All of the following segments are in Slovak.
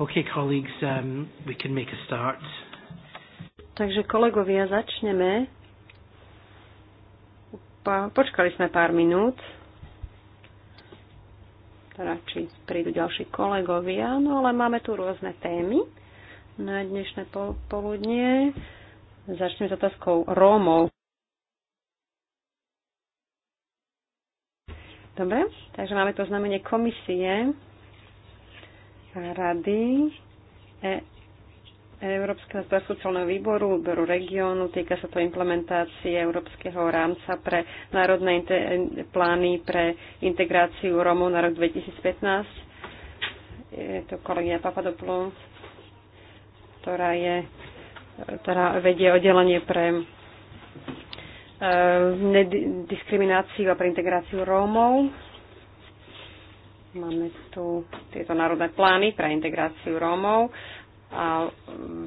Okay, colleagues, um, we can make a start. Takže kolegovia, začneme. Pa, počkali sme pár minút. Teda, či prídu ďalší kolegovia. No ale máme tu rôzne témy na dnešné po- poludnie. Začnem s otázkou Rómov. Dobre, takže máme to znamenie komisie Rady e- Európskeho sociálneho výboru, výboru regiónu, týka sa to implementácie Európskeho rámca pre národné plány pre integráciu Rómov na rok 2015. Je to kolegia Papadoplu, ktorá je ktorá vedie oddelenie pre e, nediskrimináciu a pre integráciu Rómov Máme tu tieto národné plány pre integráciu Rómov a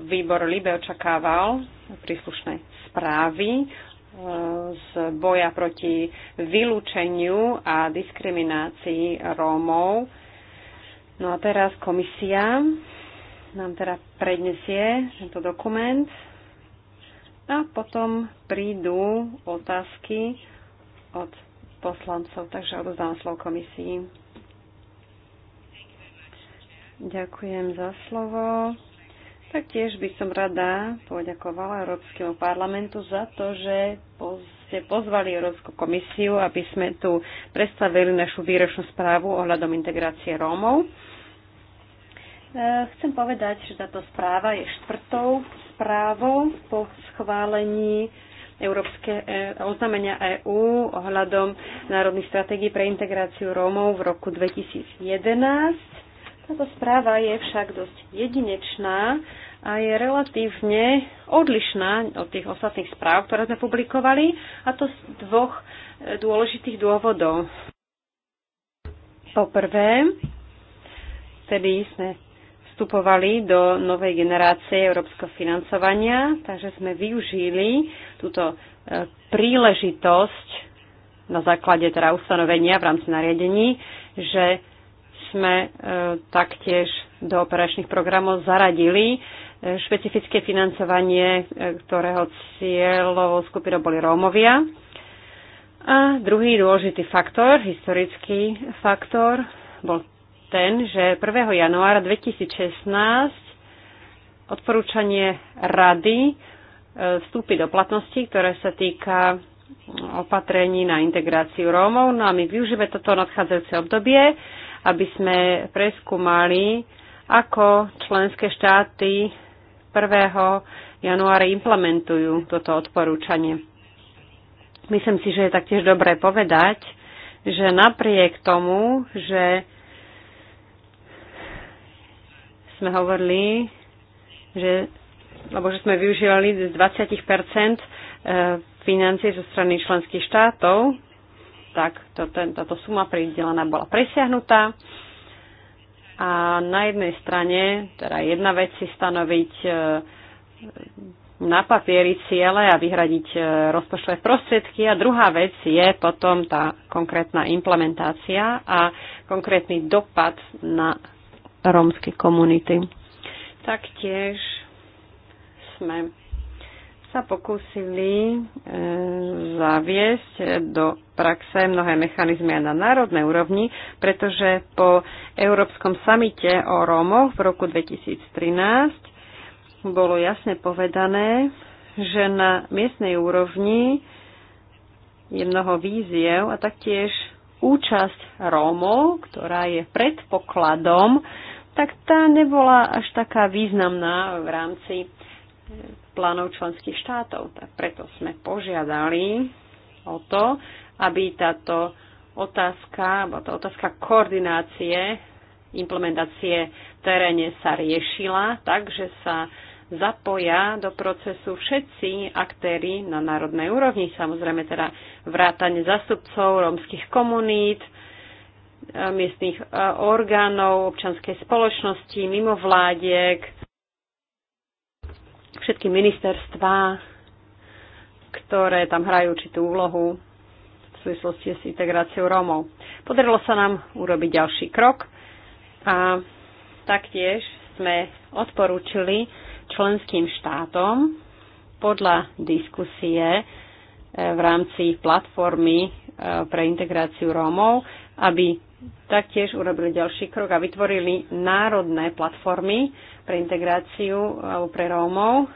výbor Libe očakával príslušné správy e, z boja proti vylúčeniu a diskriminácii Rómov. No a teraz komisia nám teda prednesie tento dokument a potom prídu otázky od poslancov, takže odozdávam slovo komisii. Ďakujem za slovo. Taktiež by som rada poďakovala Európskemu parlamentu za to, že ste pozvali Európsku komisiu, aby sme tu predstavili našu výročnú správu ohľadom integrácie Rómov. E, chcem povedať, že táto správa je štvrtou správou po schválení Európske, e, oznámenia EÚ ohľadom národných stratégií pre integráciu Rómov v roku 2011 táto správa je však dosť jedinečná a je relatívne odlišná od tých ostatných správ, ktoré sme publikovali, a to z dvoch e, dôležitých dôvodov. Poprvé, tedy sme vstupovali do novej generácie európskeho financovania, takže sme využili túto e, príležitosť na základe teda ustanovenia v rámci nariadení, že sme e, taktiež do operačných programov zaradili e, špecifické financovanie, e, ktorého cieľovou skupinou boli Rómovia. A druhý dôležitý faktor, historický faktor, bol ten, že 1. januára 2016 odporúčanie rady vstúpi do platnosti, ktoré sa týka opatrení na integráciu Rómov. No a my využijeme toto nadchádzajúce obdobie aby sme preskúmali, ako členské štáty 1. januára implementujú toto odporúčanie. Myslím si, že je taktiež dobré povedať, že napriek tomu, že sme hovorili, že, lebo že sme využívali z 20 eh, financie zo strany členských štátov, tak to, ten, táto suma pridelená bola presiahnutá. A na jednej strane, teda jedna vec si stanoviť e, na papieri ciele a vyhradiť e, rozpočtové prostriedky a druhá vec je potom tá konkrétna implementácia a konkrétny dopad na rómske komunity. Taktiež sme sa pokúsili e, zaviesť do praxe mnohé mechanizmy aj na národnej úrovni, pretože po Európskom samite o Rómoch v roku 2013 bolo jasne povedané, že na miestnej úrovni je mnoho víziev a taktiež účasť Rómov, ktorá je predpokladom, tak tá nebola až taká významná v rámci plánov členských štátov. Tak preto sme požiadali o to, aby táto otázka, alebo tá otázka koordinácie implementácie v teréne sa riešila, takže sa zapoja do procesu všetci aktéry na národnej úrovni, samozrejme teda vrátane zastupcov rómskych komunít, miestných e, orgánov, občanskej spoločnosti, mimovládiek, všetky ministerstvá, ktoré tam hrajú určitú úlohu v súvislosti s integráciou Rómov. Podarilo sa nám urobiť ďalší krok a taktiež sme odporúčili členským štátom podľa diskusie e, v rámci platformy e, pre integráciu Rómov, aby taktiež urobili ďalší krok a vytvorili národné platformy pre integráciu alebo pre Rómov.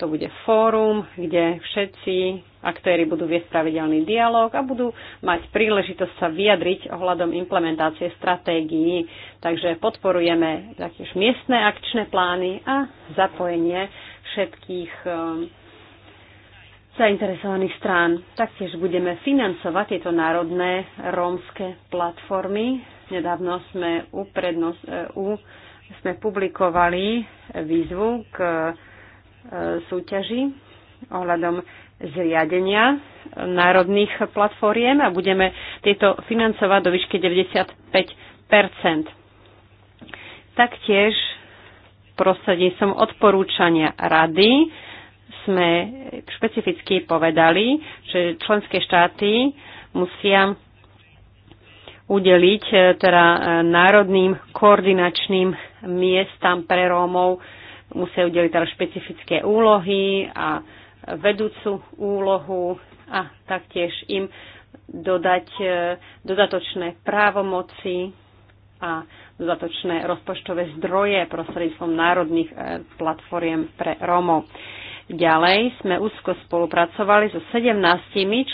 To bude fórum, kde všetci aktéry budú viesť pravidelný dialog a budú mať príležitosť sa vyjadriť ohľadom implementácie stratégií. Takže podporujeme taktiež miestne akčné plány a zapojenie všetkých eh, zainteresovaných strán. Taktiež budeme financovať tieto národné rómske platformy. Nedávno sme, uprednos, e, u, sme publikovali výzvu k e, súťaži ohľadom zriadenia národných platformiem a budeme tieto financovať do výšky 95 Taktiež prostredníctvom odporúčania rady sme špecificky povedali, že členské štáty musia udeliť e, teda e, národným koordinačným miestam pre Rómov, musia udeliť teda špecifické úlohy a vedúcu úlohu a taktiež im dodať e, dodatočné právomoci a dodatočné rozpočtové zdroje prostredníctvom národných platformiem pre Rómov. Ďalej sme úzko spolupracovali so 17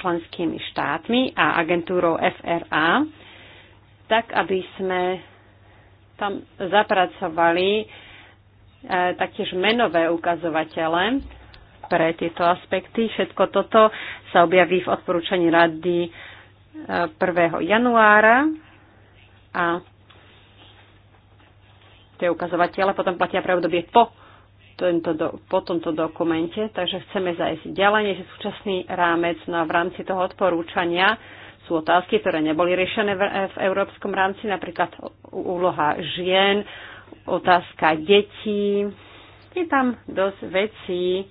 členskými štátmi a agentúrou FRA, tak aby sme tam zapracovali e, taktiež menové ukazovatele pre tieto aspekty. Všetko toto sa objaví v odporúčaní rady 1. E, januára a tie ukazovatele potom platia pre obdobie po tento do, po tomto dokumente, takže chceme zajsť ďalej než súčasný rámec. No a v rámci toho odporúčania sú otázky, ktoré neboli riešené v, v európskom rámci, napríklad úloha žien, otázka detí. Je tam dosť vecí,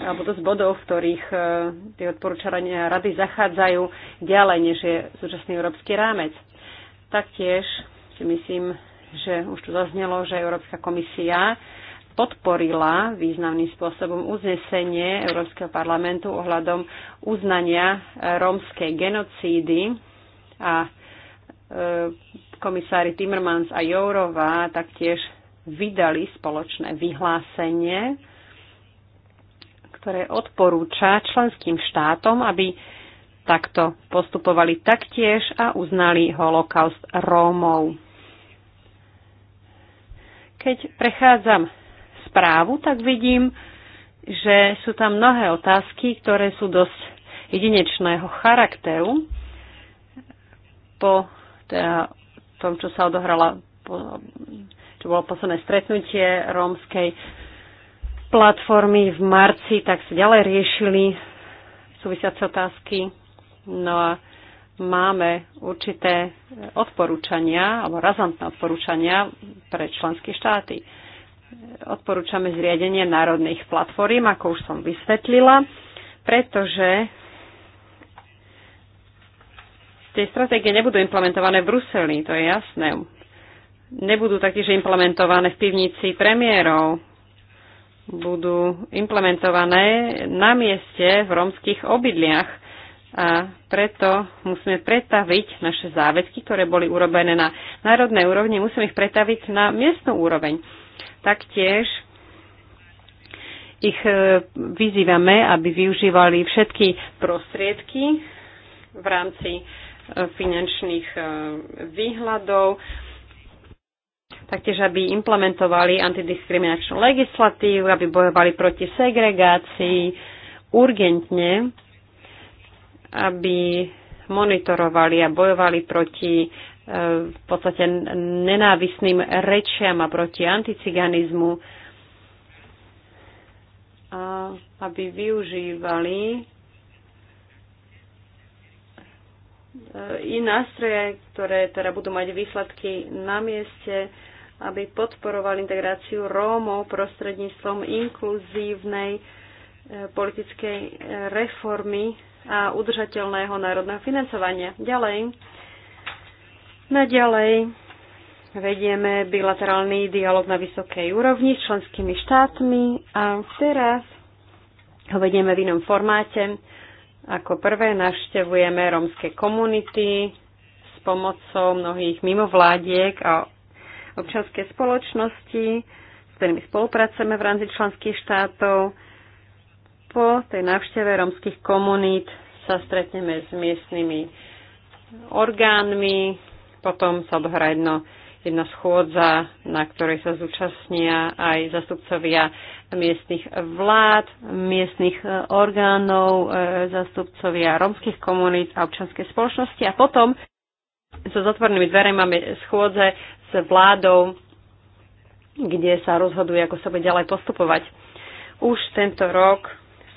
alebo dosť bodov, v ktorých e, tie odporúčania rady zachádzajú ďalej, než je súčasný európsky rámec. Taktiež si myslím, že už tu zaznelo, že Európska komisia podporila významným spôsobom uznesenie Európskeho parlamentu ohľadom uznania e, rómskej genocídy a e, komisári Timmermans a Jourová taktiež vydali spoločné vyhlásenie, ktoré odporúča členským štátom, aby takto postupovali taktiež a uznali holokaust Rómov. Keď prechádzam správu, tak vidím, že sú tam mnohé otázky, ktoré sú dosť jedinečného charakteru. Po teda, tom, čo sa odohrala, po, čo bolo posledné stretnutie rómskej platformy v marci, tak sa ďalej riešili súvisiace otázky. No a máme určité odporúčania, alebo razantné odporúčania pre členské štáty odporúčame zriadenie národných platform, ako už som vysvetlila, pretože tie stratégie nebudú implementované v Bruseli, to je jasné. Nebudú taktiež implementované v pivnici premiérov, budú implementované na mieste v romských obydliach a preto musíme pretaviť naše záväzky, ktoré boli urobené na národnej úrovni, musíme ich pretaviť na miestnú úroveň. Taktiež ich e, vyzývame, aby využívali všetky prostriedky v rámci e, finančných e, výhľadov, taktiež aby implementovali antidiskriminačnú legislatívu, aby bojovali proti segregácii urgentne, aby monitorovali a bojovali proti v podstate nenávisným rečiam a proti anticiganizmu, a aby využívali e, i nástroje, ktoré teda budú mať výsledky na mieste, aby podporoval integráciu Rómov prostredníctvom inkluzívnej e, politickej e, reformy a udržateľného národného financovania. Ďalej, Naďalej vedieme bilaterálny dialog na vysokej úrovni s členskými štátmi a teraz ho vedieme v inom formáte. Ako prvé navštevujeme rómske komunity s pomocou mnohých mimovládiek a občanské spoločnosti, s ktorými spolupracujeme v rámci členských štátov. Po tej návšteve rómskych komunít sa stretneme s miestnymi orgánmi, potom sa odohrá jedno, jedna schôdza, na ktorej sa zúčastnia aj zastupcovia miestnych vlád, miestnych e, orgánov, e, zastupcovia romských komunít a občanskej spoločnosti. A potom so zatvorenými dverami máme schôdze s vládou, kde sa rozhoduje, ako sa bude ďalej postupovať. Už tento rok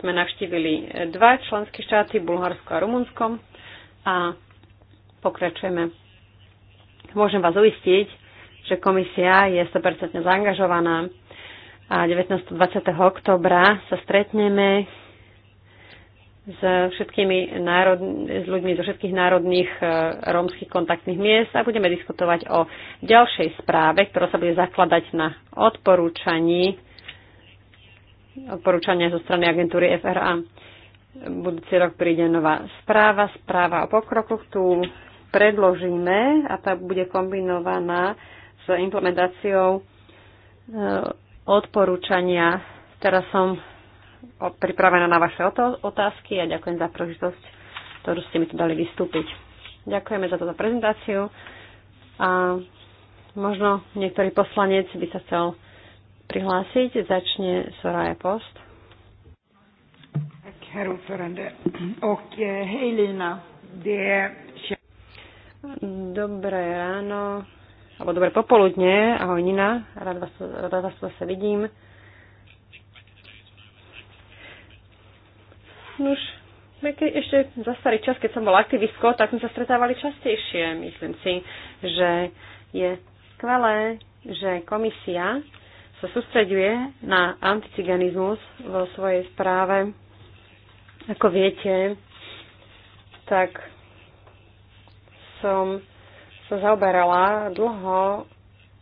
sme navštívili dva členské štáty, Bulharsko a Rumunsko a pokračujeme Môžem vás uistiť, že komisia je 100% zaangažovaná a 19. 20. oktobra sa stretneme s všetkými národ, s ľuďmi zo všetkých národných e, rómskych kontaktných miest a budeme diskutovať o ďalšej správe, ktorá sa bude zakladať na odporúčaní odporúčania zo strany agentúry FRA. Budúci rok príde nová správa, správa o pokroku. Tu predložíme a tá bude kombinovaná s implementáciou e, odporúčania. Teraz som pripravená na vaše otázky a ďakujem za prožitosť, ktorú ste mi tu dali vystúpiť. Ďakujeme za túto prezentáciu a možno niektorý poslanec by sa chcel prihlásiť. Začne Soraya Post. Herr ordförande och eh, hej Lina, det Dobré ráno, alebo dobré popoludne. Ahoj Nina, rád vás, rád vás zase vidím. Nuž, keď ešte za starý čas, keď som bol aktivistkou, tak sme sa stretávali častejšie. Myslím si, že je skvelé, že komisia sa sústreduje na anticiganizmus vo svojej správe. Ako viete, tak som sa zaoberala dlho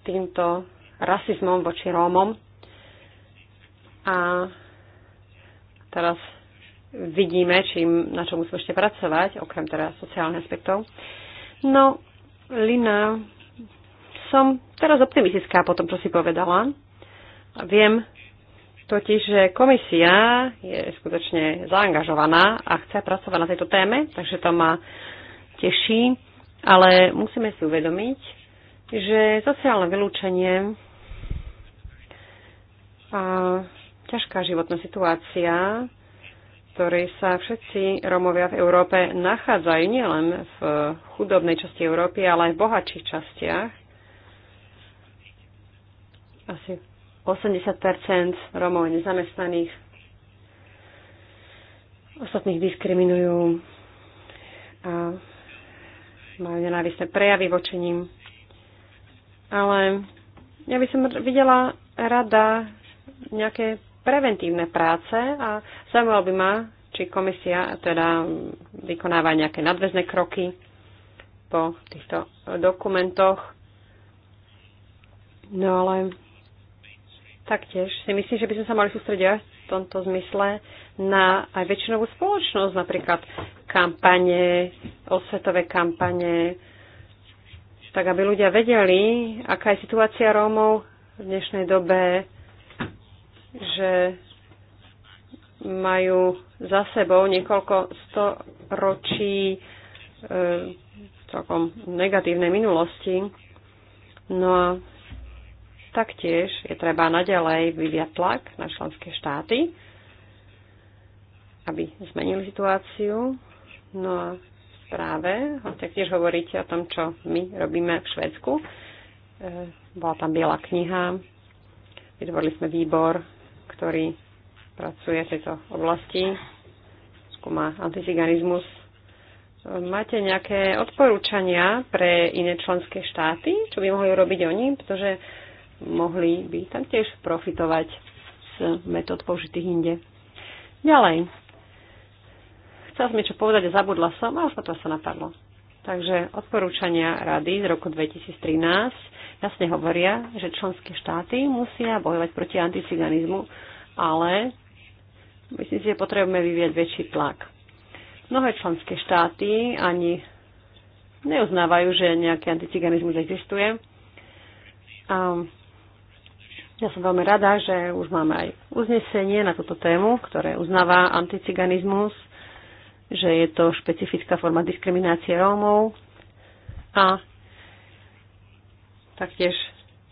týmto rasizmom voči Rómom a teraz vidíme, čím, na čom musíme ešte pracovať, okrem teda sociálnych aspektov. No, Lina, som teraz optimistická po tom, čo si povedala. A viem totiž, že komisia je skutočne zaangažovaná a chce pracovať na tejto téme, takže to ma teší. Ale musíme si uvedomiť, že sociálne vylúčenie a ťažká životná situácia, ktorej sa všetci Romovia v Európe nachádzajú nielen v chudobnej časti Európy, ale aj v bohatších častiach. Asi 80 Romov je nezamestnaných. Ostatných diskriminujú. A majú nenávisné prejavy voči ním. Ale ja by som videla rada nejaké preventívne práce a zaujímalo by ma, či komisia teda vykonáva nejaké nadväzné kroky po týchto dokumentoch. No ale taktiež si myslím, že by sme sa mali sústrediť v tomto zmysle na aj väčšinovú spoločnosť, napríklad kampane, osvetové kampane, tak aby ľudia vedeli, aká je situácia Rómov v dnešnej dobe, že majú za sebou niekoľko sto ročí e, celkom negatívnej minulosti. No a taktiež je treba naďalej vyviať tlak na členské štáty, aby zmenili situáciu. No a práve, správe, tiež hovoríte o tom, čo my robíme v Švedsku, e, bola tam biela kniha, vytvorili sme výbor, ktorý pracuje v tejto oblasti, skúma antiziganizmus. E, máte nejaké odporúčania pre iné členské štáty, čo by mohli robiť oni, pretože mohli by tam tiež profitovať z metód použitých inde. Ďalej, chcela som niečo povedať a zabudla som a už to sa napadlo. Takže odporúčania rady z roku 2013 jasne hovoria, že členské štáty musia bojovať proti anticiganizmu, ale myslím si, že potrebujeme vyvieť väčší tlak. Mnohé členské štáty ani neuznávajú, že nejaký anticiganizmus existuje. A ja som veľmi rada, že už máme aj uznesenie na túto tému, ktoré uznáva anticiganizmus že je to špecifická forma diskriminácie Rómov a taktiež,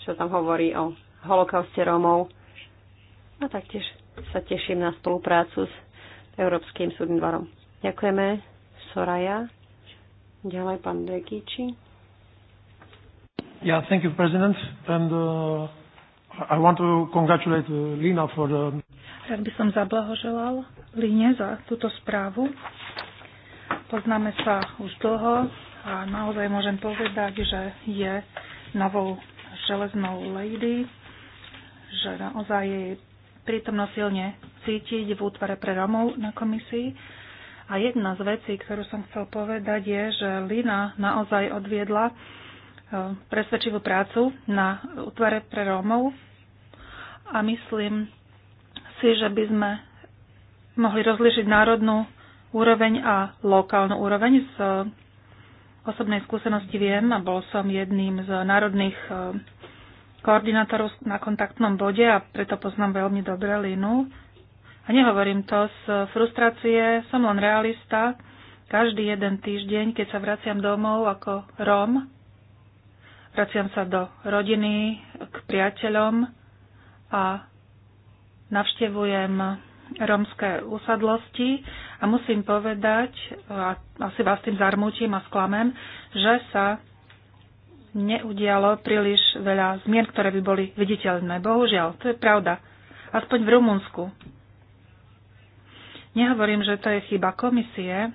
čo tam hovorí o holokauste Rómov a taktiež sa teším na spoluprácu s Európskym súdnym dvorom. Ďakujeme, Soraya. Ďalej pán Dekiči. Yeah, thank you, President. And, uh... I want to congratulate uh, Lina for the... Rád by som zablahoželal Line za túto správu. Poznáme sa už dlho a naozaj môžem povedať, že je novou železnou lady, že naozaj jej prítomno silne cítiť v útvare pre Romov na komisii. A jedna z vecí, ktorú som chcel povedať, je, že Lina naozaj odviedla e, presvedčivú prácu na útvare pre Romov. a myslím si, že by sme mohli rozlíšiť národnú úroveň a lokálnu úroveň. Z eh, osobnej skúsenosti viem, a bol som jedným z národných eh, koordinátorov na kontaktnom bode a preto poznám veľmi dobre Linu. A nehovorím to z frustrácie, som len realista. Každý jeden týždeň, keď sa vraciam domov ako Róm, vraciam sa do rodiny, k priateľom a navštevujem rómske usadlosti a musím povedať, a asi vás tým zarmúčim a sklamem, že sa neudialo príliš veľa zmien, ktoré by boli viditeľné. Bohužiaľ, to je pravda. Aspoň v Rumunsku. Nehovorím, že to je chyba komisie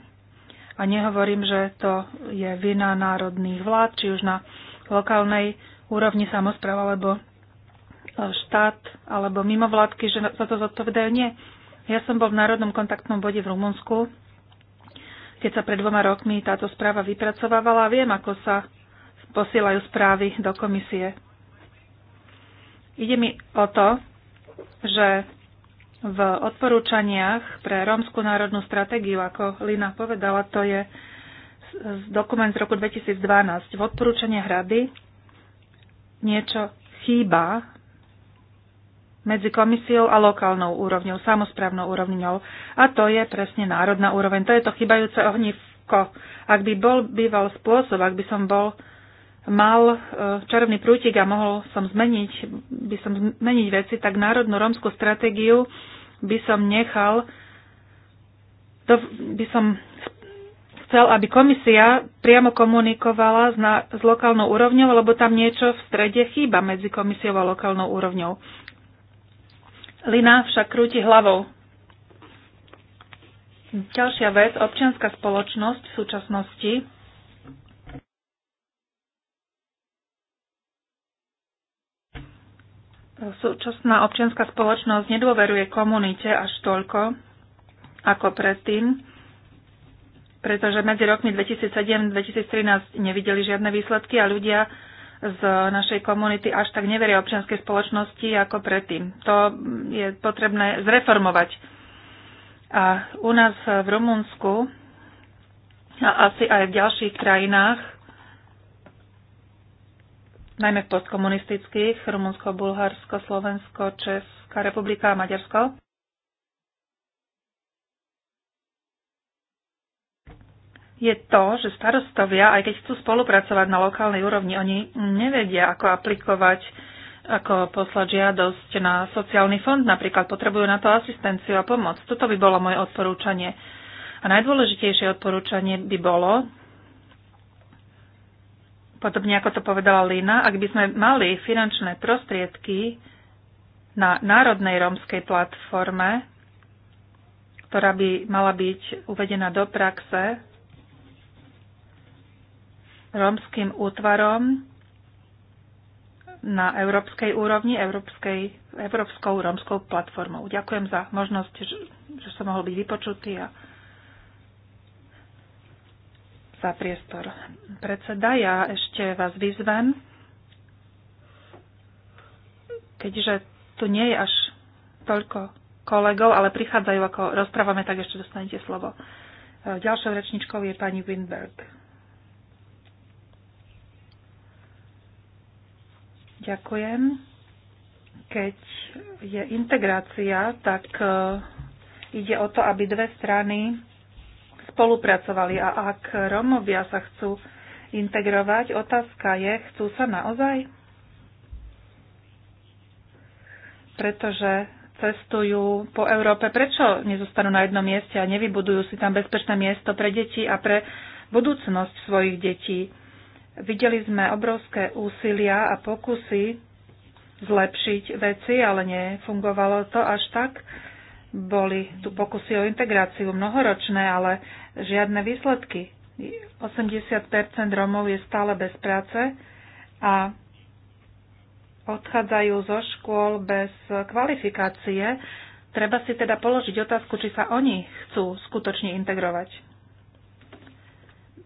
a nehovorím, že to je vina národných vlád, či už na lokálnej úrovni samozpráva, alebo e, štát alebo mimovládky, že za to zodpovedajú. Nie. Ja som bol v Národnom kontaktnom bode v Rumunsku, keď sa pred dvoma rokmi táto správa vypracovávala a viem, ako sa posielajú správy do komisie. Ide mi o to, že v odporúčaniach pre rómsku národnú stratégiu, ako Lina povedala, to je dokument z roku 2012. V odporúčaniach rady niečo chýba, medzi komisiou a lokálnou úrovňou, samozprávnou úrovňou. A to je presne národná úroveň. To je to chybajúce ohnívko. Ak by bol býval spôsob, ak by som bol mal e, čarovný prútik a mohol som zmeniť, by som zmeniť veci, tak národnú rómskú stratégiu by som nechal, to by som chcel, aby komisia priamo komunikovala s, na, s lokálnou úrovňou, lebo tam niečo v strede chýba medzi komisiou a lokálnou úrovňou. Lina však krúti hlavou. Ďalšia vec, občianská spoločnosť v súčasnosti Súčasná občianská spoločnosť nedôveruje komunite až toľko ako predtým, pretože medzi rokmi 2007-2013 nevideli žiadne výsledky a ľudia z našej komunity až tak neveria občianskej spoločnosti ako predtým. To je potrebné zreformovať. A u nás v Rumunsku a asi aj v ďalších krajinách, najmä v postkomunistických, Rumunsko, Bulharsko, Slovensko, Česká republika a Maďarsko, je to, že starostovia, aj keď chcú spolupracovať na lokálnej úrovni, oni nevedia, ako aplikovať, ako poslať žiadosť na sociálny fond, napríklad potrebujú na to asistenciu a pomoc. Toto by bolo moje odporúčanie. A najdôležitejšie odporúčanie by bolo, podobne ako to povedala Lina, ak by sme mali finančné prostriedky na národnej rómskej platforme, ktorá by mala byť uvedená do praxe, rómskym útvarom na európskej úrovni, európskej, európskou romskou platformou. Ďakujem za možnosť, že, že som mohol byť vypočutý a za priestor. Predseda, ja ešte vás vyzvem, keďže tu nie je až toľko kolegov, ale prichádzajú ako rozprávame, tak ešte dostanete slovo. Ďalšou rečničkou je pani Winberg. Ďakujem. Keď je integrácia, tak e, ide o to, aby dve strany spolupracovali. A ak Romovia sa chcú integrovať, otázka je, chcú sa naozaj? Pretože cestujú po Európe, prečo nezostanú na jednom mieste a nevybudujú si tam bezpečné miesto pre deti a pre budúcnosť svojich detí? Videli sme obrovské úsilia a pokusy zlepšiť veci, ale nefungovalo to až tak. Boli tu pokusy o integráciu mnohoročné, ale žiadne výsledky. 80 Romov je stále bez práce a odchádzajú zo škôl bez kvalifikácie. Treba si teda položiť otázku, či sa oni chcú skutočne integrovať.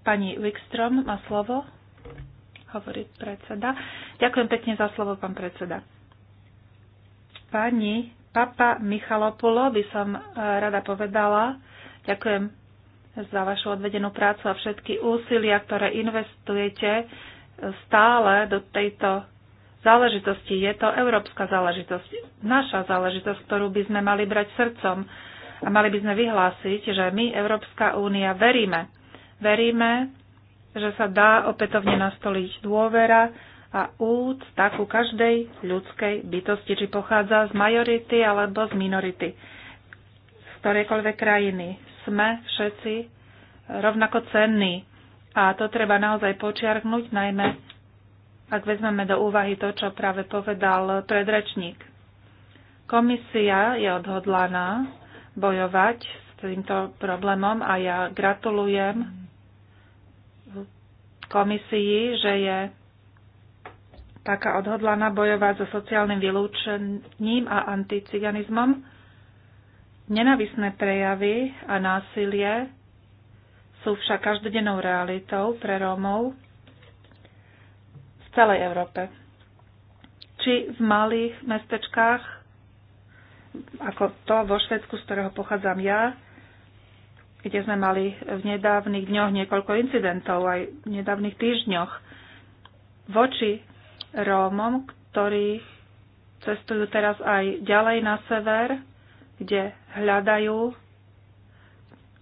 Pani Wikstrom má slovo hovorí predseda. Ďakujem pekne za slovo, pán predseda. Pani Papa Michalopulo by som e, rada povedala, ďakujem za vašu odvedenú prácu a všetky úsilia, ktoré investujete stále do tejto záležitosti. Je to európska záležitosť, naša záležitosť, ktorú by sme mali brať srdcom a mali by sme vyhlásiť, že my, Európska únia, veríme. Veríme že sa dá opätovne nastoliť dôvera a úcta ku každej ľudskej bytosti, či pochádza z majority alebo z minority. Z ktorejkoľvek krajiny sme všetci rovnako cenní. A to treba naozaj počiarknúť, najmä ak vezmeme do úvahy to, čo práve povedal predrečník. Komisia je odhodlaná bojovať s týmto problémom a ja gratulujem komisii, že je taká odhodlaná bojovať so sociálnym vylúčením a anticiganizmom. Nenavisné prejavy a násilie sú však každodennou realitou pre Rómov v celej Európe. Či v malých mestečkách, ako to vo Švedsku, z ktorého pochádzam ja, kde sme mali v nedávnych dňoch niekoľko incidentov, aj v nedávnych týždňoch, voči Rómom, ktorí cestujú teraz aj ďalej na sever, kde hľadajú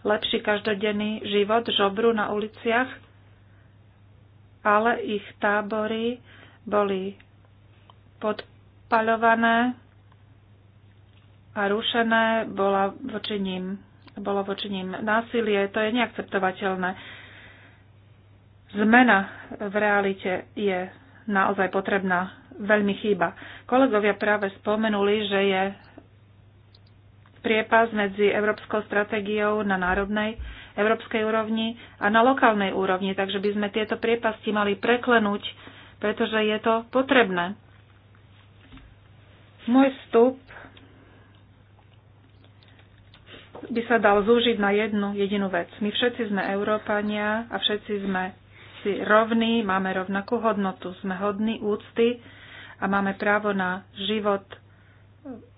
lepší každodenný život, žobru na uliciach, ale ich tábory boli podpaľované a rušené, bola voči ním bolo voči ním násilie, to je neakceptovateľné. Zmena v realite je naozaj potrebná, veľmi chýba. Kolegovia práve spomenuli, že je priepas medzi európskou stratégiou na národnej európskej úrovni a na lokálnej úrovni, takže by sme tieto priepasti mali preklenúť, pretože je to potrebné. Môj vstup by sa dal zúžiť na jednu jedinú vec. My všetci sme Európania a všetci sme si rovní, máme rovnakú hodnotu, sme hodní úcty a máme právo na život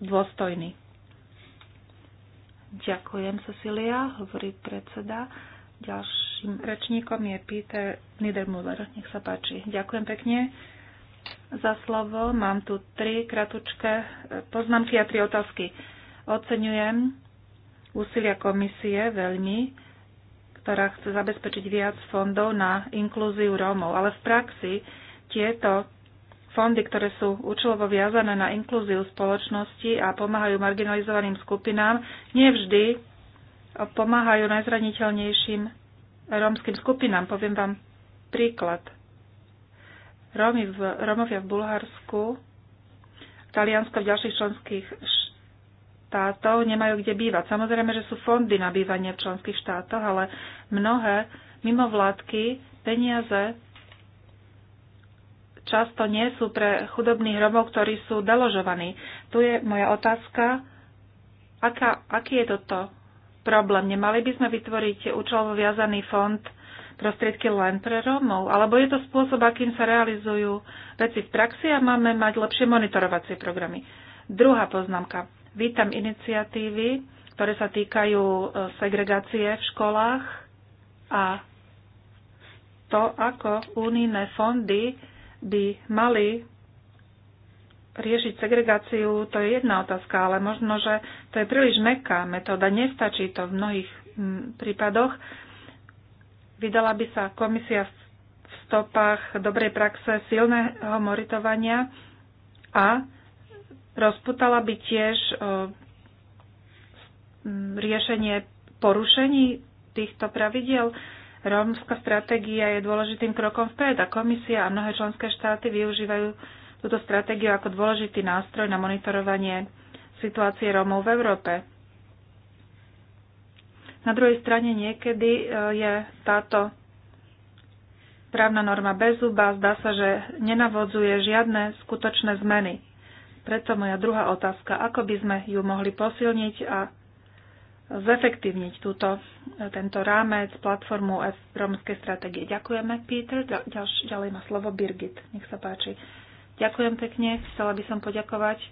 dôstojný. Ďakujem, Cecilia, hovorí predseda. Ďalším rečníkom je Peter Niedermüller. Nech sa páči. Ďakujem pekne za slovo. Mám tu tri kratučké poznámky a tri otázky. Oceňujem úsilia komisie veľmi, ktorá chce zabezpečiť viac fondov na inklúziu Rómov. Ale v praxi tieto fondy, ktoré sú účelovo viazané na inklúziu spoločnosti a pomáhajú marginalizovaným skupinám, nevždy pomáhajú najzraniteľnejším rómskym skupinám. Poviem vám príklad. Rómy v, Rómovia v Bulharsku, v Taliansko v ďalších členských štátov nemajú kde bývať. Samozrejme, že sú fondy na bývanie v členských štátoch, ale mnohé mimovládky peniaze často nie sú pre chudobných Romov, ktorí sú deložovaní. Tu je moja otázka, aká, aký je toto problém? Nemali by sme vytvoriť účelovo viazaný fond prostriedky len pre Rómov? Alebo je to spôsob, akým sa realizujú veci v praxi a máme mať lepšie monitorovacie programy? Druhá poznámka. Vítam iniciatívy, ktoré sa týkajú e, segregácie v školách a to, ako únijné fondy by mali riešiť segregáciu, to je jedna otázka, ale možno, že to je príliš meká metóda. Nestačí to v mnohých prípadoch. Vydala by sa komisia v stopách dobrej praxe silného moritovania a rozputala by tiež e, riešenie porušení týchto pravidiel. Rómska stratégia je dôležitým krokom vpred a komisia a mnohé členské štáty využívajú túto stratégiu ako dôležitý nástroj na monitorovanie situácie Rómov v Európe. Na druhej strane niekedy e, je táto právna norma bezúba, zdá sa, že nenavodzuje žiadne skutočné zmeny. Preto moja druhá otázka, ako by sme ju mohli posilniť a zefektívniť túto, tento rámec, platformu romskej stratégie. Ďakujeme, Peter. Ďalš, ďalej má slovo Birgit. Nech sa páči. Ďakujem pekne. Chcela by som poďakovať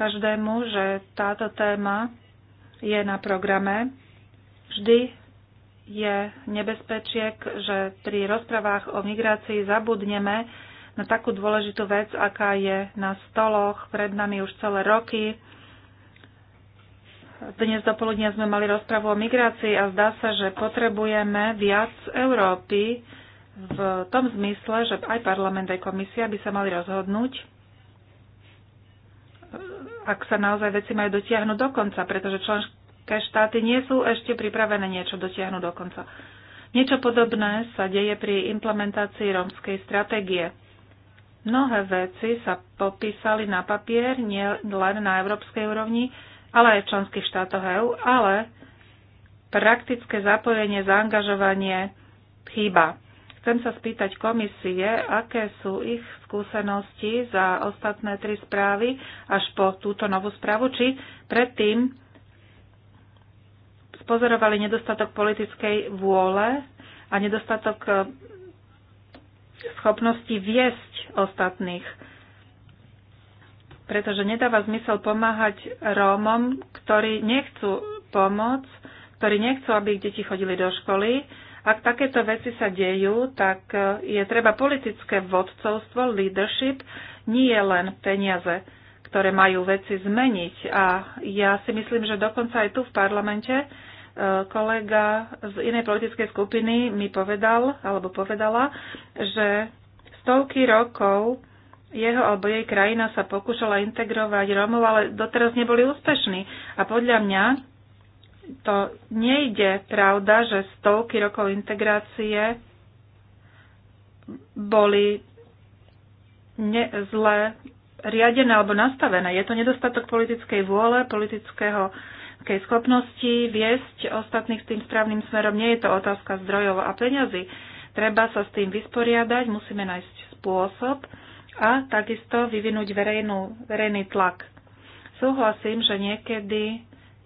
každému, že táto téma je na programe. Vždy je nebezpečiek, že pri rozprávach o migrácii zabudneme na takú dôležitú vec, aká je na stoloch pred nami už celé roky. Dnes do poludnia sme mali rozpravu o migrácii a zdá sa, že potrebujeme viac Európy v tom zmysle, že aj parlament, aj komisia by sa mali rozhodnúť, ak sa naozaj veci majú dotiahnuť do konca, pretože členské štáty nie sú ešte pripravené niečo dotiahnuť do konca. Niečo podobné sa deje pri implementácii rómskej stratégie. Mnohé veci sa popísali na papier, nie len na európskej úrovni, ale aj v členských štátoch EÚ, ale praktické zapojenie, zaangažovanie chýba. Chcem sa spýtať komisie, aké sú ich skúsenosti za ostatné tri správy až po túto novú správu, či predtým spozorovali nedostatok politickej vôle a nedostatok schopnosti viesť ostatných. Pretože nedáva zmysel pomáhať Rómom, ktorí nechcú pomoc, ktorí nechcú, aby ich deti chodili do školy. Ak takéto veci sa dejú, tak e, je treba politické vodcovstvo, leadership, nie len peniaze ktoré majú veci zmeniť. A ja si myslím, že dokonca aj tu v parlamente kolega z inej politickej skupiny mi povedal, alebo povedala, že stovky rokov jeho alebo jej krajina sa pokúšala integrovať Rómov, ale doteraz neboli úspešní. A podľa mňa to nejde pravda, že stovky rokov integrácie boli ne- zle riadené alebo nastavené. Je to nedostatok politickej vôle, politického uh, politickej schopnosti viesť ostatných tým správnym smerom. Nie je to otázka zdrojov a peňazí. Treba sa s tým vysporiadať, musíme nájsť spôsob a takisto vyvinúť verejnú, verejný tlak. Súhlasím, že niekedy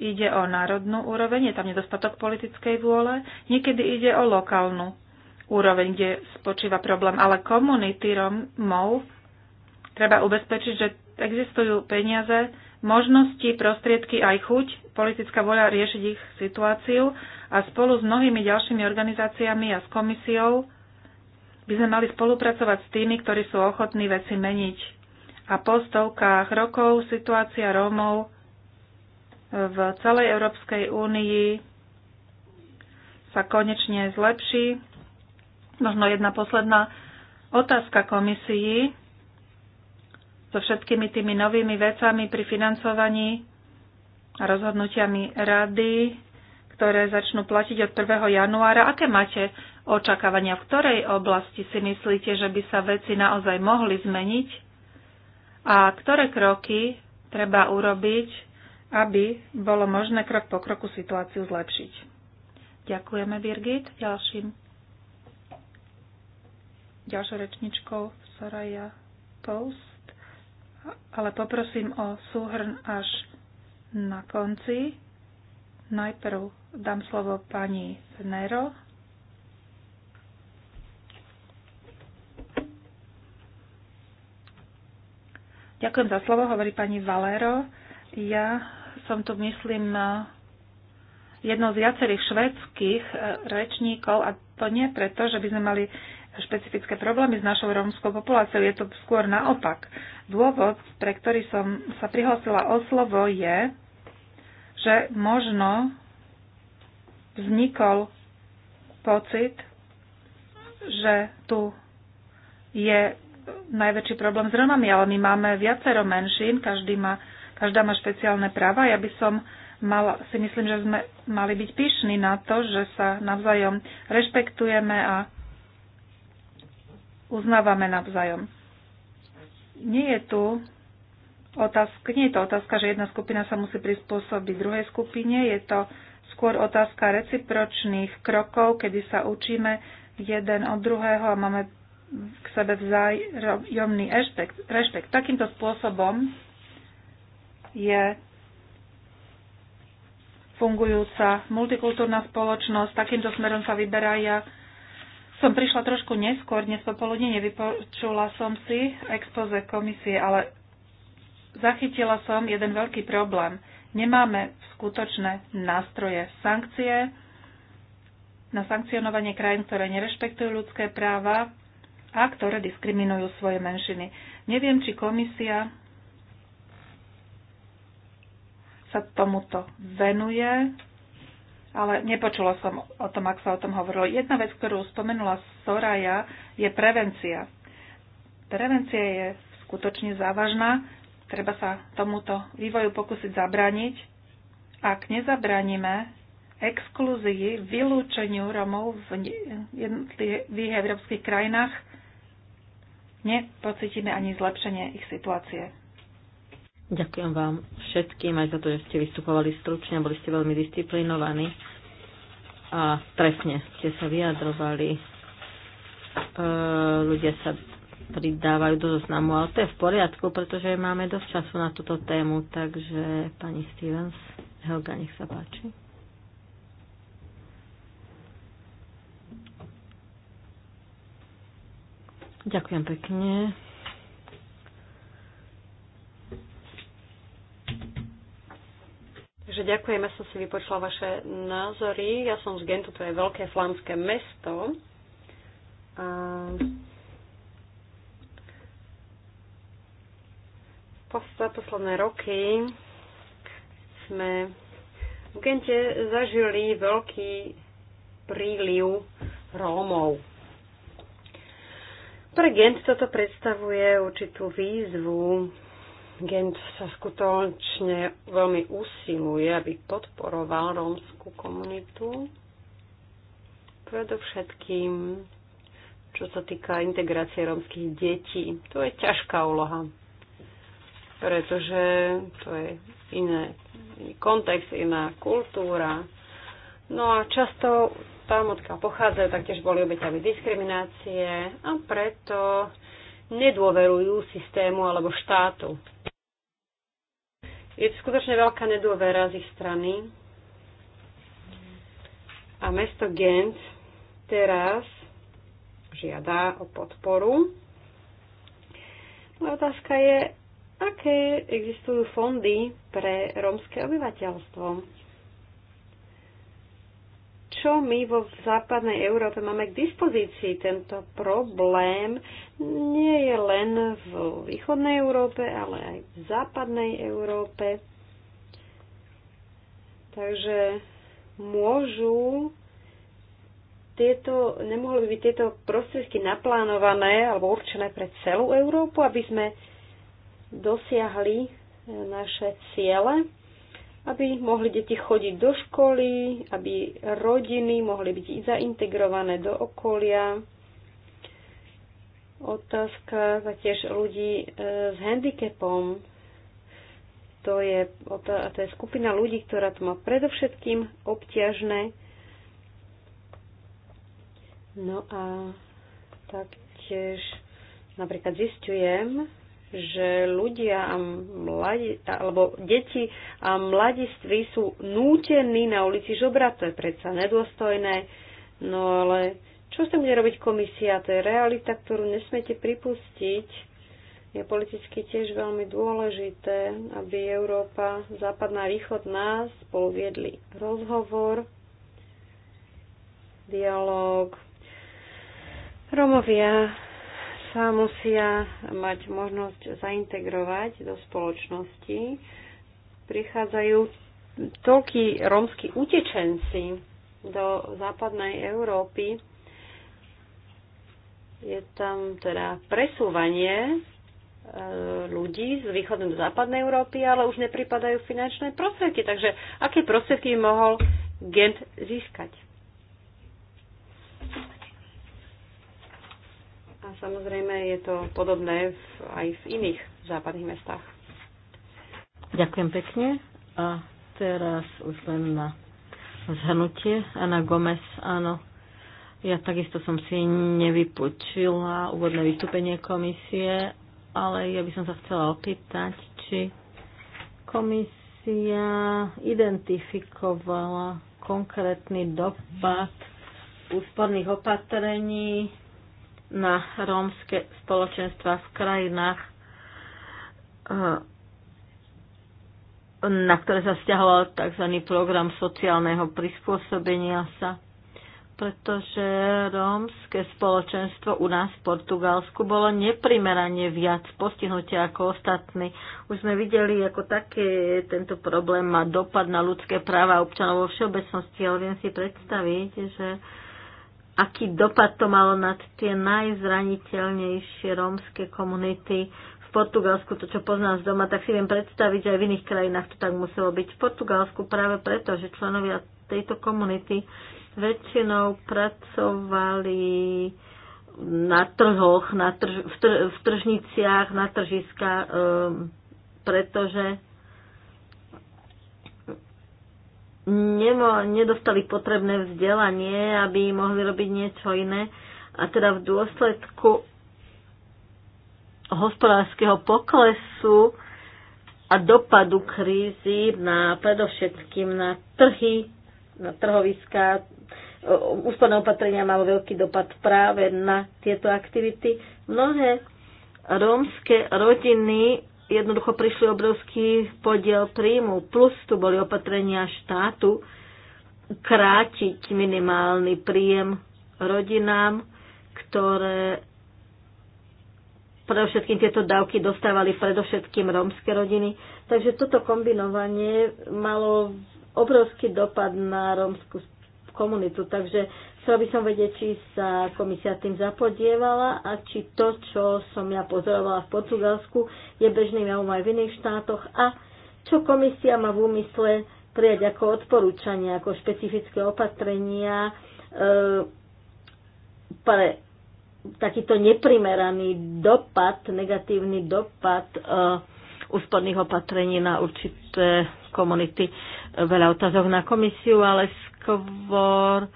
ide o národnú úroveň, je tam nedostatok politickej vôle, niekedy ide o lokálnu úroveň, kde spočíva problém. Ale komunity Romov treba ubezpečiť, že existujú peniaze, možnosti, prostriedky aj chuť, politická voľa riešiť ich situáciu a spolu s mnohými ďalšími organizáciami a s komisiou by sme mali spolupracovať s tými, ktorí sú ochotní veci meniť. A po stovkách rokov situácia Rómov v celej Európskej únii sa konečne zlepší. Možno jedna posledná otázka komisii so všetkými tými novými vecami pri financovaní a rozhodnutiami rady, ktoré začnú platiť od 1. januára. Aké máte očakávania? V ktorej oblasti si myslíte, že by sa veci naozaj mohli zmeniť? A ktoré kroky treba urobiť, aby bolo možné krok po kroku situáciu zlepšiť? Ďakujeme, Birgit. Ďalším. Ďalšou rečničkou Soraya Pous ale poprosím o súhrn až na konci. Najprv dám slovo pani Nero. Ďakujem za slovo, hovorí pani Valero. Ja som tu, myslím, jednou z viacerých švedských eh, rečníkov a to nie preto, že by sme mali špecifické problémy s našou rómskou populáciou. Je to skôr naopak. Dôvod, pre ktorý som sa prihlásila o slovo, je, že možno vznikol pocit, že tu je najväčší problém s Romami, ale my máme viacero menšín, každý má, každá má špeciálne práva. Ja by som mal, si myslím, že sme mali byť pyšní na to, že sa navzájom rešpektujeme a uznávame navzájom. Nie je tu otázka, nie je to otázka, že jedna skupina sa musí prispôsobiť druhej skupine, je to skôr otázka recipročných krokov, kedy sa učíme jeden od druhého a máme k sebe vzájomný rešpekt. rešpekt. Takýmto spôsobom je fungujúca multikultúrna spoločnosť, takýmto smerom sa vyberá ja som prišla trošku neskôr, dnes popoludne nevypočula som si expoze komisie, ale zachytila som jeden veľký problém. Nemáme skutočné nástroje sankcie na sankcionovanie krajín, ktoré nerešpektujú ľudské práva a ktoré diskriminujú svoje menšiny. Neviem, či komisia sa tomuto venuje ale nepočula som o tom, ak sa o tom hovorilo. Jedna vec, ktorú spomenula Soraya, je prevencia. Prevencia je skutočne závažná, treba sa tomuto vývoju pokúsiť zabrániť. Ak nezabraníme exkluzii, vylúčeniu Romov v jednotlivých európskych krajinách, nepocítime ani zlepšenie ich situácie. Ďakujem vám všetkým aj za to, že ste vystupovali stručne, boli ste veľmi disciplinovaní a trefne ste sa vyjadrovali. E, ľudia sa pridávajú do zoznamu, ale to je v poriadku, pretože máme dosť času na túto tému, takže pani Stevens, Helga, nech sa páči. Ďakujem pekne. Takže ďakujem, ja som si vypočula vaše názory. Ja som z Gentu, to je veľké flámske mesto. A... Za posledné roky sme v Gente zažili veľký príliv Rómov. Pre Gent toto predstavuje určitú výzvu Gent sa skutočne veľmi usiluje, aby podporoval rómskú komunitu. Predovšetkým, čo sa týka integrácie rómskych detí, to je ťažká úloha, pretože to je iné, iný kontext, iná kultúra. No a často tam, odkiaľ pochádzajú, taktiež boli obeťami diskriminácie a preto nedôverujú systému alebo štátu. Je to skutočne veľká nedôvera z ich strany. A mesto Gent teraz žiada o podporu. Moja otázka je, aké existujú fondy pre rómske obyvateľstvo? čo my vo západnej Európe máme k dispozícii. Tento problém nie je len v východnej Európe, ale aj v západnej Európe. Takže môžu tieto, nemohli byť tieto prostriedky naplánované alebo určené pre celú Európu, aby sme dosiahli naše ciele aby mohli deti chodiť do školy, aby rodiny mohli byť zaintegrované do okolia. Otázka tiež ľudí e, s handicapom. To je, to je skupina ľudí, ktorá to má predovšetkým obťažné. No a taktiež napríklad zistujem, že ľudia a mladí, alebo deti a mladiství sú nútení na ulici žobrať, to je predsa nedôstojné, no ale čo sa bude robiť komisia? To je realita, ktorú nesmete pripustiť. Je politicky tiež veľmi dôležité, aby Európa, západná východ nás spolu viedli rozhovor, dialog. Romovia sa musia mať možnosť zaintegrovať do spoločnosti. Prichádzajú toľkí rómsky utečenci do západnej Európy. Je tam teda presúvanie e, ľudí z východnej do západnej Európy, ale už nepripadajú finančné prostriedky. Takže aké prostriedky mohol Gent získať? samozrejme je to podobné v, aj v iných západných mestách. Ďakujem pekne. A teraz už len na zhrnutie. Ana Gomez, áno. Ja takisto som si nevypočila úvodné vystúpenie komisie, ale ja by som sa chcela opýtať, či komisia identifikovala konkrétny dopad úsporných opatrení na rómske spoločenstva v krajinách, eh, na ktoré sa stiahoval tzv. program sociálneho prispôsobenia sa pretože rómske spoločenstvo u nás v Portugalsku bolo neprimerane viac postihnutia ako ostatní. Už sme videli, ako také tento problém má dopad na ľudské práva občanov vo všeobecnosti, ale viem si predstaviť, že aký dopad to malo na tie najzraniteľnejšie rómske komunity v Portugalsku, to čo poznám z doma, tak si viem predstaviť, že aj v iných krajinách to tak muselo byť. V Portugalsku práve preto, že členovia tejto komunity väčšinou pracovali na trhoch, na trž, v, tr, v tržniciach, na tržiskách, um, pretože nemo, nedostali potrebné vzdelanie, aby mohli robiť niečo iné. A teda v dôsledku hospodárskeho poklesu a dopadu krízy na predovšetkým na trhy, na trhoviská, úsporné opatrenia malo veľký dopad práve na tieto aktivity. Mnohé rómske rodiny jednoducho prišli obrovský podiel príjmu, plus tu boli opatrenia štátu krátiť minimálny príjem rodinám, ktoré predovšetkým tieto dávky dostávali predovšetkým rómske rodiny. Takže toto kombinovanie malo obrovský dopad na rómsku komunitu. Takže chcela by som vedieť, či sa komisia tým zapodievala a či to, čo som ja pozorovala v Portugalsku, je bežným javom aj v iných štátoch a čo komisia má v úmysle prijať ako odporúčanie, ako špecifické opatrenia e, pre takýto neprimeraný dopad, negatívny dopad e, úsporných opatrení na určité komunity. E, veľa otázok na komisiu, ale skôr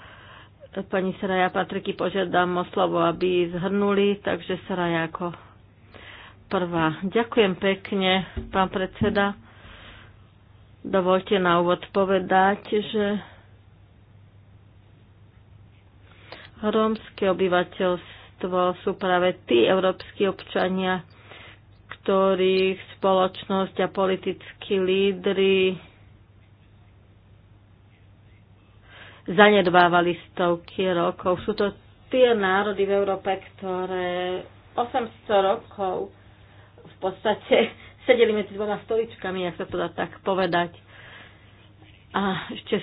Pani Saraja Patriky požiadam o slovo, aby zhrnuli, takže Saraja ako prvá. Ďakujem pekne, pán predseda. Dovolte na úvod povedať, že rómske obyvateľstvo sú práve tí európsky občania, ktorých spoločnosť a politickí lídry zanedbávali stovky rokov. Sú to tie národy v Európe, ktoré 800 rokov v podstate sedeli medzi dvoma stoličkami, ak sa to dá tak povedať. A ešte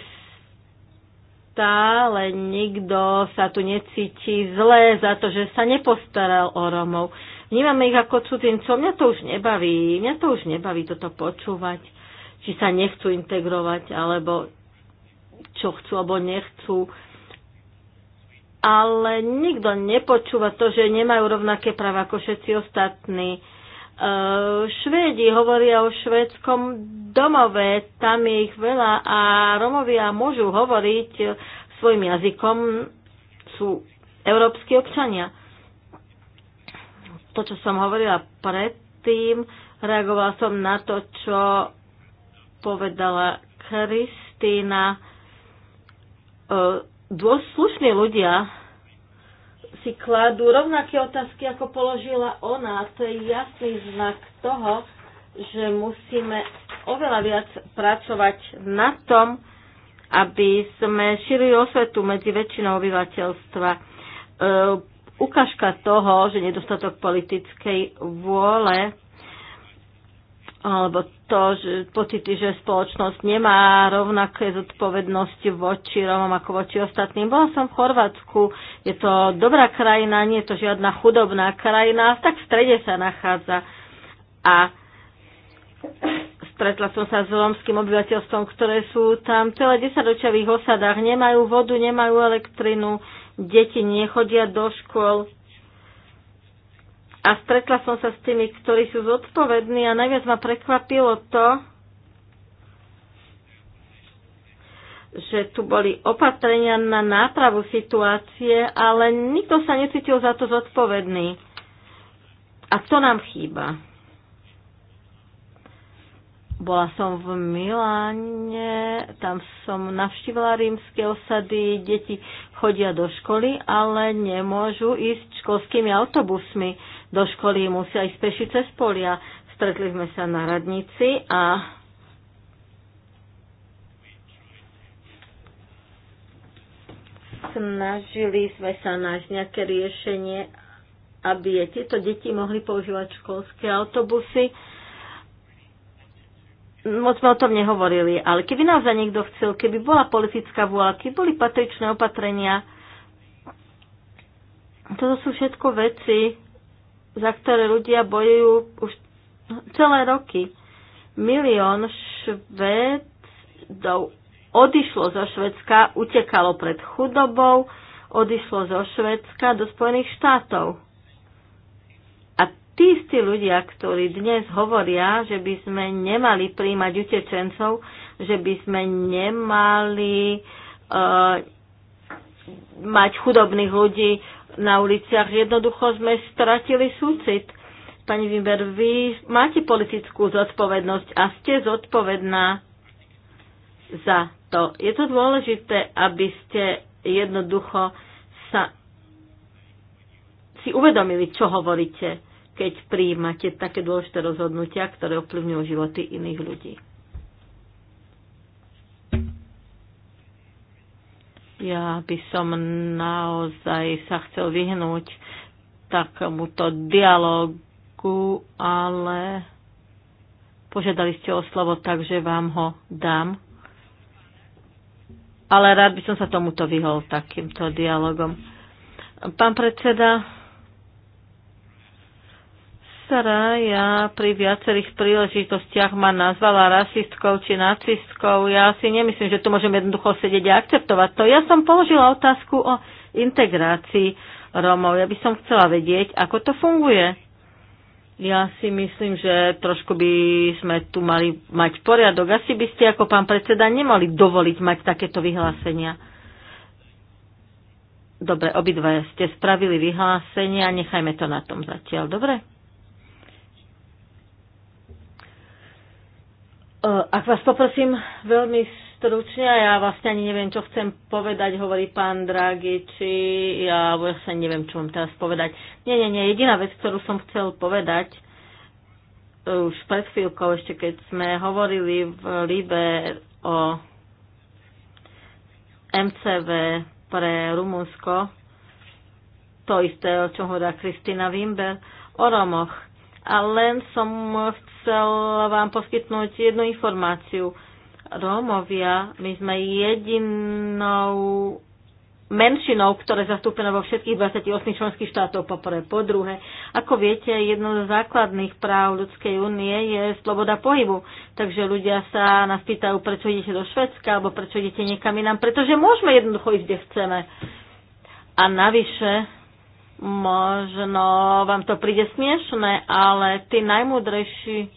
stále nikto sa tu necíti zlé za to, že sa nepostaral o Romov. Vnímame ich ako cudzincov. Mňa to už nebaví. Mňa to už nebaví toto počúvať. Či sa nechcú integrovať, alebo čo chcú alebo nechcú. Ale nikto nepočúva to, že nemajú rovnaké práva ako všetci ostatní. E, Švédi hovoria o švédskom domove, tam je ich veľa a Romovia môžu hovoriť svojim jazykom, sú európsky občania. To, čo som hovorila predtým, reagovala som na to, čo povedala Kristína E, slušní ľudia si kladú rovnaké otázky, ako položila ona. A to je jasný znak toho, že musíme oveľa viac pracovať na tom, aby sme šírili osvetu medzi väčšinou obyvateľstva. E, ukážka toho, že nedostatok politickej vôle alebo to, že pocity, že spoločnosť nemá rovnaké zodpovednosti voči Rómom ako voči ostatným. Bola som v Chorvátsku, je to dobrá krajina, nie je to žiadna chudobná krajina, tak v strede sa nachádza. A stretla som sa s romským obyvateľstvom, ktoré sú tam celé desaťročia osadách, nemajú vodu, nemajú elektrinu, deti nechodia do škôl, a stretla som sa s tými, ktorí sú zodpovední a najviac ma prekvapilo to, že tu boli opatrenia na nápravu situácie, ale nikto sa necítil za to zodpovedný. A to nám chýba. Bola som v Miláne, tam som navštívila rímske osady, deti chodia do školy, ale nemôžu ísť školskými autobusmi do školy musia ísť peši cez polia. Stretli sme sa na radnici a snažili sme sa nájsť nejaké riešenie, aby tieto deti mohli používať školské autobusy. Moc sme o tom nehovorili, ale keby nás za niekto chcel, keby bola politická vôľa, keby boli patričné opatrenia, toto sú všetko veci, za ktoré ľudia bojujú už celé roky. Milión Švedov odišlo zo Švedska, utekalo pred chudobou, odišlo zo Švedska do Spojených štátov. A tí istí ľudia, ktorí dnes hovoria, že by sme nemali príjmať utečencov, že by sme nemali uh, mať chudobných ľudí na uliciach. Jednoducho sme stratili súcit. Pani Wimber, vy máte politickú zodpovednosť a ste zodpovedná za to. Je to dôležité, aby ste jednoducho sa si uvedomili, čo hovoríte, keď prijímate také dôležité rozhodnutia, ktoré ovplyvňujú životy iných ľudí. Ja by som naozaj sa chcel vyhnúť takomuto dialogu, ale požiadali ste o slovo, takže vám ho dám. Ale rád by som sa tomuto vyhol takýmto dialogom. Pán predseda, ja pri viacerých príležitostiach ma nazvala rasistkou či nacistkou. Ja si nemyslím, že tu môžem jednoducho sedieť a akceptovať to. Ja som položila otázku o integrácii Rómov. Ja by som chcela vedieť, ako to funguje. Ja si myslím, že trošku by sme tu mali mať poriadok. Asi by ste ako pán predseda nemali dovoliť mať takéto vyhlásenia. Dobre, obidva ste spravili vyhlásenia, nechajme to na tom zatiaľ, dobre? Eh, ak vás poprosím veľmi stručne, ja vlastne ani neviem, čo chcem povedať, hovorí pán Draghi, či ja vlastne neviem, čo mám teraz povedať. Nie, nie, nie, jediná vec, ktorú som chcel povedať, eh, už pred chvíľkou, ešte keď sme hovorili v Libe o MCV pre Rumunsko, to isté, o čom hovorila Kristina Wimber, o Romoch a len som chcel vám poskytnúť jednu informáciu. Rómovia, my sme jedinou menšinou, ktoré zastúpené vo všetkých 28 členských štátov poprvé. Po druhé, ako viete, jedno z základných práv ľudskej únie je sloboda pohybu. Takže ľudia sa nás pýtajú, prečo idete do Švedska alebo prečo idete niekam inám, pretože môžeme jednoducho ísť, kde chceme. A navyše, Možno vám to príde smiešné, ale tí najmúdrejší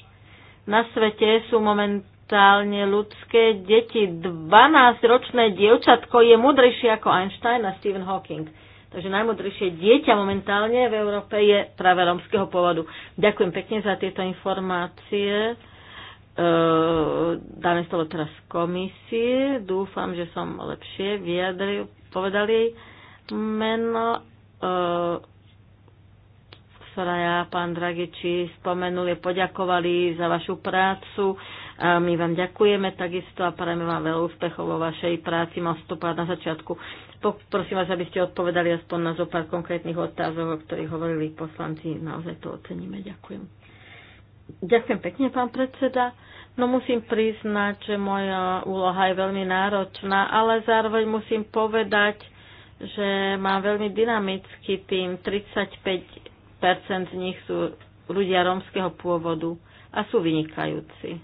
na svete sú momentálne ľudské deti. 12-ročné dievčatko je múdrejšie ako Einstein a Stephen Hawking. Takže najmodrejšie dieťa momentálne v Európe je práve romského pôvodu. Ďakujem pekne za tieto informácie. E, dáme toho teraz komisie. Dúfam, že som lepšie vyjadril, povedal jej meno Eh, Soraya, pán Dragiči spomenuli, poďakovali za vašu prácu. A my vám ďakujeme takisto a prajeme vám veľa úspechov vo vašej práci. Mám vstupovať na začiatku. Prosím vás, aby ste odpovedali aspoň na zo pár konkrétnych otázok, o ktorých hovorili poslanci. Naozaj to oceníme. Ďakujem. Ďakujem pekne, pán predseda. No musím priznať, že moja úloha je veľmi náročná, ale zároveň musím povedať, že mám veľmi dynamický tým, 35% z nich sú ľudia rómskeho pôvodu a sú vynikajúci.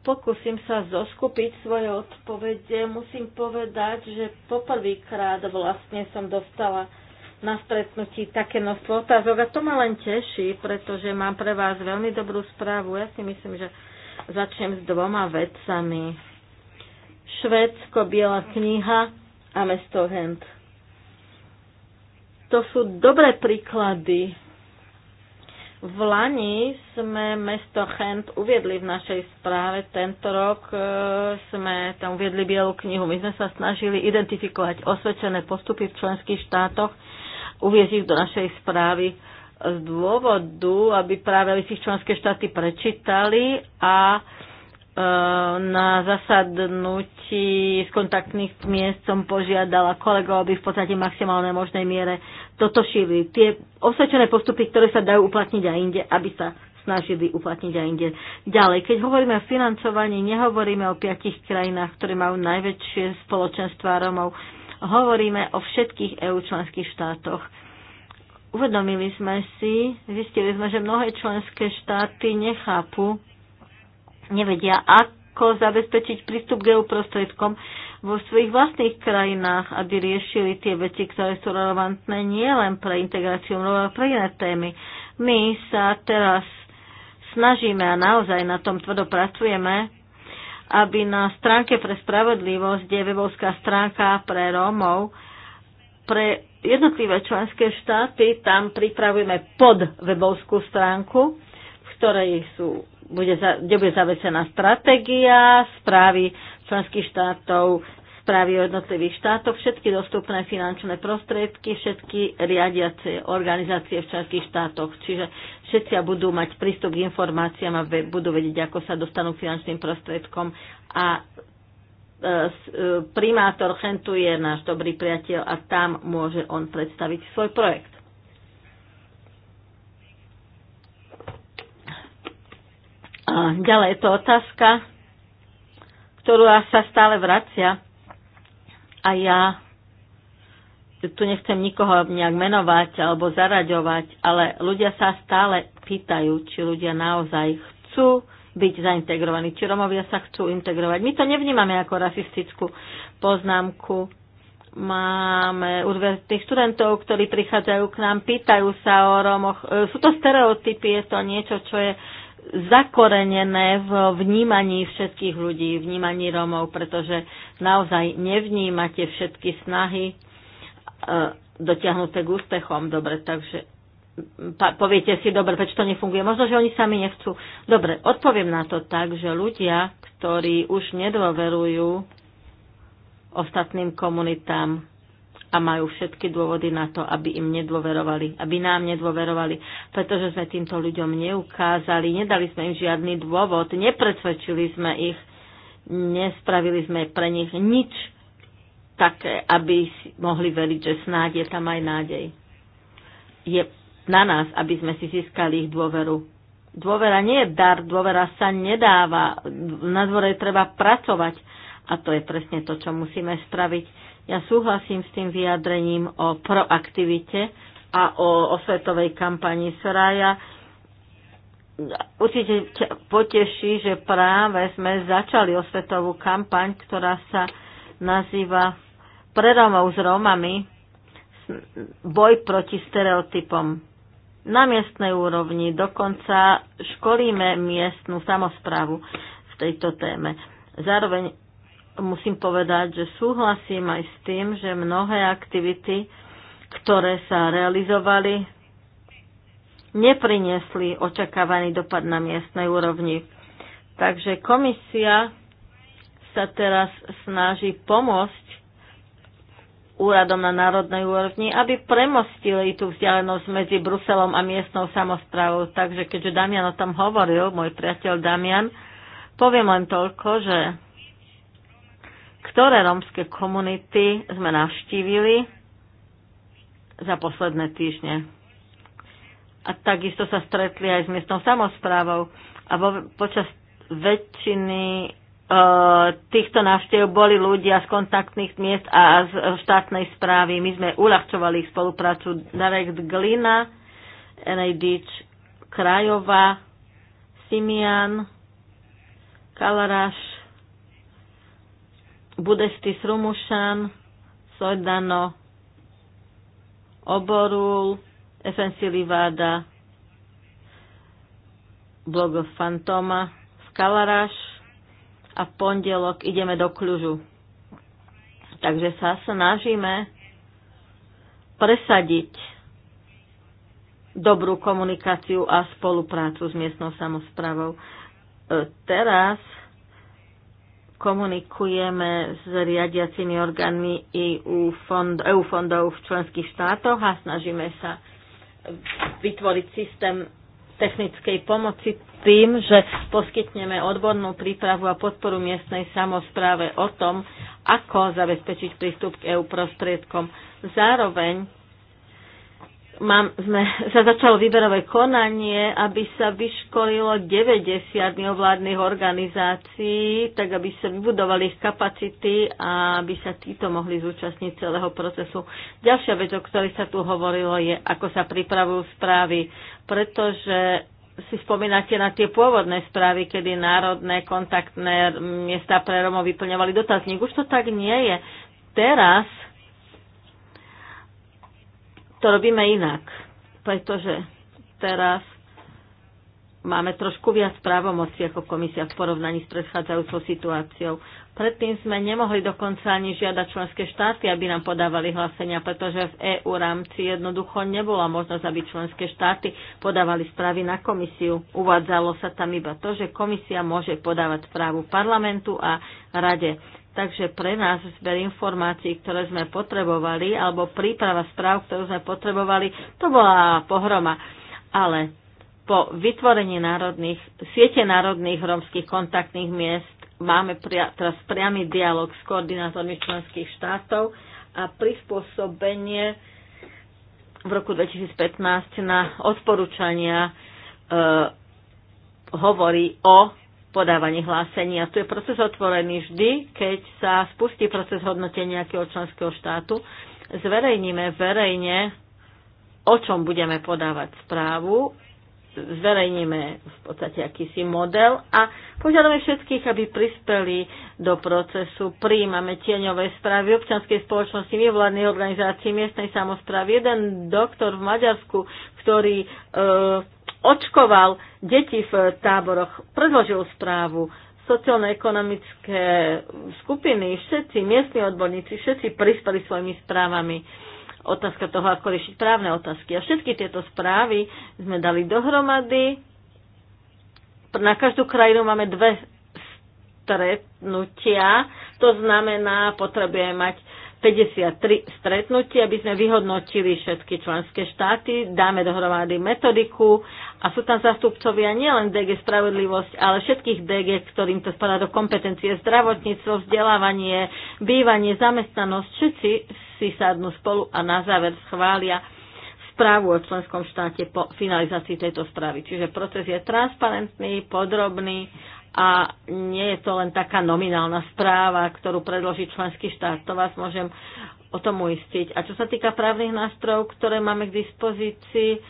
Pokúsim sa zoskupiť svoje odpovede. Musím povedať, že poprvýkrát vlastne som dostala na stretnutí také množstvo otázok a to ma len teší, pretože mám pre vás veľmi dobrú správu. Ja si myslím, že začnem s dvoma vecami. Švédsko, biela kniha a mesto Hent. To sú dobré príklady. V Lani sme mesto Hent uviedli v našej správe. Tento rok e, sme tam uviedli Bielú knihu. My sme sa snažili identifikovať osvedčené postupy v členských štátoch, uviezť ich do našej správy z dôvodu, aby práve si členské štáty prečítali a na zasadnutí z kontaktných miest som požiadala kolegov, aby v podstate maximálnej možnej miere toto šili. Tie osvedčené postupy, ktoré sa dajú uplatniť aj inde, aby sa snažili uplatniť aj inde. Ďalej, keď hovoríme o financovaní, nehovoríme o piatich krajinách, ktoré majú najväčšie spoločenstva Romov. Hovoríme o všetkých EU členských štátoch. Uvedomili sme si, zistili sme, že mnohé členské štáty nechápu nevedia, ako zabezpečiť prístup k EU prostriedkom vo svojich vlastných krajinách, aby riešili tie veci, ktoré sú relevantné nielen pre integráciu, ale pre iné témy. My sa teraz snažíme a naozaj na tom tvrdo pracujeme, aby na stránke pre spravodlivosť, kde je webovská stránka pre Rómov, pre jednotlivé členské štáty tam pripravujeme pod webovskú stránku, v ktorej sú bude za, kde bude zavesená stratégia, správy členských štátov, správy o jednotlivých štátoch, všetky dostupné finančné prostriedky, všetky riadiace organizácie v členských štátoch. Čiže všetci budú mať prístup k informáciám a budú vedieť, ako sa dostanú k finančným prostriedkom. A e, e, primátor Chentu je náš dobrý priateľ a tam môže on predstaviť svoj projekt. Ďalej je to otázka, ktorú sa stále vracia a ja tu nechcem nikoho nejak menovať alebo zaraďovať, ale ľudia sa stále pýtajú, či ľudia naozaj chcú byť zaintegrovaní, či Romovia sa chcú integrovať. My to nevnímame ako rasistickú poznámku. Máme univerzitných študentov, ktorí prichádzajú k nám, pýtajú sa o Romoch. Sú to stereotypy, je to niečo, čo je zakorenené v vnímaní všetkých ľudí, vnímaní Rómov, pretože naozaj nevnímate všetky snahy e, dotiahnuté k úspechom. Dobre, takže poviete si, dobre, prečo to nefunguje. Možno, že oni sami nechcú. Dobre, odpoviem na to tak, že ľudia, ktorí už nedôverujú ostatným komunitám, a majú všetky dôvody na to, aby im nedôverovali, aby nám nedôverovali, pretože sme týmto ľuďom neukázali, nedali sme im žiadny dôvod, nepresvedčili sme ich, nespravili sme pre nich nič také, aby si mohli veriť, že snáď je tam aj nádej. Je na nás, aby sme si získali ich dôveru. Dôvera nie je dar, dôvera sa nedáva, na dvore treba pracovať a to je presne to, čo musíme spraviť ja súhlasím s tým vyjadrením o proaktivite a o osvetovej kampani Soraya. Určite ťa poteší, že práve sme začali osvetovú kampaň, ktorá sa nazýva Pre s Romami, boj proti stereotypom. Na miestnej úrovni dokonca školíme miestnú samozprávu v tejto téme. Zároveň musím povedať, že súhlasím aj s tým, že mnohé aktivity, ktoré sa realizovali, nepriniesli očakávaný dopad na miestnej úrovni. Takže komisia sa teraz snaží pomôcť úradom na národnej úrovni, aby premostili tú vzdialenosť medzi Bruselom a miestnou samozprávou. Takže keďže Damian o tom hovoril, môj priateľ Damian, poviem len toľko, že ktoré rómske komunity sme navštívili za posledné týždne. A takisto sa stretli aj s miestnou samozprávou. A vo, počas väčšiny e, týchto návštev boli ľudia z kontaktných miest a z štátnej správy. My sme uľahčovali ich spoluprácu Darek Glina, NADIČ Krajova, Simian, Kalaraš, Budesti Srumušan, Sojdano, Oborul, FNC Livada, blog Fantoma, Skalaraš a v pondelok ideme do Kľužu. Takže sa snažíme presadiť dobrú komunikáciu a spoluprácu s miestnou samozprávou. E, teraz komunikujeme s riadiacimi orgánmi EU, fond, EU fondov v členských štátoch a snažíme sa vytvoriť systém technickej pomoci tým, že poskytneme odbornú prípravu a podporu miestnej samozpráve o tom, ako zabezpečiť prístup k EU prostriedkom. Zároveň mám, sme, sa začalo výberové konanie, aby sa vyškolilo 90 neovládnych organizácií, tak aby sa vybudovali ich kapacity a aby sa títo mohli zúčastniť celého procesu. Ďalšia vec, o ktorej sa tu hovorilo, je, ako sa pripravujú správy, pretože si spomínate na tie pôvodné správy, kedy národné kontaktné miesta pre Romov vyplňovali dotazník. Už to tak nie je. Teraz to robíme inak, pretože teraz máme trošku viac právomocí ako komisia v porovnaní s predchádzajúcou situáciou. Predtým sme nemohli dokonca ani žiadať členské štáty, aby nám podávali hlásenia, pretože v EU rámci jednoducho nebola možnosť, aby členské štáty podávali správy na komisiu. Uvádzalo sa tam iba to, že komisia môže podávať správu parlamentu a rade. Takže pre nás zber informácií, ktoré sme potrebovali, alebo príprava správ, ktorú sme potrebovali, to bola pohroma. Ale po vytvorení národných, siete národných romských kontaktných miest máme pria, teraz priamy dialog s koordinátormi členských štátov a prispôsobenie v roku 2015 na odporúčania e, hovorí o podávaní hlásení. A tu je proces otvorený vždy, keď sa spustí proces hodnotenia nejakého členského štátu. Zverejníme verejne, o čom budeme podávať správu, zverejníme v podstate akýsi model a požiadame všetkých, aby prispeli do procesu. Príjmame tieňové správy občianskej spoločnosti, mimovládnej organizácii, miestnej samozprávy. Jeden doktor v Maďarsku, ktorý e, očkoval deti v táboroch, predložil správu, sociálno-ekonomické skupiny, všetci miestni odborníci, všetci prispeli svojimi správami. Otázka toho, ako riešiť právne otázky. A všetky tieto správy sme dali dohromady. Na každú krajinu máme dve stretnutia. To znamená, potrebujeme mať 53 stretnutí, aby sme vyhodnotili všetky členské štáty, dáme dohromady metodiku a sú tam zastupcovia nielen DG Spravodlivosť, ale všetkých DG, ktorým to spadá do kompetencie zdravotníctvo, vzdelávanie, bývanie, zamestnanosť. Všetci si sadnú spolu a na záver schvália správu o členskom štáte po finalizácii tejto správy. Čiže proces je transparentný, podrobný a nie je to len taká nominálna správa, ktorú predloží členský štát. To vás môžem o tom uistiť. A čo sa týka právnych nástrojov, ktoré máme k dispozícii,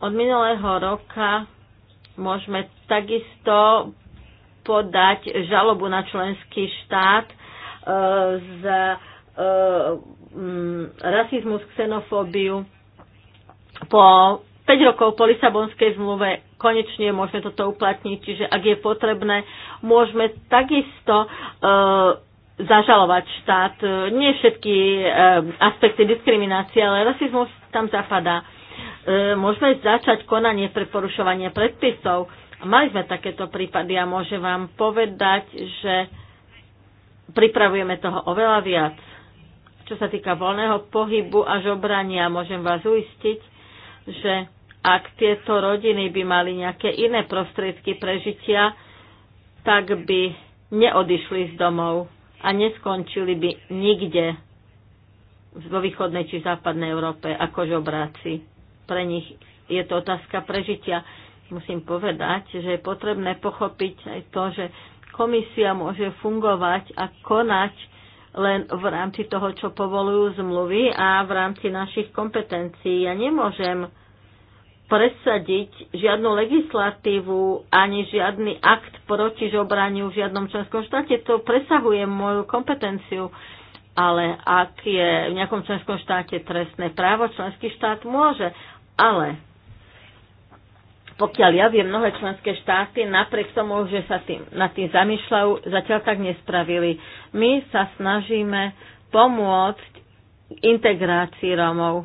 od minulého roka môžeme takisto podať žalobu na členský štát e, za e, rasizmus, xenofóbiu po 5 rokov po Lisabonskej zmluve konečne môžeme toto uplatniť, čiže ak je potrebné, môžeme takisto e, zažalovať štát. E, nie všetky e, aspekty diskriminácie, ale rasizmus tam zapadá. E, môžeme začať konanie pre porušovanie predpisov. Mali sme takéto prípady a môžem vám povedať, že pripravujeme toho oveľa viac. Čo sa týka voľného pohybu a žobrania, môžem vás uistiť, že ak tieto rodiny by mali nejaké iné prostriedky prežitia, tak by neodišli z domov a neskončili by nikde vo východnej či západnej Európe ako žobráci. Pre nich je to otázka prežitia. Musím povedať, že je potrebné pochopiť aj to, že komisia môže fungovať a konať len v rámci toho, čo povolujú zmluvy a v rámci našich kompetencií. Ja nemôžem presadiť žiadnu legislatívu ani žiadny akt proti žobraniu v žiadnom členskom štáte. To presahuje moju kompetenciu. Ale ak je v nejakom členskom štáte trestné právo, členský štát môže. Ale pokiaľ ja viem, mnohé členské štáty napriek tomu, že sa tým, nad tým zamýšľajú, zatiaľ tak nespravili. My sa snažíme pomôcť integrácii Romov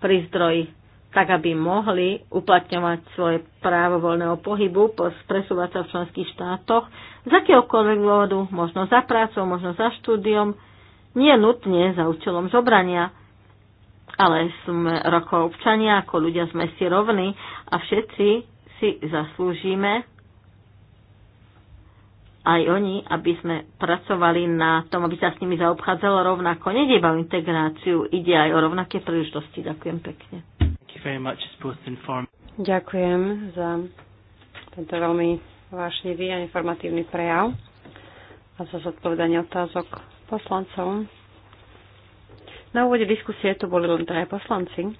pri zdroji tak aby mohli uplatňovať svoje právo voľného pohybu, presúvať sa v členských štátoch z akéhokoľvek dôvodu, možno za prácou, možno za štúdiom, nie nutne za účelom zobrania, ale sme roko občania, ako ľudia sme si rovní a všetci si zaslúžime aj oni, aby sme pracovali na tom, aby sa s nimi zaobchádzalo rovnako. Nedieba o integráciu, ide aj o rovnaké príležitosti. Ďakujem pekne. Ďakujem za tento veľmi vášnivý a informatívny prejav a za zodpovedanie otázok poslancov. Na úvode diskusie tu boli len traje poslanci.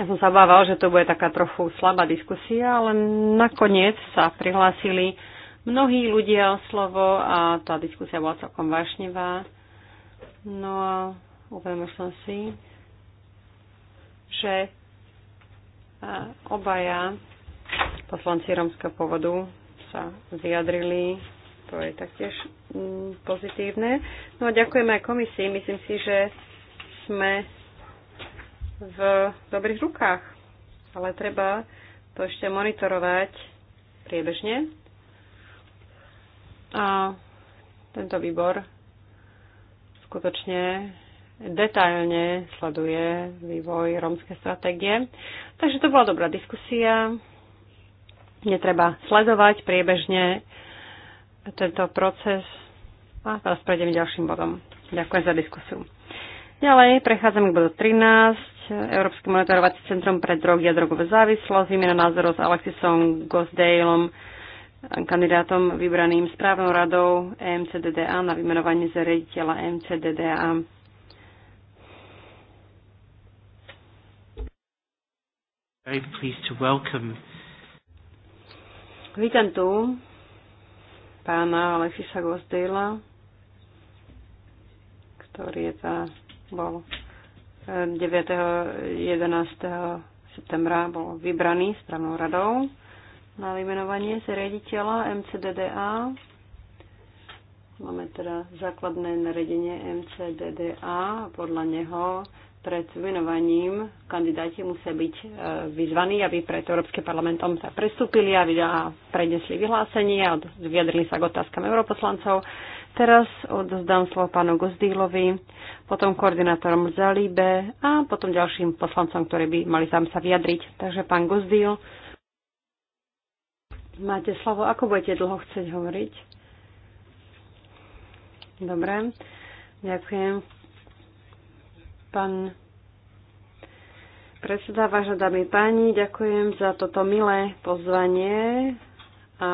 Ja som sa bával, že to bude taká trochu slabá diskusia, ale nakoniec sa prihlásili mnohí ľudia o slovo a tá diskusia bola celkom vášnivá. No a uvedomil som si, že e, obaja poslanci romského povodu sa vyjadrili. To je taktiež mm, pozitívne. No a ďakujeme aj komisii. Myslím si, že sme v dobrých rukách, ale treba to ešte monitorovať priebežne. A tento výbor skutočne detailne sleduje vývoj rómskej stratégie. Takže to bola dobrá diskusia. Netreba sledovať priebežne tento proces. A teraz prejdem ďalším bodom. Ďakujem za diskusiu. Ďalej prechádzam k bodu 13. Európske monitorovací centrum pre drogy a drogové závislosť. Výmena názorov s Alexisom Gosdaleom, kandidátom vybraným správnou radou EMCDDA na vymenovanie za riaditeľa EMCDDA. Very pleased to welcome. Vítam tu pána Alexisa Gosdela, ktorý je tá, bol 9. Eh, 11. septembra bol vybraný správnou radou na vymenovanie z riaditeľa MCDDA. Máme teda základné naredenie MCDDA. Podľa neho pred venovaním kandidáti musia byť e, vyzvaní, aby pred Európskym parlamentom sa prestúpili a prednesli vyhlásenie a vyjadrili sa k otázkam europoslancov. Teraz odzdám slovo pánu Gozdílovi, potom koordinátorom Zalíbe a potom ďalším poslancom, ktorí by mali tam sa vyjadriť. Takže pán Gozdíl, máte slovo. Ako budete dlho chcieť hovoriť? Dobre, ďakujem Pán predseda, vážne dámy páni, ďakujem za toto milé pozvanie a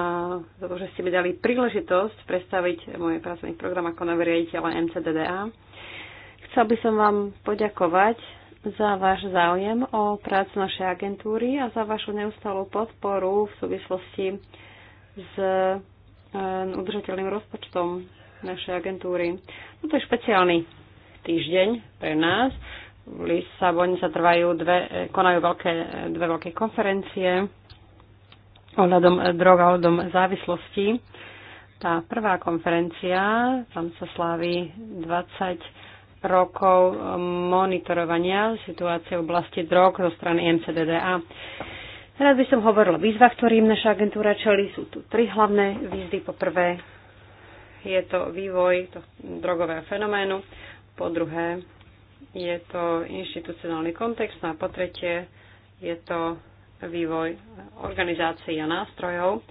za to, že ste mi dali príležitosť predstaviť môj pracovný program ako nový riaditeľa MCDDA. Chcel by som vám poďakovať za váš záujem o prácu našej agentúry a za vašu neustalú podporu v súvislosti s e, udržateľným rozpočtom našej agentúry. Toto no je špeciálny týždeň pre nás. V Lisabone sa trvajú dve, konajú veľké, dve veľké konferencie ohľadom drog a ohľadom závislosti. Tá prvá konferencia, tam sa slávi 20 rokov monitorovania situácie v oblasti drog zo strany MCDDA. Rád by som hovorila o výzvach, ktorým naša agentúra čelí. Sú tu tri hlavné výzvy. Po prvé, je to vývoj drogového fenoménu po druhé je to inštitucionálny kontext a po tretie je to vývoj organizácií a nástrojov.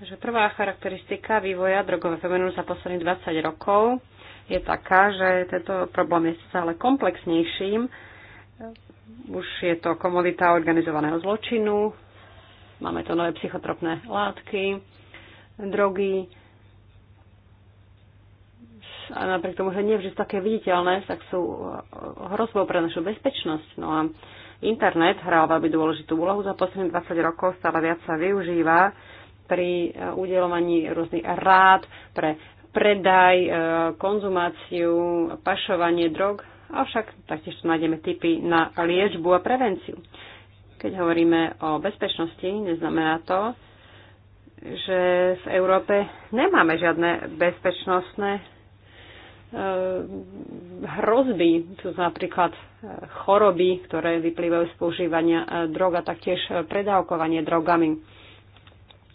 Takže prvá charakteristika vývoja drogového fenomenu za posledných 20 rokov je taká, že tento problém je stále komplexnejším. Už je to komodita organizovaného zločinu, máme to nové psychotropné látky, drogy, a napriek tomu, že nie vždy sú také viditeľné, tak sú eh, hrozbou pre našu bezpečnosť. No a internet hral, veľmi dôležitú úlohu. Za posledných 20 rokov stále viac sa využíva pri eh, udelovaní rôznych rád pre predaj, eh, konzumáciu, pašovanie drog, avšak taktiež tu nájdeme typy na liečbu a prevenciu. Keď hovoríme o bezpečnosti, neznamená to, že v Európe nemáme žiadne bezpečnostné Eh, hrozby, sú napríklad eh, choroby, ktoré vyplývajú z používania eh, drog a taktiež predávkovanie drogami.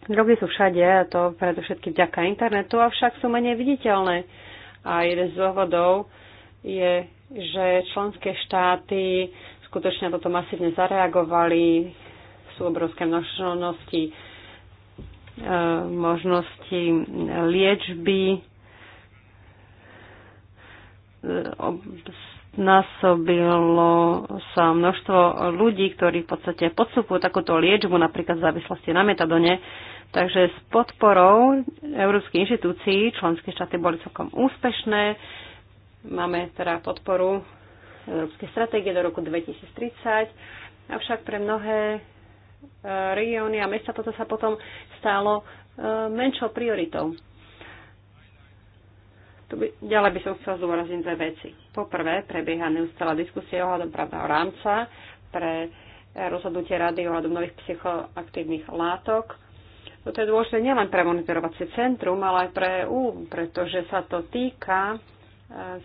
Drogy sú všade, a to predovšetky vďaka internetu, avšak sú menej viditeľné. A jeden z dôvodov je, že členské štáty skutočne toto masívne zareagovali, sú obrovské množnosti možnosti liečby násobilo sa množstvo ľudí, ktorí v podstate podstupujú takúto liečbu, napríklad v závislosti na metadone. Takže s podporou európskych inštitúcií členské štáty boli celkom úspešné. Máme teda podporu európskej stratégie do roku 2030. Avšak pre mnohé e, regióny a mesta toto sa potom stalo e, menšou prioritou. Tu by, ďalej by som chcela zúraziť dve veci. Poprvé, prebieha neustála diskusia ohľadom právneho rámca pre eh, rozhodnutie rady ohľadom nových psychoaktívnych látok. Toto no je dôležité nielen pre monitorovacie centrum, ale aj pre EU, pretože sa to týka eh,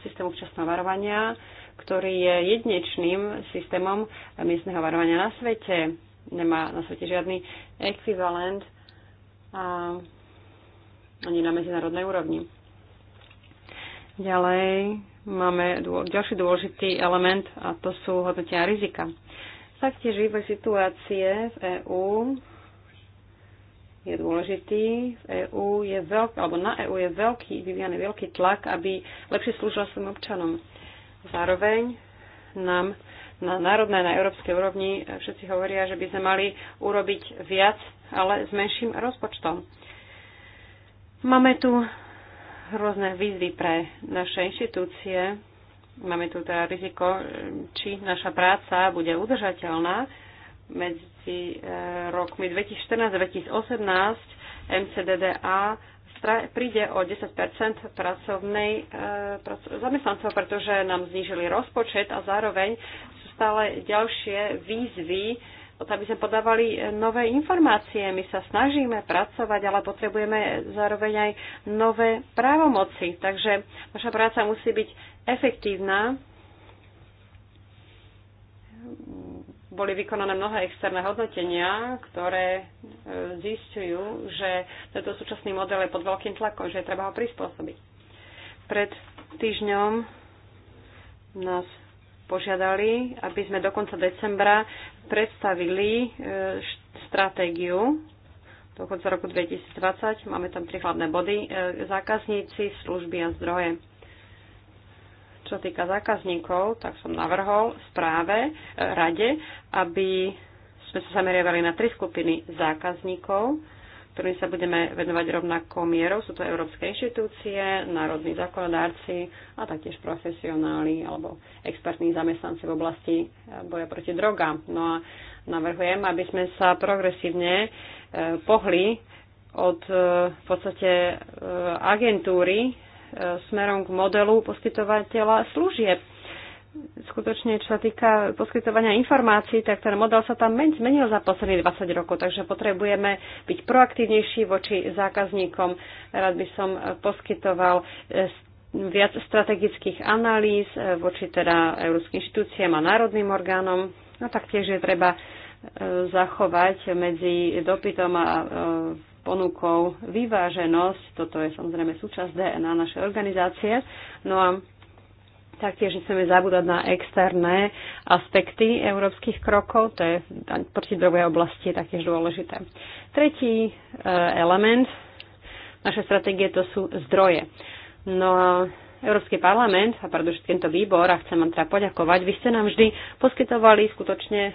systému včasného varovania, ktorý je jednečným systémom miestneho varovania na svete. Nemá na svete žiadny ekvivalent a ani na medzinárodnej úrovni. Ďalej máme ďalší dôležitý element a to sú hodnotenia rizika. Taktiež vývoj situácie v EÚ je dôležitý. V EÚ e je veľký, alebo na EÚ je veľký, vyvíjany veľký tlak, aby lepšie slúžila svojim občanom. Zároveň nám na národnej, na európskej úrovni všetci hovoria, že by sme mali urobiť viac, ale s menším rozpočtom. Máme tu rôzne výzvy pre naše inštitúcie. Máme tu teda riziko, či naša práca bude udržateľná. Medzi e, rokmi 2014 a 2018 MCDDA príde o 10 pracovnej e, zamestnancov, pretože nám znížili rozpočet a zároveň sú stále ďalšie výzvy, aby sme podávali e, nové informácie. My sa snažíme pracovať, ale potrebujeme zároveň aj nové právomoci. Takže naša práca musí byť efektívna. Boli vykonané mnohé externé hodnotenia, ktoré e, zistujú, že tento súčasný model je pod veľkým tlakom, že je treba ho prispôsobiť. Pred týždňom nás požiadali, aby sme do konca decembra predstavili e, stratégiu do konca roku 2020. Máme tam tri hlavné body. E, zákazníci, služby a zdroje. Čo týka zákazníkov, tak som navrhol správe e, rade, aby sme sa zameriavali na tri skupiny zákazníkov ktorým sa budeme venovať rovnakou mierou. Sú to európske inštitúcie, národní zakladárci a taktiež profesionáli alebo expertní zamestnanci v oblasti eh, boja proti drogám. No a navrhujem, aby sme sa progresívne eh, pohli od eh, v podstate agentúry smerom k modelu poskytovateľa služieb skutočne, čo sa týka poskytovania informácií, tak ten model sa tam zmenil za posledných 20 rokov, takže potrebujeme byť proaktívnejší voči zákazníkom. Rád by som eh, poskytoval eh, viac strategických analýz eh, voči teda európskym inštitúciám a národným orgánom. No taktiež je treba zachovať medzi dopytom a ponukou vyváženosť. Toto je samozrejme súčasť DNA našej organizácie. No a Taktiež nechceme zabúdať na externé aspekty európskych krokov, to je v protidrogovej oblasti taktiež dôležité. Tretí e, element našej stratégie to sú zdroje. No a Európsky parlament a predovšetkým tento výbor, a chcem vám teda poďakovať, vy ste nám vždy poskytovali skutočne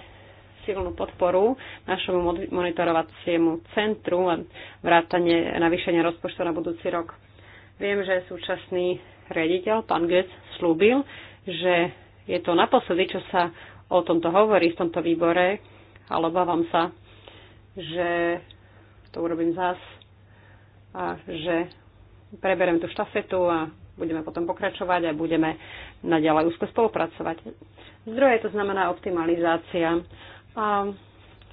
silnú podporu našemu monitorovaciemu centru a vrátanie navýšenia rozpočtu na budúci rok. Viem, že súčasný riaditeľ, pán Götz, slúbil, že je to naposledy, čo sa o tomto hovorí v tomto výbore, ale obávam sa, že to urobím zás a že preberem tú štafetu a budeme potom pokračovať a budeme naďalej úzko spolupracovať. Zdroje to znamená optimalizácia. A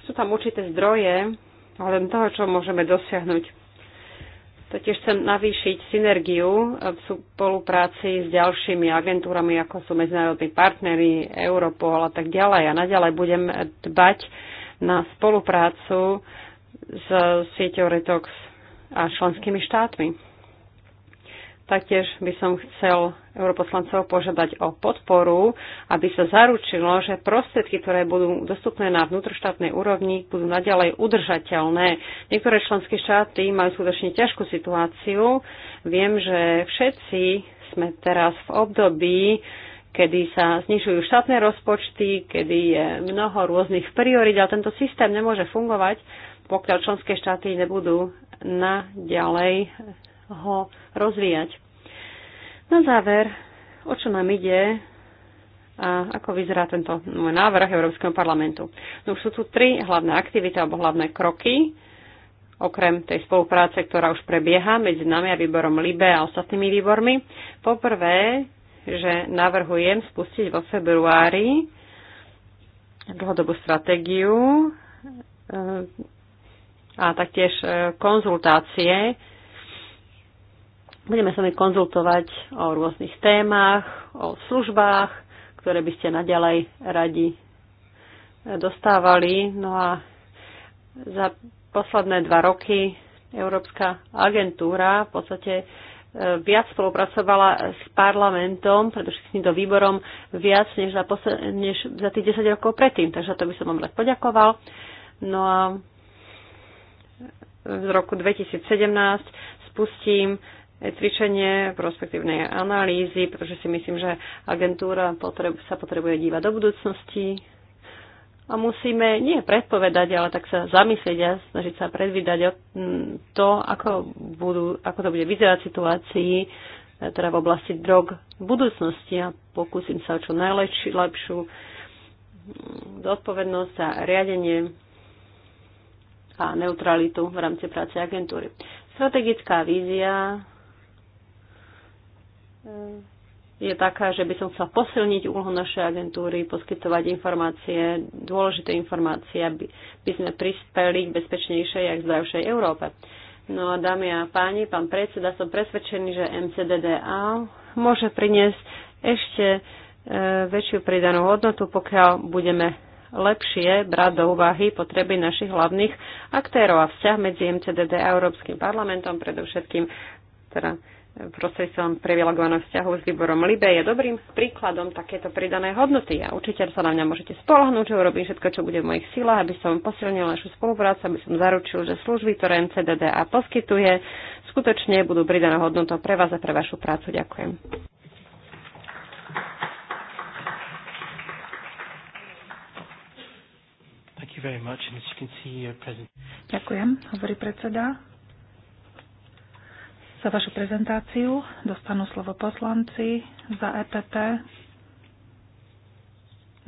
sú tam určité zdroje, ale toho, čo môžeme dosiahnuť Totiž chcem navýšiť synergiu v spolupráci s ďalšími agentúrami, ako sú medzinárodní partnery, Europol a tak ďalej. A naďalej budem dbať na spoluprácu s sieťou Retox a členskými štátmi. Taktiež by som chcel europoslancov požiadať o podporu, aby sa zaručilo, že prostriedky, ktoré budú dostupné na vnútroštátnej úrovni, budú naďalej udržateľné. Niektoré členské štáty majú skutočne ťažkú situáciu. Viem, že všetci sme teraz v období, kedy sa znižujú štátne rozpočty, kedy je mnoho rôznych priorít, ale tento systém nemôže fungovať, pokiaľ členské štáty nebudú naďalej ho rozvíjať. Na záver, o čo nám ide a ako vyzerá tento môj návrh Európskeho parlamentu. No už sú tu tri hlavné aktivity alebo hlavné kroky, okrem tej spolupráce, ktorá už prebieha medzi nami a výborom LIBE a ostatnými výbormi. Poprvé, že navrhujem spustiť vo februári dlhodobú stratégiu e, a taktiež e, konzultácie Budeme sa mi konzultovať o rôznych témach, o službách, ktoré by ste naďalej radi dostávali. No a za posledné dva roky Európska agentúra v podstate e, viac spolupracovala s parlamentom, pretože s týmto výborom, viac než za, posled, než za tých 10 rokov predtým. Takže to by som vám rád poďakoval. No a v roku 2017 spustím cvičenie, prospektívnej analýzy, pretože si myslím, že agentúra potreb, sa potrebuje dívať do budúcnosti a musíme nie predpovedať, ale tak sa zamyslieť a snažiť sa predvídať to, ako, budú, ako to bude vyzerať situácii teda v oblasti drog v budúcnosti a pokúsim sa o čo najlepšiu zodpovednosť a riadenie a neutralitu v rámci práce agentúry. Strategická vízia je taká, že by som chcela posilniť úlohu našej agentúry, poskytovať informácie, dôležité informácie, aby by sme prispeli k bezpečnejšej a k zdravšej Európe. No a dámy a páni, pán predseda, som presvedčený, že MCDDA môže priniesť ešte e, väčšiu pridanú hodnotu, pokiaľ budeme lepšie brať do úvahy potreby našich hlavných aktérov a vzťah medzi MCDD a Európskym parlamentom, predovšetkým teda prostredstvom privilegovaného vzťahu s výborom Libe je dobrým príkladom takéto pridané hodnoty. A určite sa na mňa môžete spolahnúť, že urobím všetko, čo bude v mojich silách, aby som posilnil našu spoluprácu, aby som zaručil, že služby, ktoré NCDDA poskytuje, skutočne budú pridanou hodnotou pre vás a pre vašu prácu. Ďakujem. Ďakujem, hovorí predseda za vašu prezentáciu. Dostanú slovo poslanci za EPP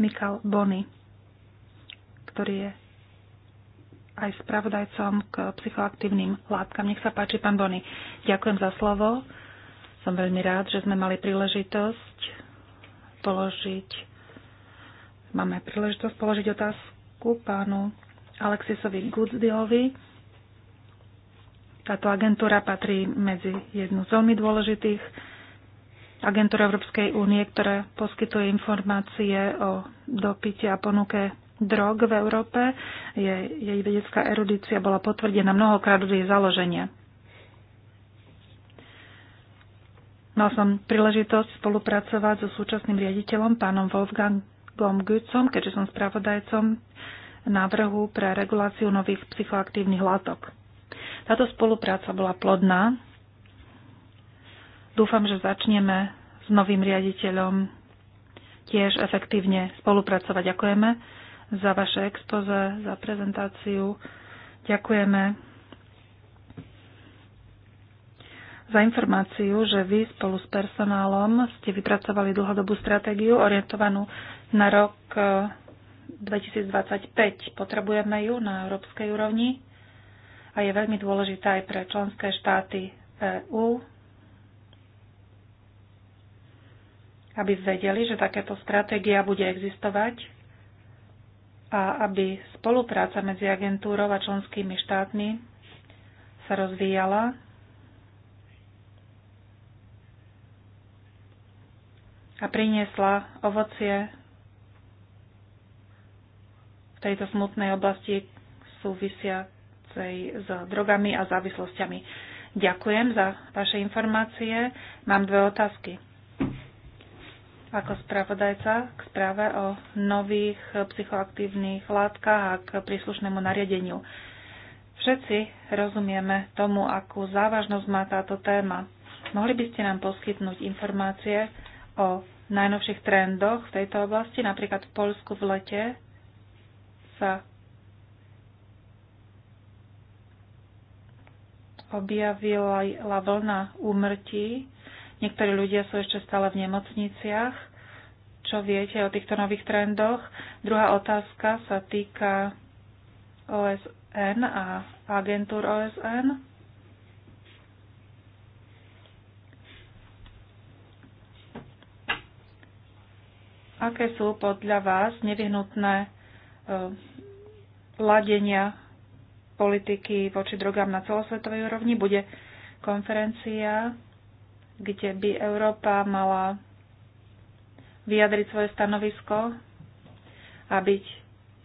Mikal Bony, ktorý je aj spravodajcom k psychoaktívnym látkam. Nech sa páči, pán Bony. Ďakujem za slovo. Som veľmi rád, že sme mali príležitosť položiť máme príležitosť položiť otázku pánu Alexisovi Goodsdillovi táto agentúra patrí medzi jednu z veľmi dôležitých agentúr Európskej únie, ktorá poskytuje informácie o dopite a ponuke drog v Európe. Jej, jej vedecká erudícia bola potvrdená mnohokrát od jej založenia. Mal som príležitosť spolupracovať so súčasným riaditeľom, pánom Wolfgangom Gützom, keďže som spravodajcom návrhu pre reguláciu nových psychoaktívnych látok. Táto spolupráca bola plodná. Dúfam, že začneme s novým riaditeľom tiež efektívne spolupracovať. Ďakujeme za vaše expoze, za prezentáciu. Ďakujeme za informáciu, že vy spolu s personálom ste vypracovali dlhodobú stratégiu orientovanú na rok 2025. Eh, Potrebujeme ju na európskej úrovni a je veľmi dôležitá aj pre členské štáty EÚ, aby vedeli, že takáto stratégia bude existovať a aby spolupráca medzi agentúrou a členskými štátmi sa rozvíjala a priniesla ovocie v tejto smutnej oblasti súvisia súvisiacej s drogami a závislosťami. Ďakujem za vaše informácie. Mám dve otázky. Ako spravodajca k správe o nových psychoaktívnych látkach a k príslušnému nariadeniu. Všetci rozumieme tomu, akú závažnosť má táto téma. Mohli by ste nám poskytnúť informácie o najnovších trendoch v tejto oblasti? Napríklad v Polsku v lete sa objavila vlna úmrtí. Niektorí ľudia sú ešte stále v nemocniciach. Čo viete o týchto nových trendoch? Druhá otázka sa týka OSN a agentúr OSN. Aké sú podľa vás nevyhnutné eh, ladenia politiky voči drogám na celosvetovej úrovni. Bude konferencia, kde by Európa mala vyjadriť svoje stanovisko a byť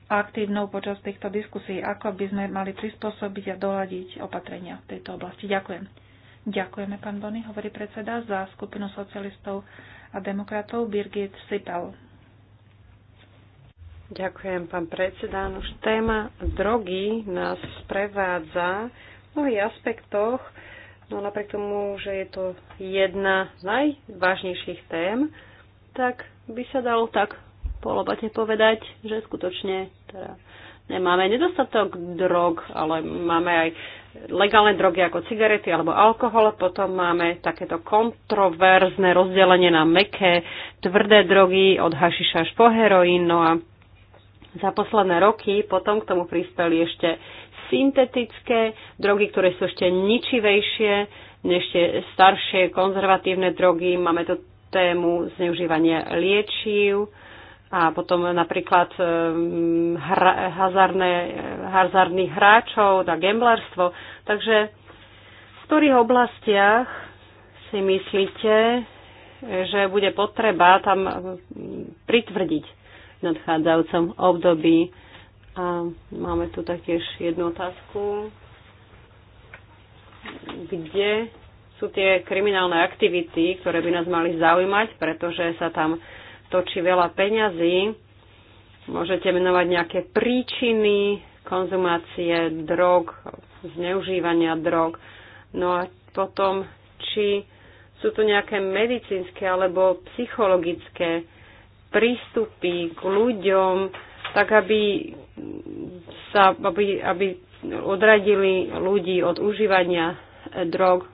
aktívnou počas týchto diskusí, ako by sme mali prispôsobiť a doľadiť opatrenia v tejto oblasti. Ďakujem. Ďakujeme, pán Bony, hovorí predseda za skupinu socialistov a demokratov Birgit Sipel. Ďakujem, pán predseda. Už téma drogy nás sprevádza v mnohých aspektoch, no napriek tomu, že je to jedna z najvážnejších tém, tak by sa dalo tak polobate povedať, že skutočne teda nemáme nedostatok drog, ale máme aj legálne drogy ako cigarety alebo alkohol, potom máme takéto kontroverzne rozdelenie na meké, tvrdé drogy od hašiša až po heroín, no a za posledné roky potom k tomu prispeli ešte syntetické drogy, ktoré sú ešte ničivejšie než tie staršie konzervatívne drogy. Máme tu tému zneužívania liečiv a potom napríklad ehm, hra, hazardné, hazardných hráčov a gamblerstvo. Takže v ktorých oblastiach si myslíte, že bude potreba tam ehm, pritvrdiť? nadchádzajúcom období. A máme tu taktiež jednu otázku. Kde sú tie kriminálne aktivity, ktoré by nás mali zaujímať, pretože sa tam točí veľa peňazí. Môžete menovať nejaké príčiny konzumácie drog, zneužívania drog. No a potom, či sú tu nejaké medicínske alebo psychologické prístupy k ľuďom, tak aby, sa, aby, aby odradili ľudí od užívania eh, drog,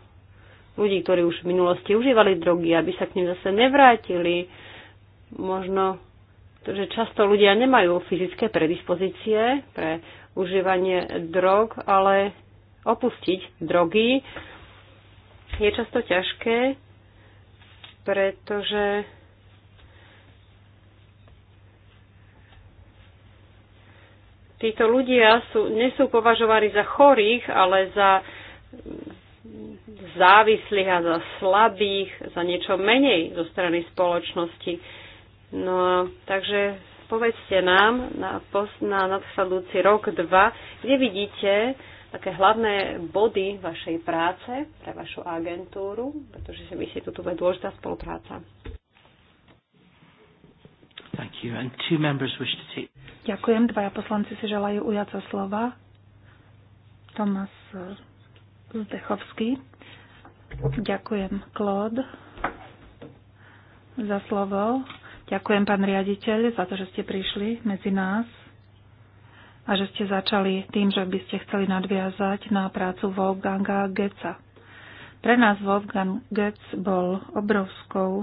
ľudí, ktorí už v minulosti užívali drogy, aby sa k ním zase nevrátili. Možno, že často ľudia nemajú fyzické predispozície pre užívanie drog, ale opustiť drogy je často ťažké, pretože títo ľudia sú, nesú považovaní za chorých, ale za závislých a za slabých, za niečo menej zo strany spoločnosti. No, takže povedzte nám na, na nadchádzajúci rok, dva, kde vidíte také hlavné body vašej práce pre vašu agentúru, pretože si myslím, že tu bude dôležitá spolupráca. Thank you. And two members wish to take... Ďakujem. Dvaja poslanci si želajú ujať sa slova. Tomas eh, Zdechovský. Ďakujem, Claude, za slovo. Ďakujem, pán riaditeľ, za to, že ste prišli medzi nás a že ste začali tým, že by ste chceli nadviazať na prácu Wolfganga Goetza. Pre nás Wolfgang Goetz bol obrovskou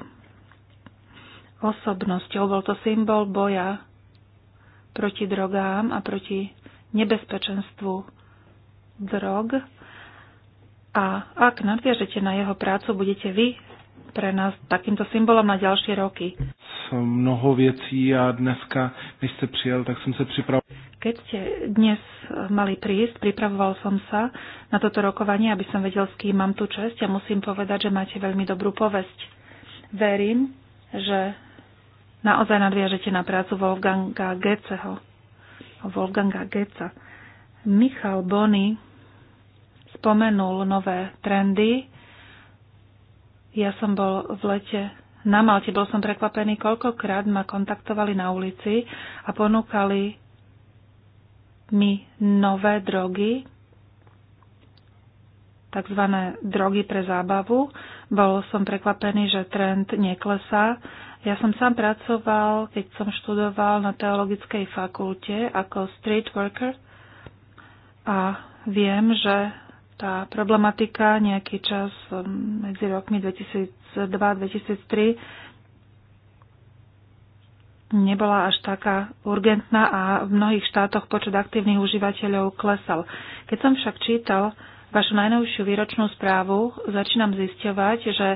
osobnosťou, bol to symbol boja proti drogám a proti nebezpečenstvu drog. A ak nadviažete na jeho prácu, budete vy pre nás takýmto symbolom na ďalšie roky. Mnoho vecí a dneska, než ste prijel, tak som sa pripravil. Keď ste dnes mali prísť, pripravoval som sa na toto rokovanie, aby som vedel, s kým mám tú čest a musím povedať, že máte veľmi dobrú povesť. Verím, že naozaj nadviažete na prácu Wolfganga Geceho. Wolfganga Geca. Michal Bony spomenul nové trendy. Ja som bol v lete na Malte, bol som prekvapený, koľkokrát ma kontaktovali na ulici a ponúkali mi nové drogy, takzvané drogy pre zábavu. Bol som prekvapený, že trend neklesá ja som sám pracoval, keď som študoval na teologickej fakulte ako street worker a viem, že tá problematika nejaký čas um, medzi rokmi 2002-2003 nebola až taká urgentná a v mnohých štátoch počet aktívnych užívateľov klesal. Keď som však čítal vašu najnovšiu výročnú správu, začínam zisťovať, že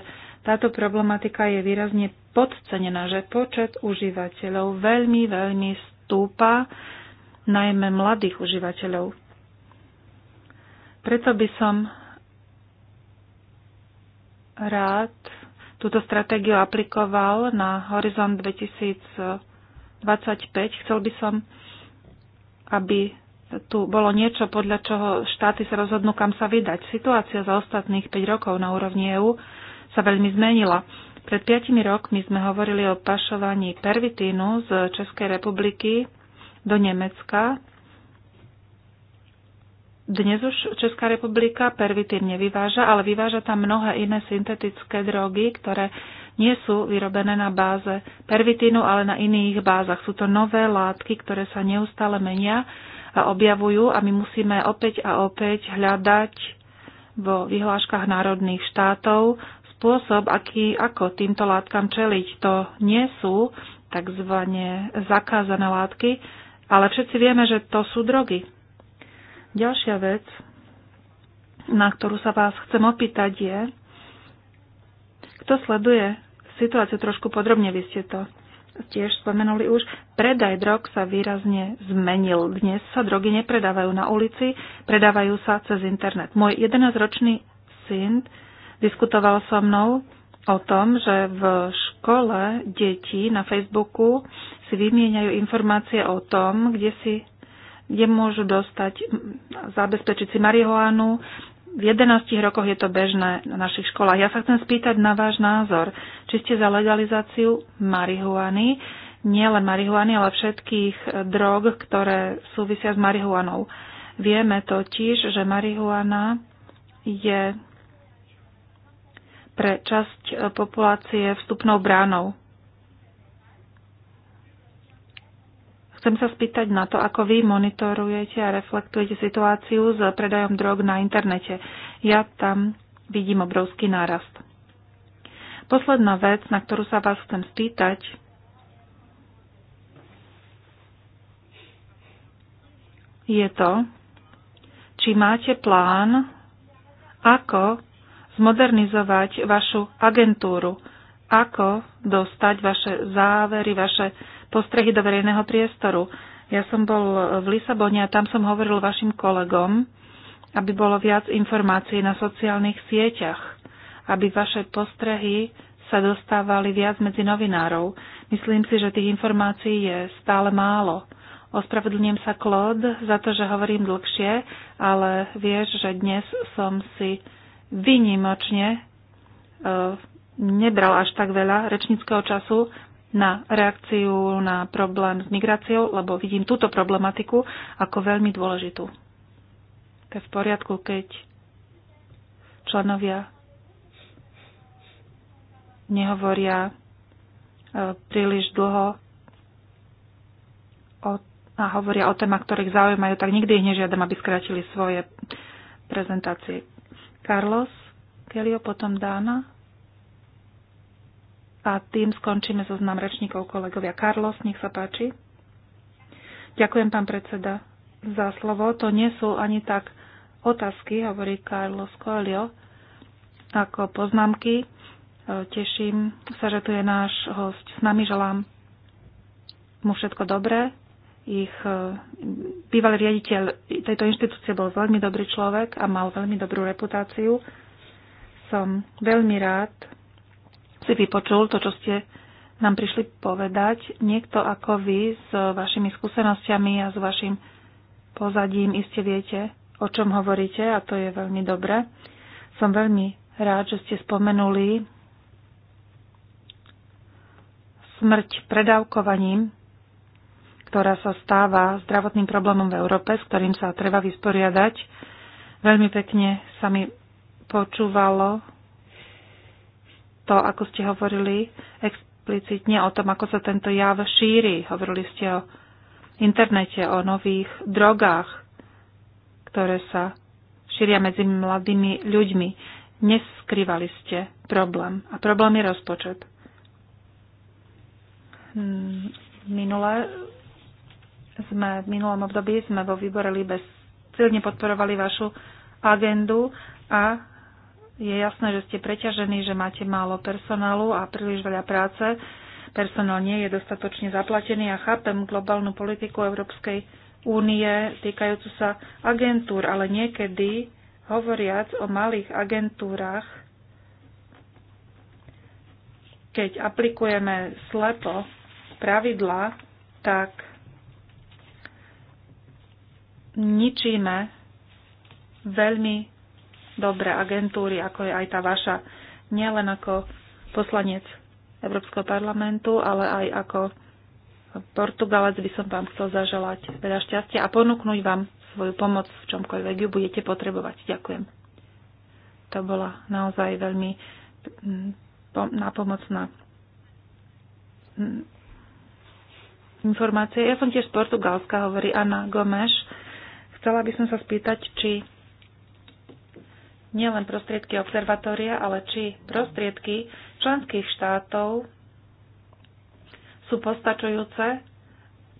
táto problematika je výrazne podcenená, že počet užívateľov veľmi, veľmi stúpa, najmä mladých užívateľov. Preto by som rád túto stratégiu aplikoval na horizont 2025. Chcel by som, aby tu bolo niečo, podľa čoho štáty sa rozhodnú, kam sa vydať. Situácia za ostatných 5 rokov na úrovni EÚ sa veľmi zmenila. Pred 5 rokmi sme hovorili o pašovaní pervitínu z Českej republiky do Nemecka. Dnes už Česká republika pervitín nevyváža, ale vyváža tam mnohé iné syntetické drogy, ktoré nie sú vyrobené na báze pervitínu, ale na iných bázach. Sú to nové látky, ktoré sa neustále menia a objavujú a my musíme opäť a opäť hľadať vo vyhláškach národných štátov spôsob, aký, ako týmto látkam čeliť. To nie sú tzv. zakázané látky, ale všetci vieme, že to sú drogy. Ďalšia vec, na ktorú sa vás chcem opýtať je, kto sleduje situáciu trošku podrobne, vy ste to tiež spomenuli už, predaj drog sa výrazne zmenil. Dnes sa drogy nepredávajú na ulici, predávajú sa cez internet. Môj 11-ročný syn diskutoval so mnou o tom, že v škole deti na Facebooku si vymieňajú informácie o tom, kde si kde môžu dostať, zabezpečiť si marihuánu. V 11 rokoch je to bežné na našich školách. Ja sa chcem spýtať na váš názor. Či ste za legalizáciu marihuany, nielen marihuany, ale všetkých e, drog, ktoré súvisia s marihuanou. Vieme totiž, že marihuana je pre časť e, populácie vstupnou bránou. Chcem sa spýtať na to, ako vy monitorujete a reflektujete situáciu s predajom drog na internete. Ja tam vidím obrovský nárast. Posledná vec, na ktorú sa vás chcem spýtať, je to, či máte plán, ako zmodernizovať vašu agentúru, ako dostať vaše závery, vaše postrehy do verejného priestoru. Ja som bol v Lisabone a tam som hovoril vašim kolegom, aby bolo viac informácií na sociálnych sieťach, aby vaše postrehy sa dostávali viac medzi novinárov. Myslím si, že tých informácií je stále málo. Ospravedlňujem sa, Claude, za to, že hovorím dlhšie, ale vieš, že dnes som si vynimočne e, nebral až tak veľa rečníckého času na reakciu na problém s migráciou, lebo vidím túto problematiku ako veľmi dôležitú. To je v poriadku, keď členovia nehovoria e, príliš dlho o, a hovoria o témach, ktorých zaujímajú, tak nikdy ich nežiadam, aby skrátili svoje prezentácie. Carlos, Kelio, potom Dana. A tým skončíme so so rečníkov kolegovia. Carlos, nech sa páči. Ďakujem, pán predseda, za slovo. To nie sú ani tak otázky, hovorí Carlos Coelho, ako poznámky. E, teším sa, že tu je náš host s nami. Želám mu všetko dobré ich e, bývalý riaditeľ tejto inštitúcie bol veľmi dobrý človek a mal veľmi dobrú reputáciu. Som veľmi rád si vypočul to, čo ste nám prišli povedať. Niekto ako vy s vašimi skúsenostiami a s vašim pozadím iste viete, o čom hovoríte a to je veľmi dobré. Som veľmi rád, že ste spomenuli smrť predávkovaním ktorá sa stáva zdravotným problémom v Európe, s ktorým sa treba vysporiadať. Veľmi pekne sa mi počúvalo to, ako ste hovorili explicitne o tom, ako sa tento jav šíri. Hovorili ste o internete, o nových drogách, ktoré sa šíria medzi mladými ľuďmi. Neskrývali ste problém. A problém je rozpočet. Hmm, Minule sme v minulom období sme vo výbore Libes silne podporovali vašu agendu a je jasné, že ste preťažení, že máte málo personálu a príliš veľa práce. Personál nie je dostatočne zaplatený a chápem globálnu politiku Európskej únie týkajúcu sa agentúr, ale niekedy, hovoriac o malých agentúrach, keď aplikujeme slepo pravidla, tak ničíme veľmi dobré agentúry, ako je aj tá vaša, nielen ako poslanec Európskeho parlamentu, ale aj ako Portugalec by som vám chcel zaželať veľa šťastia a ponúknuť vám svoju pomoc v čomkoľvek ju budete potrebovať. Ďakujem. To bola naozaj veľmi mm, napomocná mm, informácia. Ja som tiež z Portugalska, hovorí Ana Gomes Chcela by som sa spýtať, či nielen prostriedky observatória, ale či prostriedky členských štátov sú postačujúce,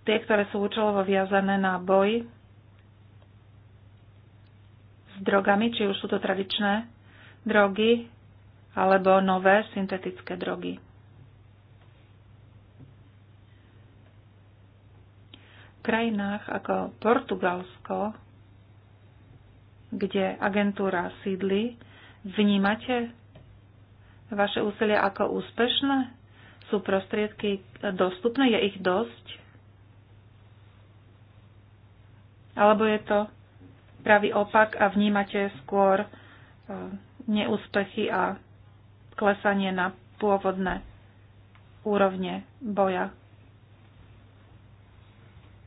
tie, ktoré sú účelovo viazané na boj s drogami, či už sú to tradičné drogy alebo nové syntetické drogy. krajinách ako Portugalsko, kde agentúra sídli, vnímate vaše úsilie ako úspešné? Sú prostriedky dostupné? Je ich dosť? Alebo je to pravý opak a vnímate skôr e, neúspechy a klesanie na pôvodné úrovne boja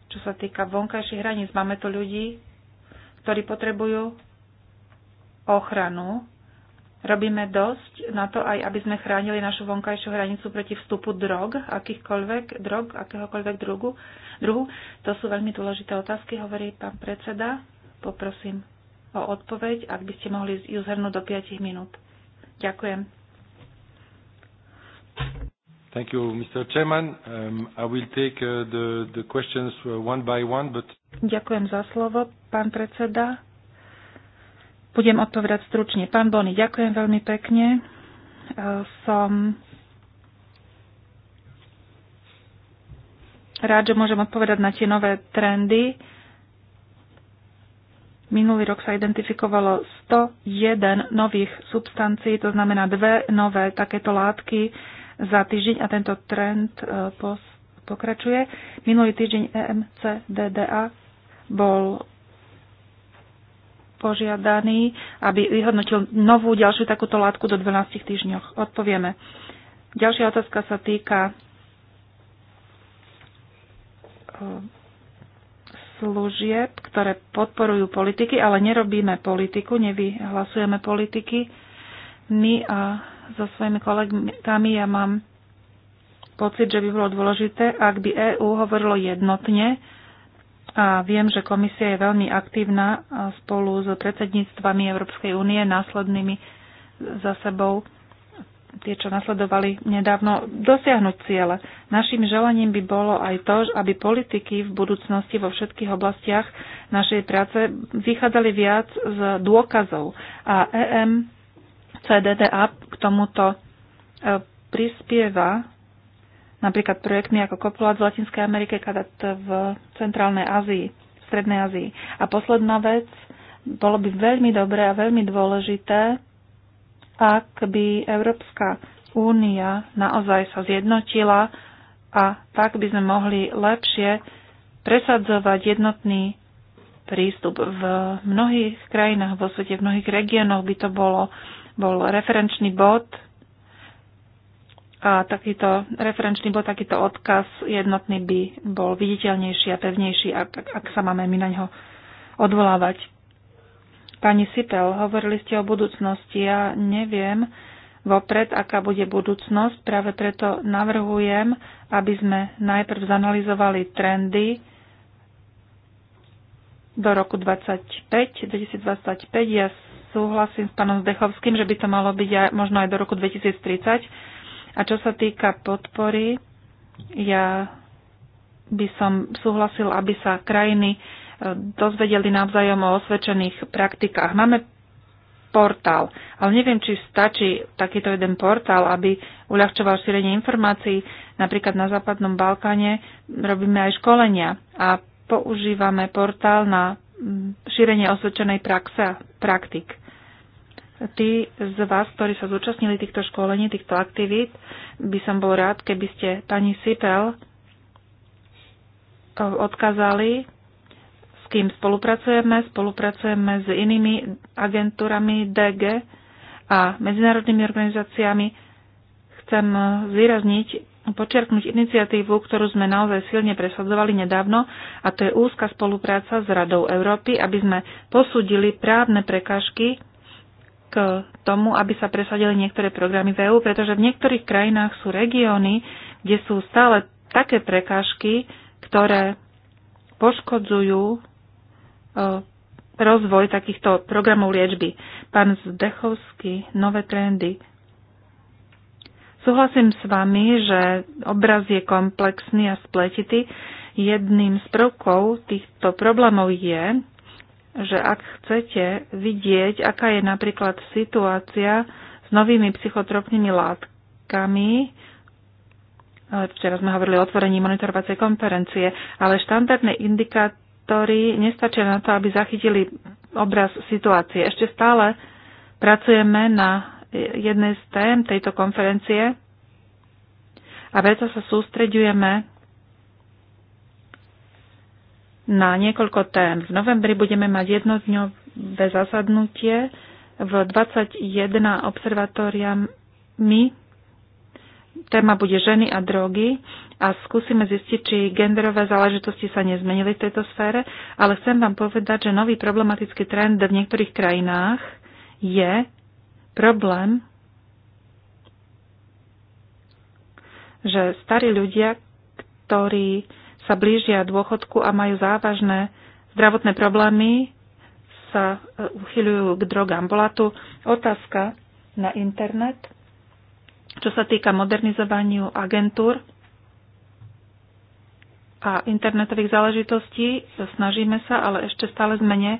čo sa týka vonkajších hraníc. Máme tu ľudí, ktorí potrebujú ochranu. Robíme dosť na to aj, aby sme chránili našu vonkajšiu hranicu proti vstupu drog, akýchkoľvek drog, akéhokoľvek druhu. druhu. To sú veľmi dôležité otázky, hovorí pán predseda. Poprosím o odpoveď, ak by ste mohli ju zhrnúť do 5 minút. Ďakujem. Thank you, Mr. Chairman. Um, I will take uh, the, the questions uh, one by one, but... Ďakujem za slovo, pán predseda. Budem odpovedať stručne. Pán Bony, ďakujem veľmi pekne. Uh, som rád, že môžem odpovedať na tie nové trendy. Minulý rok sa identifikovalo 101 nových substancií, to znamená dve nové takéto látky, za týždeň a tento trend e, pokračuje. Minulý týždeň EMCDDA bol požiadaný, aby vyhodnotil novú ďalšiu takúto látku do 12 týždňoch. Odpovieme. Ďalšia otázka sa týka e, služieb, ktoré podporujú politiky, ale nerobíme politiku, nevyhlasujeme politiky. My a so svojimi kolegami ja mám pocit, že by bolo dôležité, ak by EÚ hovorilo jednotne a viem, že komisia je veľmi aktívna spolu s predsedníctvami Európskej únie následnými za sebou tie, čo nasledovali nedávno, dosiahnuť ciele. Našim želaním by bolo aj to, aby politiky v budúcnosti vo všetkých oblastiach našej práce vychádzali viac z dôkazov a EM CDDA k tomuto e, prispieva napríklad projektmi ako Kopulát v Latinskej Amerike, Kadat v Centrálnej Ázii, v Strednej Ázii. A posledná vec, bolo by veľmi dobré a veľmi dôležité, ak by Európska únia naozaj sa zjednotila a tak by sme mohli lepšie presadzovať jednotný prístup. V mnohých krajinách vo svete, v mnohých regiónoch by to bolo bol referenčný bod a takýto referenčný bod, takýto odkaz jednotný by bol viditeľnejší a pevnejší, ak, ak sa máme my na ňo odvolávať. Pani Sipel, hovorili ste o budúcnosti. Ja neviem vopred, aká bude budúcnosť. Práve preto navrhujem, aby sme najprv zanalizovali trendy do roku 25, 2025. Ja súhlasím s pánom Zdechovským, že by to malo byť aj, možno aj do roku 2030. A čo sa týka podpory, ja by som súhlasil, aby sa krajiny e, dozvedeli navzájom o osvedčených praktikách. Máme portál, ale neviem, či stačí takýto jeden portál, aby uľahčoval šírenie informácií. Napríklad na Západnom Balkáne robíme aj školenia a používame portál na mm, šírenie osvedčenej praxe a praktik. Tí z vás, ktorí sa zúčastnili týchto školení, týchto aktivít, by som bol rád, keby ste pani Sipel eh, odkázali, s kým spolupracujeme. Spolupracujeme s inými agentúrami DG a medzinárodnými organizáciami. Chcem eh, zvýrazniť, počerknúť iniciatívu, ktorú sme naozaj silne presadzovali nedávno, a to je úzka spolupráca s Radou Európy, aby sme posúdili právne prekážky k tomu, aby sa presadili niektoré programy v EÚ, pretože v niektorých krajinách sú regióny, kde sú stále také prekážky, ktoré poškodzujú e, rozvoj takýchto programov liečby. Pán Zdechovský, nové trendy. Súhlasím s vami, že obraz je komplexný a spletitý. Jedným z prvkov týchto problémov je, že ak chcete vidieť, aká je napríklad situácia s novými psychotropnými látkami, eh, včera sme hovorili o otvorení monitorovacej konferencie, ale štandardné indikátory nestačia na to, aby zachytili obraz situácie. Ešte stále pracujeme na jednej z tém tejto konferencie a preto sa sústreďujeme na niekoľko tém. V novembri budeme mať jednodňové zasadnutie v 21 observatóriami. Téma bude ženy a drogy a skúsime zistiť, či genderové záležitosti sa nezmenili v tejto sfére, ale chcem vám povedať, že nový problematický trend v niektorých krajinách je problém, že starí ľudia, ktorí sa blížia dôchodku a majú závažné zdravotné problémy, sa e, uchyľujú k drogám. Bola tu otázka na internet, čo sa týka modernizovaniu agentúr a internetových záležitostí. Snažíme sa, ale ešte stále sme ne,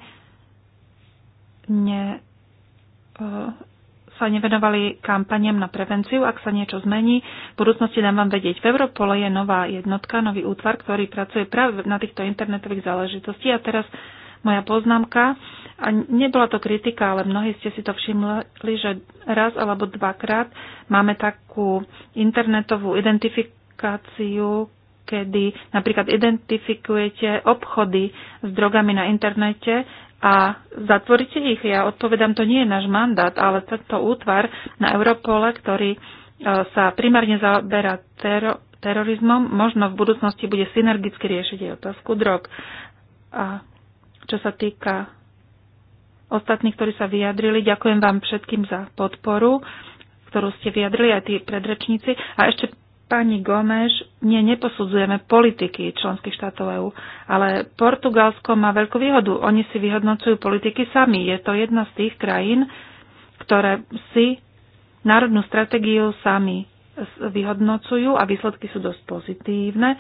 ne e, sa nevenovali kampaniam na prevenciu. Ak sa niečo zmení, v budúcnosti dám vám vedieť. V Europole je nová jednotka, nový útvar, ktorý pracuje práve na týchto internetových záležitosti. A teraz moja poznámka, a nebola to kritika, ale mnohí ste si to všimli, že raz alebo dvakrát máme takú internetovú identifikáciu, kedy napríklad identifikujete obchody s drogami na internete, a zatvoríte ich. Ja odpovedám, to nie je náš mandát, ale tento útvar na Europole, ktorý e, sa primárne zaoberá tero- terorizmom, možno v budúcnosti bude synergicky riešiť aj otázku drog. A čo sa týka ostatných, ktorí sa vyjadrili, ďakujem vám všetkým za podporu, ktorú ste vyjadrili aj tí predrečníci. A ešte pani Gomeš, nie, neposudzujeme politiky členských štátov EÚ, ale Portugalsko má veľkú výhodu. Oni si vyhodnocujú politiky sami. Je to jedna z tých krajín, ktoré si národnú stratégiu sami vyhodnocujú a výsledky sú dosť pozitívne.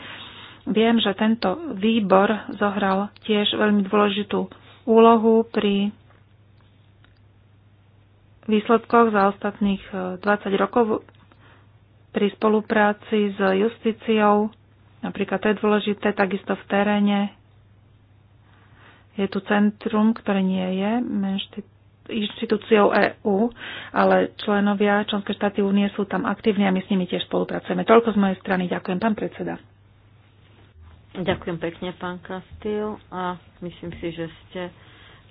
Viem, že tento výbor zohral tiež veľmi dôležitú úlohu pri výsledkoch za ostatných 20 eh, rokov pri spolupráci s justíciou, napríklad to je dôležité, takisto v teréne. Je tu centrum, ktoré nie je inštitúciou EÚ, ale členovia členské štáty únie sú tam aktívni a my s nimi tiež spolupracujeme. Toľko z mojej strany. Ďakujem, pán predseda. Ďakujem pekne, pán Kastil, a myslím si, že ste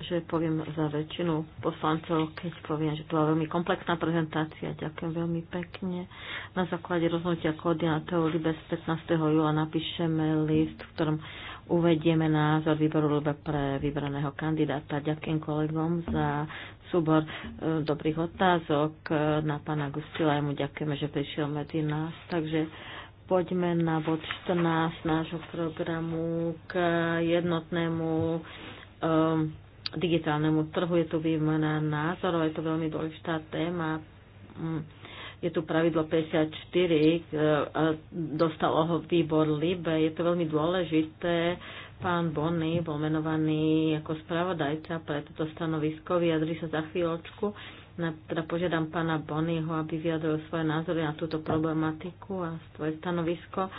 že poviem za väčšinu poslancov, keď poviem, že to bola veľmi komplexná prezentácia. Ďakujem veľmi pekne. Na základe rozhodnutia koordinátorov z 15. júla napíšeme list, v ktorom uvedieme názor výboru Libe pre vybraného kandidáta. Ďakujem kolegom za súbor e, dobrých otázok e, na pána Gustila. Mu ďakujeme, že prišiel medzi nás. Takže poďme na bod 14 nášho programu k jednotnému um, digitálnemu trhu. Je tu výmena názorov, je to veľmi dôležitá téma. Mm. Je tu pravidlo 54, e, e, dostalo ho výbor LIBE, je to veľmi dôležité. Pán Bonny bol menovaný ako spravodajca pre toto stanovisko, vyjadri sa za chvíľočku teda požiadam pána Bonyho, aby vyjadril svoje názory na túto problematiku a svoje stanovisko. E,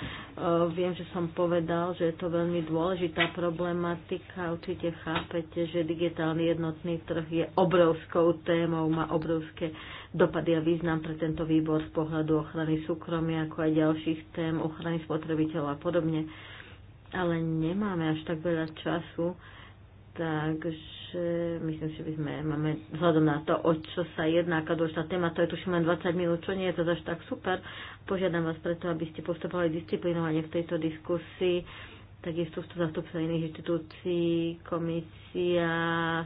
viem, že som povedal, že je to veľmi dôležitá problematika. Určite chápete, že digitálny jednotný trh je obrovskou témou, má obrovské dopady a význam pre tento výbor z pohľadu ochrany súkromia, ako aj ďalších tém, ochrany spotrebiteľov a podobne. Ale nemáme až tak veľa času, takže že myslím, že by sme, máme vzhľadom na to, o čo sa jedná, aká dôležitá téma, to je tu len 20 minút, čo nie je to až tak super. Požiadam vás preto, aby ste postupovali disciplinovane v tejto diskusii. Takisto sú zastupca iných inštitúcií, komisia.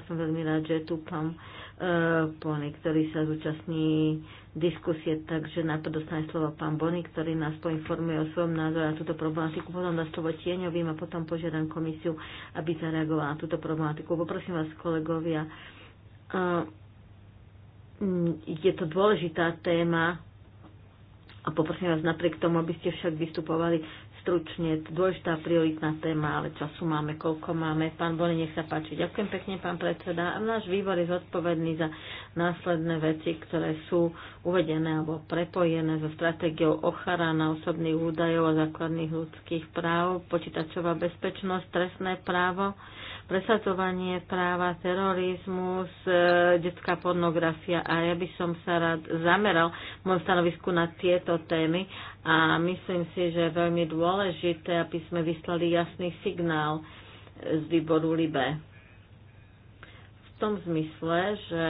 Som veľmi rád, že je tu pán e, eh, Pony, ktorý sa zúčastní diskusie, takže na to dostane slovo pán Bony, ktorý nás poinformuje o svojom názore na túto problematiku. Potom dá slovo tieňovým a potom požiadam komisiu, aby zareagovala na túto problematiku. Poprosím vás, kolegovia, mm, je to dôležitá téma a poprosím vás napriek tomu, aby ste však vystupovali stručne, dôležitá prioritná téma, ale času máme, koľko máme. Pán Boli, nech sa páči. Ďakujem pekne, pán predseda. Náš výbor je zodpovedný za následné veci, ktoré sú uvedené alebo prepojené so stratégiou ochrana osobných údajov a základných ľudských práv, počítačová bezpečnosť, trestné právo presadzovanie práva, terorizmus, e, detská pornografia a ja by som sa rád zameral v môjom stanovisku na tieto témy a myslím si, že je veľmi dôležité, aby sme vyslali jasný signál z výboru Libe. V tom zmysle, že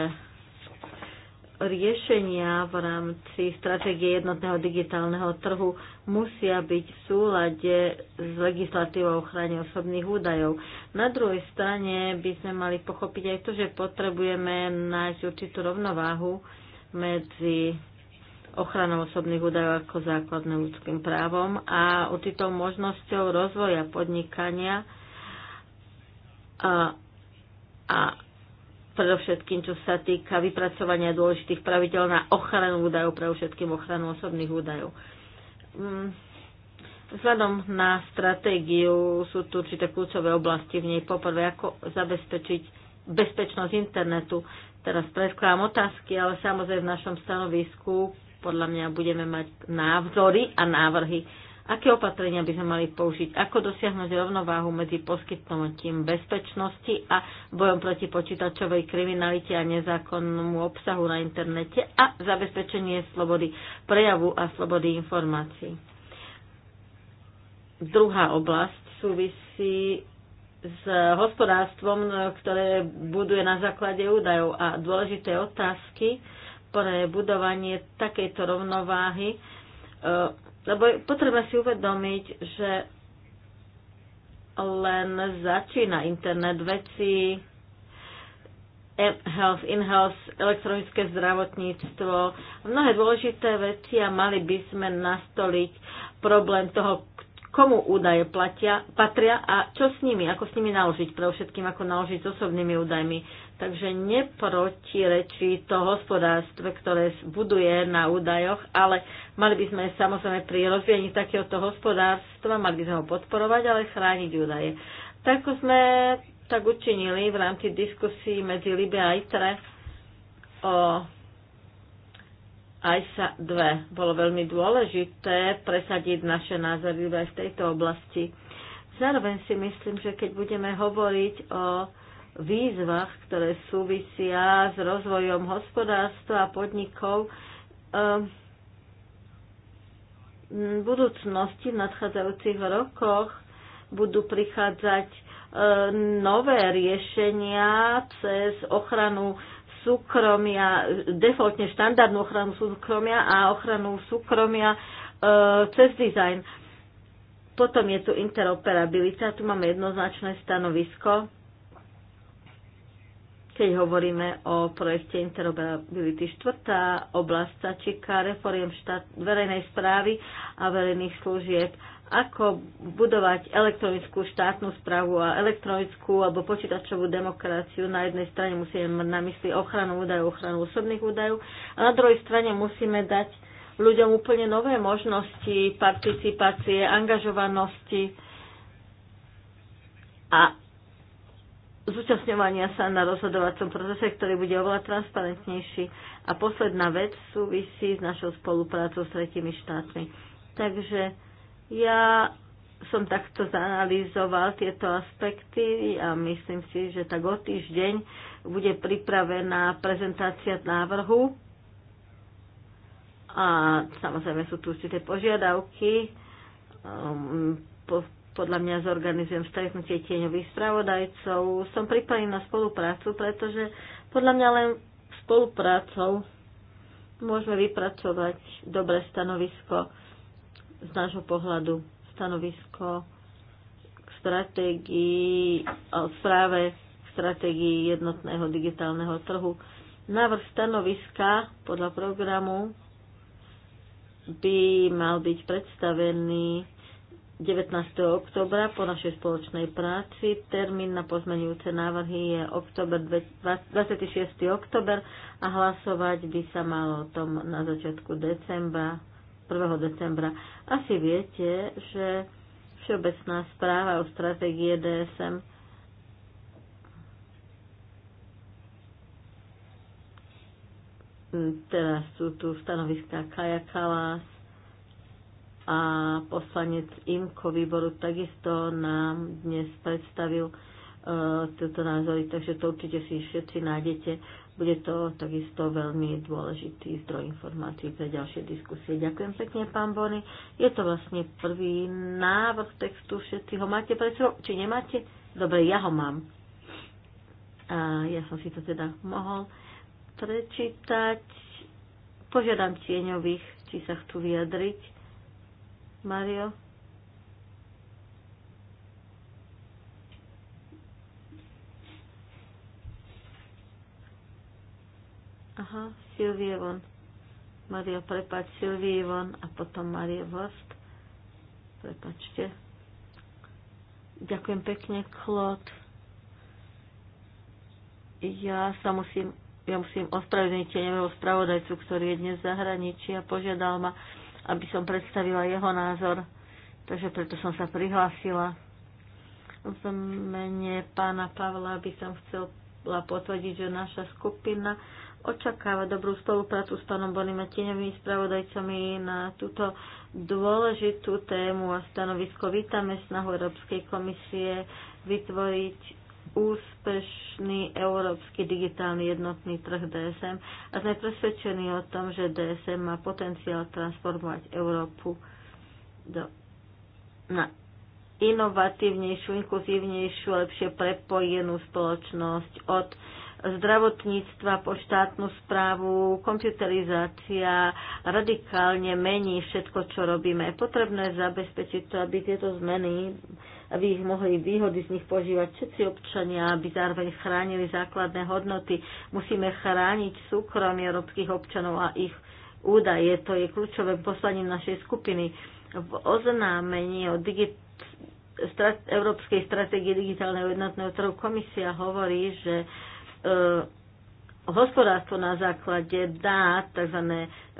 riešenia v rámci stratégie jednotného digitálneho trhu musia byť v súlade s legislatívou ochrany osobných údajov. Na druhej strane by sme mali pochopiť aj to, že potrebujeme nájsť určitú rovnováhu medzi ochranou osobných údajov ako základným ľudským právom a určitou možnosťou rozvoja podnikania a, a predovšetkým čo sa týka vypracovania dôležitých pravidel na ochranu údajov, pre všetkým ochranu osobných údajov. Mm, vzhľadom na stratégiu sú tu určité kľúčové oblasti v nej. Poprvé, ako zabezpečiť bezpečnosť internetu. Teraz predkladám otázky, ale samozrejme v našom stanovisku podľa mňa budeme mať návzory a návrhy Aké opatrenia by sme mali použiť? Ako dosiahnuť rovnováhu medzi poskytnutím bezpečnosti a bojom proti počítačovej kriminalite a nezákonnému obsahu na internete a zabezpečenie slobody prejavu a slobody informácií? Druhá oblasť súvisí s hospodárstvom, ktoré buduje na základe údajov a dôležité otázky pre budovanie takejto rovnováhy e, lebo potreba si uvedomiť, že len začína internet veci, health, in-house, elektronické zdravotníctvo, mnohé dôležité veci a mali by sme nastoliť problém toho, komu údaje platia, patria a čo s nimi, ako s nimi naložiť, pre všetkým ako naložiť s osobnými údajmi takže neprotirečí to hospodárstve, ktoré buduje na údajoch, ale mali by sme samozrejme pri rozvíjení takéhoto hospodárstva, mali by sme ho podporovať, ale chrániť údaje. Tak sme tak učinili v rámci diskusí medzi Libe a ITRE o ISA 2. Bolo veľmi dôležité presadiť naše názory aj v tejto oblasti. Zároveň si myslím, že keď budeme hovoriť o výzvach, ktoré súvisia s rozvojom hospodárstva a podnikov ehm, v budúcnosti, v nadchádzajúcich rokoch budú prichádzať ehm, nové riešenia cez ochranu súkromia, defaultne štandardnú ochranu súkromia a ochranu súkromia ehm, cez dizajn. Potom je tu interoperabilita, tu máme jednoznačné stanovisko keď hovoríme o projekte interoperability štvrtá oblasť sa číka reforiem štát, verejnej správy a verejných služieb ako budovať elektronickú štátnu správu a elektronickú alebo počítačovú demokraciu. Na jednej strane musíme mať na mysli ochranu údajov, ochranu osobných údajov a na druhej strane musíme dať ľuďom úplne nové možnosti participácie, angažovanosti a zúčastňovania sa na rozhodovacom procese, ktorý bude oveľa transparentnejší. A posledná vec súvisí s našou spoluprácou s tretimi štátmi. Takže ja som takto zanalýzoval tieto aspekty a myslím si, že tak o týždeň bude pripravená prezentácia návrhu. A samozrejme sú tu určité požiadavky. Um, po, podľa mňa zorganizujem stretnutie tieňových spravodajcov. Som pripojený na spoluprácu, pretože podľa mňa len spoluprácou môžeme vypracovať dobré stanovisko z nášho pohľadu. Stanovisko k stratégii, a správe k stratégii jednotného digitálneho trhu. Návrh stanoviska podľa programu by mal byť predstavený 19. oktobra po našej spoločnej práci. Termín na pozmenujúce návrhy je oktober 26. oktober a hlasovať by sa malo o tom na začiatku decembra, 1. decembra. Asi viete, že Všeobecná správa o stratégie DSM teraz sú tu stanoviská Kaja Kalas, a poslanec Imko výboru takisto nám dnes predstavil e, tieto názory, takže to určite si všetci nájdete. Bude to takisto veľmi dôležitý zdroj informácií pre ďalšie diskusie. Ďakujem pekne, pán Bony. Je to vlastne prvý návrh textu, všetci ho máte pred sebou, či nemáte? Dobre, ja ho mám. A ja som si to teda mohol prečítať. Požiadam tieňových, či sa chcú vyjadriť Mario? Aha, Silvie von. Mario, prepač, Silvie von a potom Mario Vost. Prepačte. Ďakujem pekne, Klod. Ja sa musím, ja musím ospravedlniť tieňového spravodajcu, ktorý je dnes v zahraničí a požiadal ma, aby som predstavila jeho názor, takže preto som sa prihlásila. V mene pána Pavla by som chcela potvrdiť, že naša skupina očakáva dobrú spoluprácu s pánom Bonim a tieňovými spravodajcami na túto dôležitú tému a stanovisko. Vítame snahu Európskej komisie vytvoriť úspešný európsky digitálny jednotný trh DSM a sme presvedčení o tom, že DSM má potenciál transformovať Európu do, na inovatívnejšiu, inkluzívnejšiu, lepšie prepojenú spoločnosť od zdravotníctva po štátnu správu, komputerizácia radikálne mení všetko, čo robíme. Je potrebné zabezpečiť to, aby tieto zmeny aby ich mohli výhody z nich požívať všetci občania, aby zároveň chránili základné hodnoty. Musíme chrániť súkromie európskych občanov a ich údaje. To je kľúčovým poslaním našej skupiny. V oznámení o digit- strat- Európskej stratégie digitálneho jednotného trhu komisia hovorí, že e, hospodárstvo na základe dát, tzv.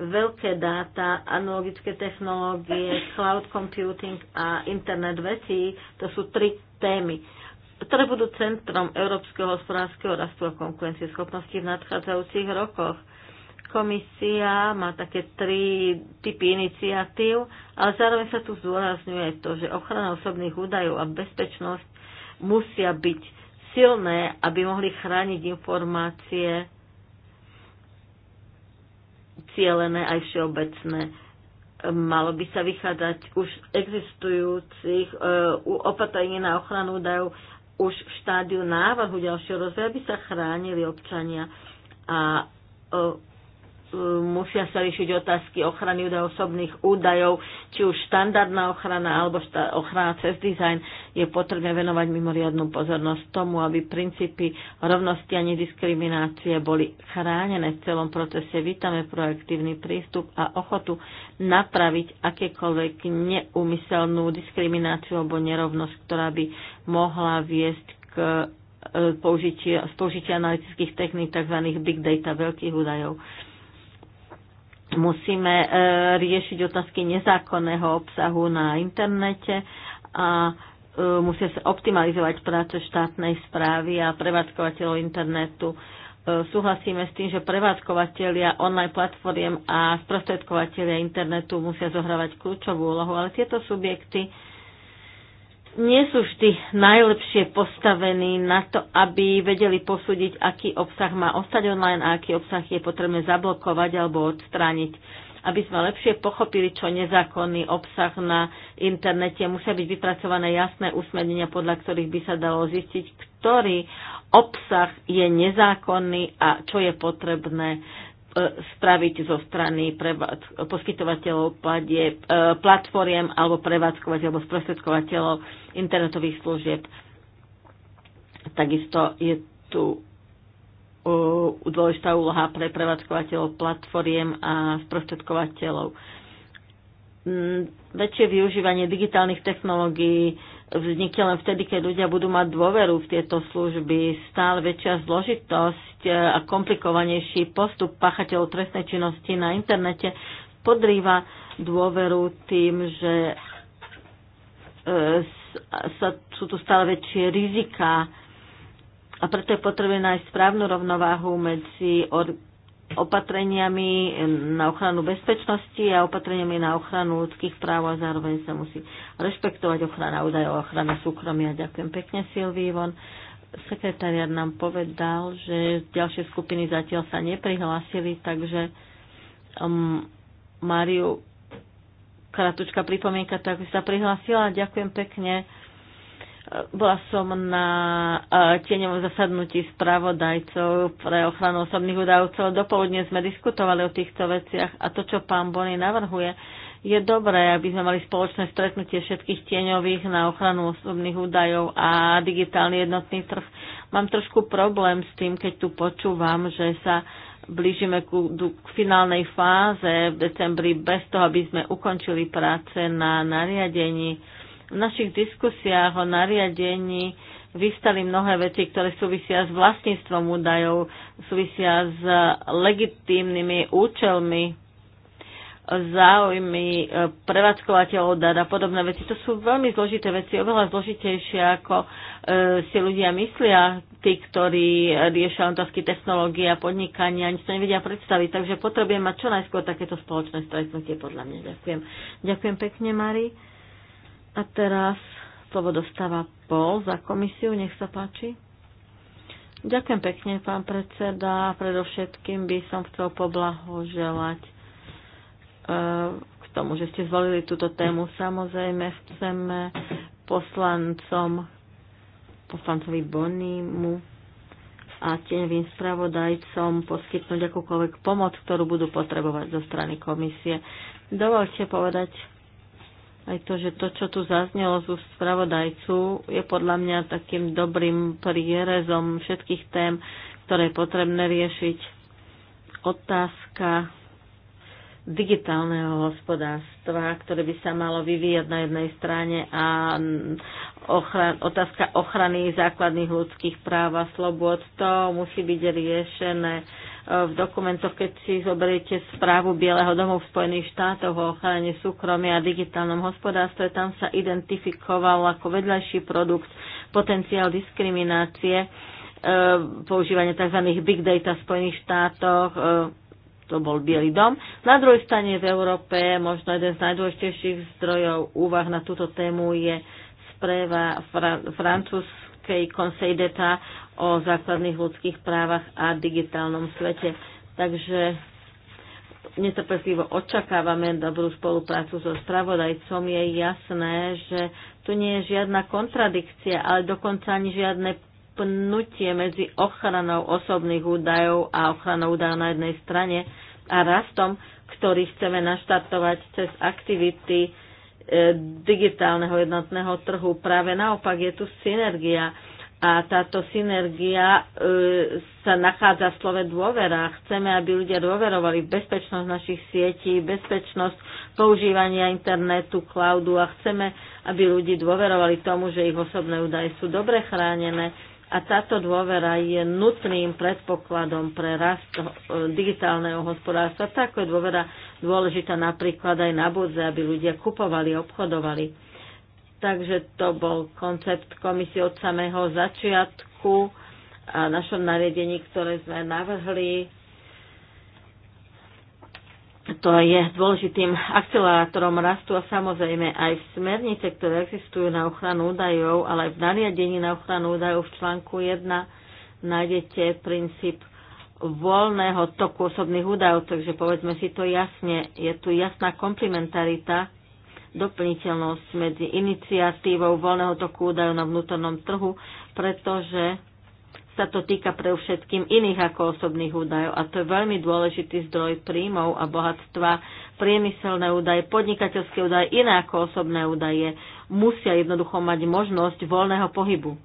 veľké dáta, analogické technológie, cloud computing a internet vecí, to sú tri témy ktoré budú centrom európskeho hospodárskeho rastu a konkurencieschopnosti v nadchádzajúcich rokoch. Komisia má také tri typy iniciatív, ale zároveň sa tu zdôrazňuje to, že ochrana osobných údajov a bezpečnosť musia byť silné, aby mohli chrániť informácie cielené aj všeobecné. Malo by sa vychádzať už existujúcich uh, opatrení na ochranu údajov už v štádiu návrhu ďalšieho rozvoja, aby sa chránili občania a e, musia sa riešiť otázky ochrany údajov, osobných údajov, či už štandardná ochrana alebo šta- ochrana cez dizajn, je potrebné venovať mimoriadnú pozornosť tomu, aby princípy rovnosti a nediskriminácie boli chránené v celom procese. Vítame proaktívny prístup a ochotu napraviť akékoľvek neumyselnú diskrimináciu alebo nerovnosť, ktorá by mohla viesť k e, použitia, použitia analytických techník tzv. big data, veľkých údajov. Musíme e, riešiť otázky nezákonného obsahu na internete a e, musia sa optimalizovať práce štátnej správy a prevádzkovateľov internetu. E, súhlasíme s tým, že prevádzkovateľia online platformiem a sprostredkovateľia internetu musia zohrávať kľúčovú úlohu, ale tieto subjekty nie sú vždy najlepšie postavení na to, aby vedeli posúdiť, aký obsah má ostať online a aký obsah je potrebné zablokovať alebo odstrániť. Aby sme lepšie pochopili, čo nezákonný obsah na internete, musia byť vypracované jasné usmernenia, podľa ktorých by sa dalo zistiť, ktorý obsah je nezákonný a čo je potrebné spraviť zo strany poskytovateľov platie, e, platformiem alebo prevádzkovateľov alebo sprostredkovateľov internetových služieb. Takisto je tu e, dôležitá úloha pre prevádzkovateľov platformiem a sprostredkovateľov. Mm, väčšie využívanie digitálnych technológií vznikne len vtedy, keď ľudia budú mať dôveru v tieto služby. Stále väčšia zložitosť e, a komplikovanejší postup páchateľov trestnej činnosti na internete podrýva dôveru tým, že e, sa, sú tu stále väčšie rizika a preto je potrebné nájsť správnu rovnováhu medzi opatreniami na ochranu bezpečnosti a opatreniami na ochranu ľudských práv a zároveň sa musí rešpektovať ochrana údajov a ochrana súkromia. Ďakujem pekne, Silvi Ivon. Sekretariat nám povedal, že ďalšie skupiny zatiaľ sa neprihlásili, takže um, Máriu kratučka pripomienka, tak sa prihlásila. Ďakujem pekne bola som na e, tieňovom zasadnutí spravodajcov pre ochranu osobných údajov. dopoludne sme diskutovali o týchto veciach a to, čo pán Bony navrhuje, je dobré, aby sme mali spoločné stretnutie všetkých tieňových na ochranu osobných údajov a digitálny jednotný trh. Mám trošku problém s tým, keď tu počúvam, že sa blížime k, k finálnej fáze v decembri bez toho, aby sme ukončili práce na nariadení v našich diskusiách o nariadení vystali mnohé veci, ktoré súvisia s vlastníctvom údajov, súvisia s legitímnymi účelmi, záujmy e, prevádzkovateľov dát a podobné veci. To sú veľmi zložité veci, oveľa zložitejšie, ako e, si ľudia myslia, tí, ktorí riešia otázky technológie a podnikania, ani to nevedia predstaviť. Takže potrebujem mať čo najskôr takéto spoločné stretnutie, podľa mňa. Ďakujem. Ďakujem pekne, Mari. A teraz slovo dostáva Pol za komisiu, nech sa páči. Ďakujem pekne, pán predseda. Predovšetkým by som chcel poblahoželať e, k tomu, že ste zvolili túto tému. Samozrejme, chceme poslancom, poslancovi Bonimu a tieňovým spravodajcom poskytnúť akúkoľvek pomoc, ktorú budú potrebovať zo strany komisie. Dovolte povedať aj to, že to, čo tu zaznelo z úst spravodajcu, je podľa mňa takým dobrým prierezom všetkých tém, ktoré je potrebné riešiť. Otázka digitálneho hospodárstva, ktoré by sa malo vyvíjať na jednej strane a ochran, otázka ochrany základných ľudských práv a slobod, to musí byť riešené v dokumentoch, keď si zoberiete správu Bieleho domu v Spojených štátoch o ochrane súkromia a digitálnom hospodárstve, tam sa identifikoval ako vedľajší produkt potenciál diskriminácie, e, používanie tzv. big data v Spojených štátoch, e, to bol Bielý dom. Na druhej strane v Európe možno jeden z najdôležitejších zdrojov úvah na túto tému je správa fran- francúz Európskej deta o základných ľudských právach a digitálnom svete. Takže netrpezlivo očakávame dobrú spoluprácu so spravodajcom. Je jasné, že tu nie je žiadna kontradikcia, ale dokonca ani žiadne pnutie medzi ochranou osobných údajov a ochranou údajov na jednej strane a rastom, ktorý chceme naštartovať cez aktivity E, digitálneho jednotného trhu. Práve naopak je tu synergia a táto synergia e, sa nachádza v slove dôvera. Chceme, aby ľudia dôverovali v bezpečnosť našich sietí, bezpečnosť používania internetu, cloudu a chceme, aby ľudí dôverovali tomu, že ich osobné údaje sú dobre chránené a táto dôvera je nutným predpokladom pre rast eh, digitálneho hospodárstva. Tak je dôvera dôležitá napríklad aj na budze, aby ľudia kupovali, obchodovali. Takže to bol koncept komisie od samého začiatku a našom nariadení, ktoré sme navrhli to je dôležitým akcelerátorom rastu a samozrejme aj v smernice, ktoré existujú na ochranu údajov, ale aj v nariadení na ochranu údajov v článku 1 nájdete princíp voľného toku osobných údajov, takže povedzme si to jasne, je tu jasná komplementarita, doplniteľnosť medzi iniciatívou voľného toku údajov na vnútornom trhu, pretože sa to týka pre všetkým iných ako osobných údajov a to je veľmi dôležitý zdroj príjmov a bohatstva. Priemyselné údaje, podnikateľské údaje, iné ako osobné údaje musia jednoducho mať možnosť voľného pohybu.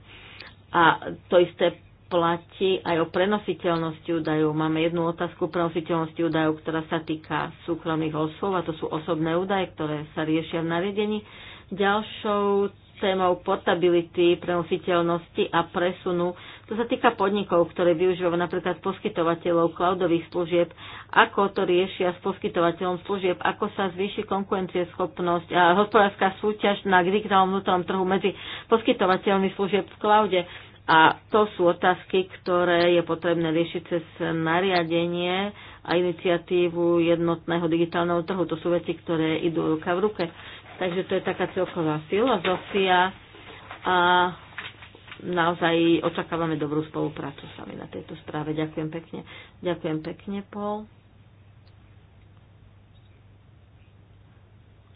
A to isté platí aj o prenositeľnosti údajov. Máme jednu otázku prenositeľnosti údajov, ktorá sa týka súkromných osôb a to sú osobné údaje, ktoré sa riešia v nariadení. Ďalšou témou portability, prenositeľnosti a presunu. To sa týka podnikov, ktoré využívajú napríklad poskytovateľov cloudových služieb, ako to riešia s poskytovateľom služieb, ako sa zvýši konkurencieschopnosť a hospodárska súťaž na digitálnom vnútornom trhu medzi poskytovateľmi služieb v cloude. A to sú otázky, ktoré je potrebné riešiť cez nariadenie a iniciatívu jednotného digitálneho trhu. To sú veci, ktoré idú ruka v ruke. Takže to je taká celková filozofia a naozaj očakávame dobrú spoluprácu s vami na tejto správe. Ďakujem pekne. Ďakujem pekne, Paul.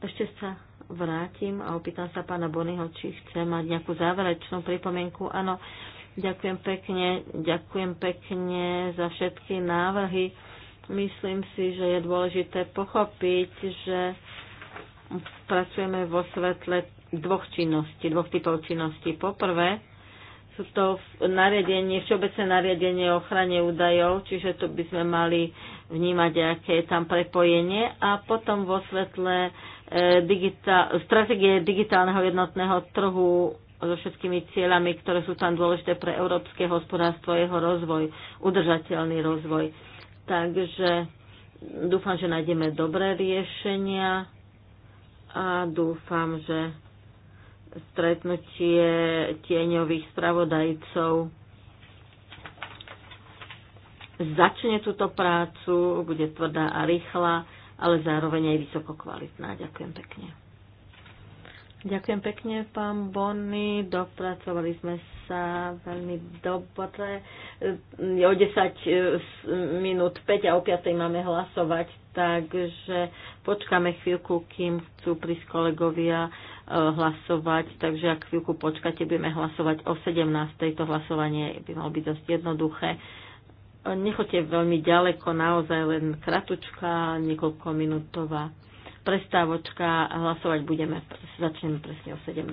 Ešte sa vrátim a opýtam sa pána Bonyho, či chce mať nejakú záverečnú pripomienku. Áno, ďakujem pekne, ďakujem pekne za všetky návrhy. Myslím si, že je dôležité pochopiť, že pracujeme vo svetle dvoch činností, dvoch typov činností. Poprvé, sú to nariadenie, všeobecné nariadenie o ochrane údajov, čiže to by sme mali vnímať, aké je tam prepojenie a potom vo svetle e, digitál, stratégie digitálneho jednotného trhu so všetkými cieľami, ktoré sú tam dôležité pre európske hospodárstvo, jeho rozvoj, udržateľný rozvoj. Takže dúfam, že nájdeme dobré riešenia a dúfam, že stretnutie tieňových spravodajcov začne túto prácu, bude tvrdá a rýchla, ale zároveň aj vysoko kvalitná. Ďakujem pekne. Ďakujem pekne, pán Bonny. Dopracovali sme sa veľmi dobre. O 10 eh, minút 5 a o 5 máme hlasovať, takže počkáme chvíľku, kým chcú prísť kolegovia eh, hlasovať, takže ak chvíľku počkáte, budeme hlasovať o 17. To hlasovanie by malo byť dosť jednoduché. Eh, nechoďte veľmi ďaleko, naozaj len kratučka, niekoľko minútová prestávočka a hlasovať budeme, začneme presne o 17.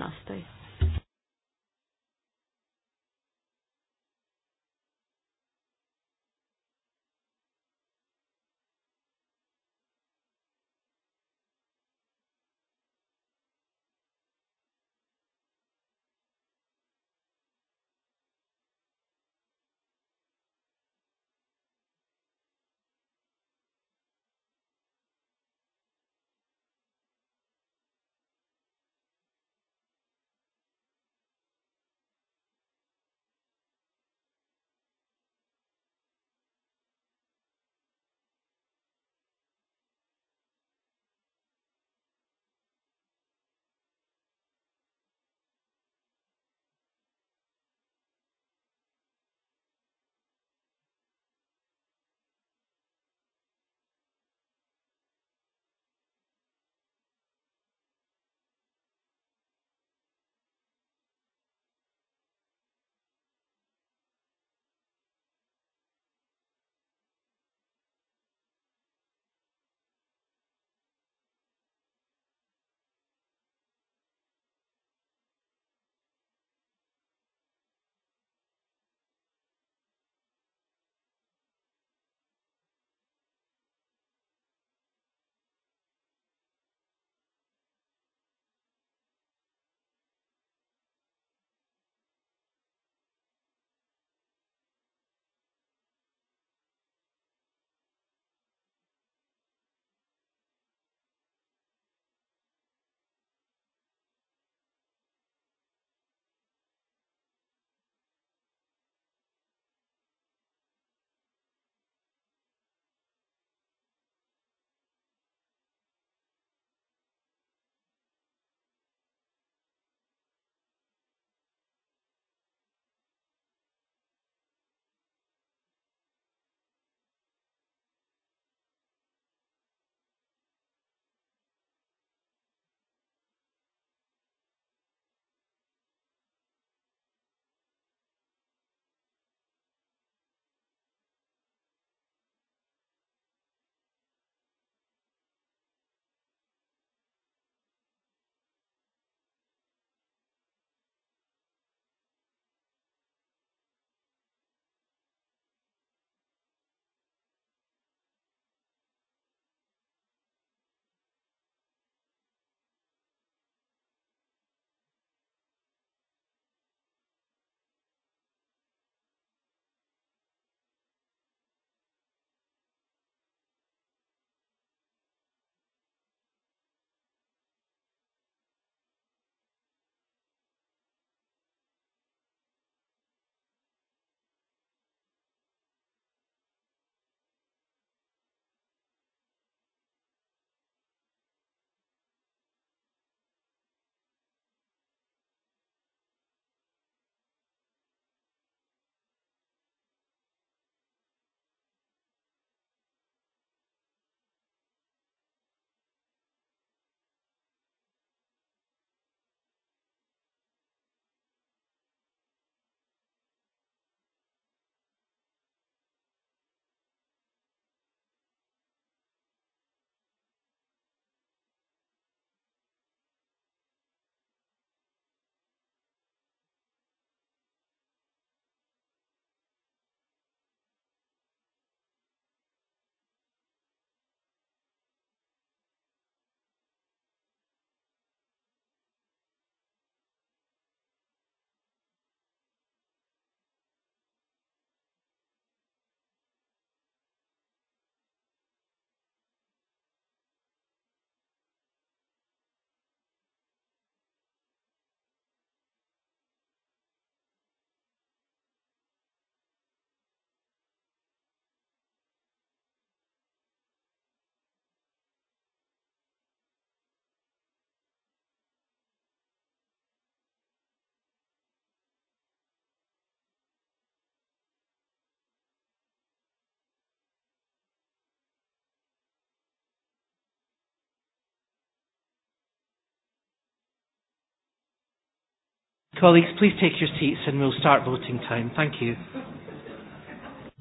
Colleagues, please take your seats and we'll start voting time. Thank you.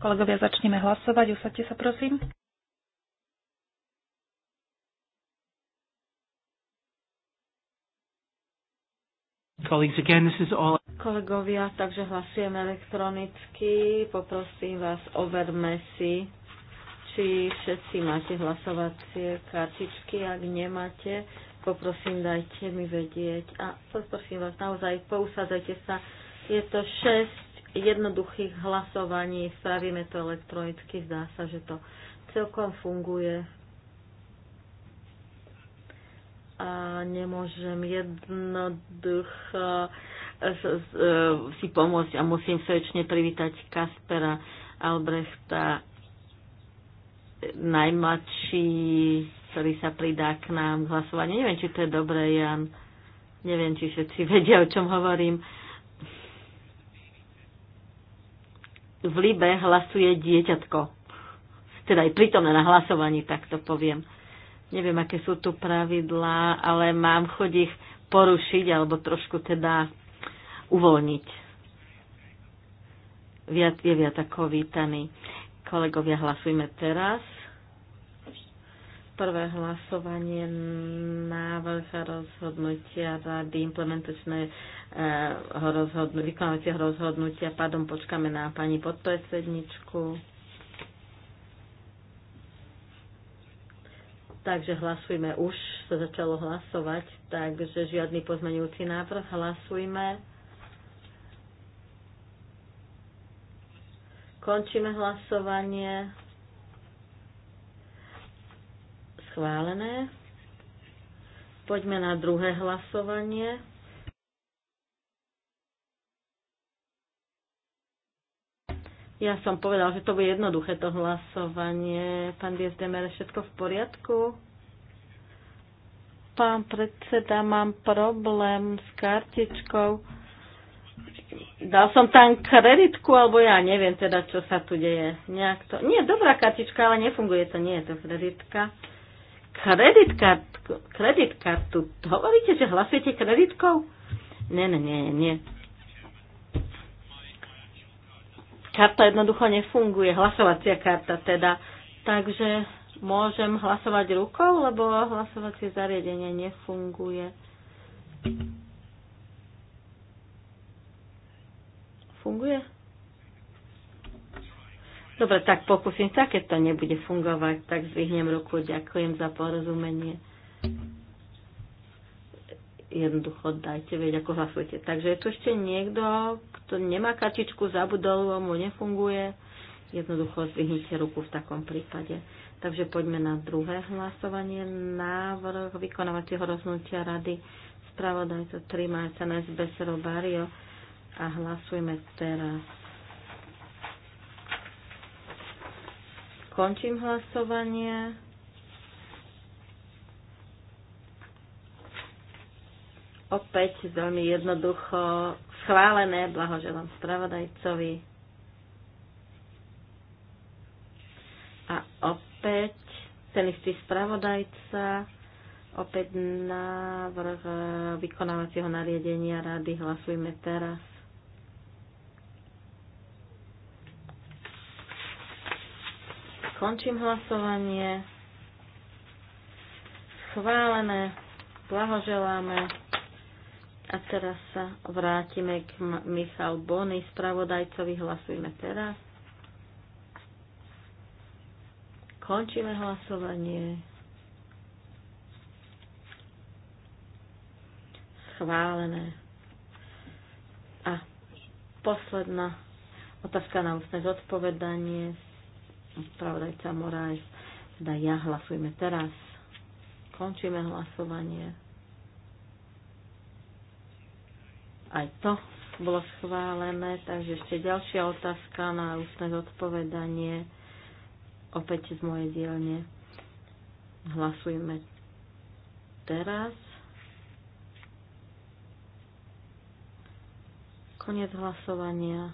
Kolegovia, začneme hlasovať. Usadte sa, prosím. Colleagues, again, this is all... Kolegovia, takže hlasujeme elektronicky. Poprosím vás, overme si, či všetci máte hlasovacie kartičky. Ak nemáte, poprosím, dajte mi vedieť a poprosím vás naozaj, pousadzajte sa. Je to 6 jednoduchých hlasovaní, spravíme to elektronicky, zdá sa, že to celkom funguje. A nemôžem jednoducho eh, eh, si pomôcť a musím srdečne privítať Kaspera Albrechta, najmladší ktorý sa pridá k nám k hlasovaniu. Neviem, či to je dobré, Jan. Neviem, či všetci vedia, o čom hovorím. V Libe hlasuje dieťatko. Teda aj prítomné na hlasovaní, tak to poviem. Neviem, aké sú tu pravidlá, ale mám chod ich porušiť alebo trošku teda uvoľniť. Viac, je viac ako vítaný. Kolegovia, hlasujme teraz. Prvé hlasovanie, návrh rozhodnutia rady, implementačné eh, rozhodnu, vykonávacieho rozhodnutia. Pádom počkáme na pani podpredsedničku. Takže hlasujme už, sa začalo hlasovať, takže žiadny pozmeňujúci návrh, hlasujme. Končíme hlasovanie. Schválené. Poďme na druhé hlasovanie. Ja som povedal, že to bude jednoduché to hlasovanie. Pán Diezdemer, všetko v poriadku? Pán predseda, mám problém s kartičkou. Dal som tam kreditku, alebo ja neviem teda, čo sa tu deje. Nejak to... Nie, dobrá kartička, ale nefunguje to. Nie je to kreditka kredit, kart, kredit kartu. Hovoríte, že hlasujete kreditkou? Nie, nie, nie, nie. Karta jednoducho nefunguje, hlasovacia karta teda. Takže môžem hlasovať rukou, lebo hlasovacie zariadenie nefunguje. Funguje? Dobre, tak pokúsim sa, keď to nebude fungovať, tak zvihnem ruku. Ďakujem za porozumenie. Jednoducho dajte vedieť, ako hlasujete. Takže je tu ešte niekto, kto nemá kartičku, zabudol, mu nefunguje. Jednoducho zvihnite ruku v takom prípade. Takže poďme na druhé hlasovanie. Návrh vykonávacieho rozhodnutia rady spravodajca 3 Marca Nesbesero Robario a hlasujeme teraz. Končím hlasovanie. Opäť veľmi jednoducho schválené. Blahoželám spravodajcovi. A opäť ten istý spravodajca, opäť návrh vykonávacieho nariadenia rady. Hlasujme teraz. Končím hlasovanie. Schválené. Blahoželáme. A teraz sa vrátime k Michal Bony, spravodajcovi. Hlasujme teraz. Končíme hlasovanie. Schválené. A posledná otázka na ústne zodpovedanie spravodajca Moraes, teda ja hlasujeme teraz. Končíme hlasovanie. Aj to bolo schválené, takže ešte ďalšia otázka na ústne zodpovedanie. Opäť z mojej dielne. Hlasujeme teraz. Konec hlasovania.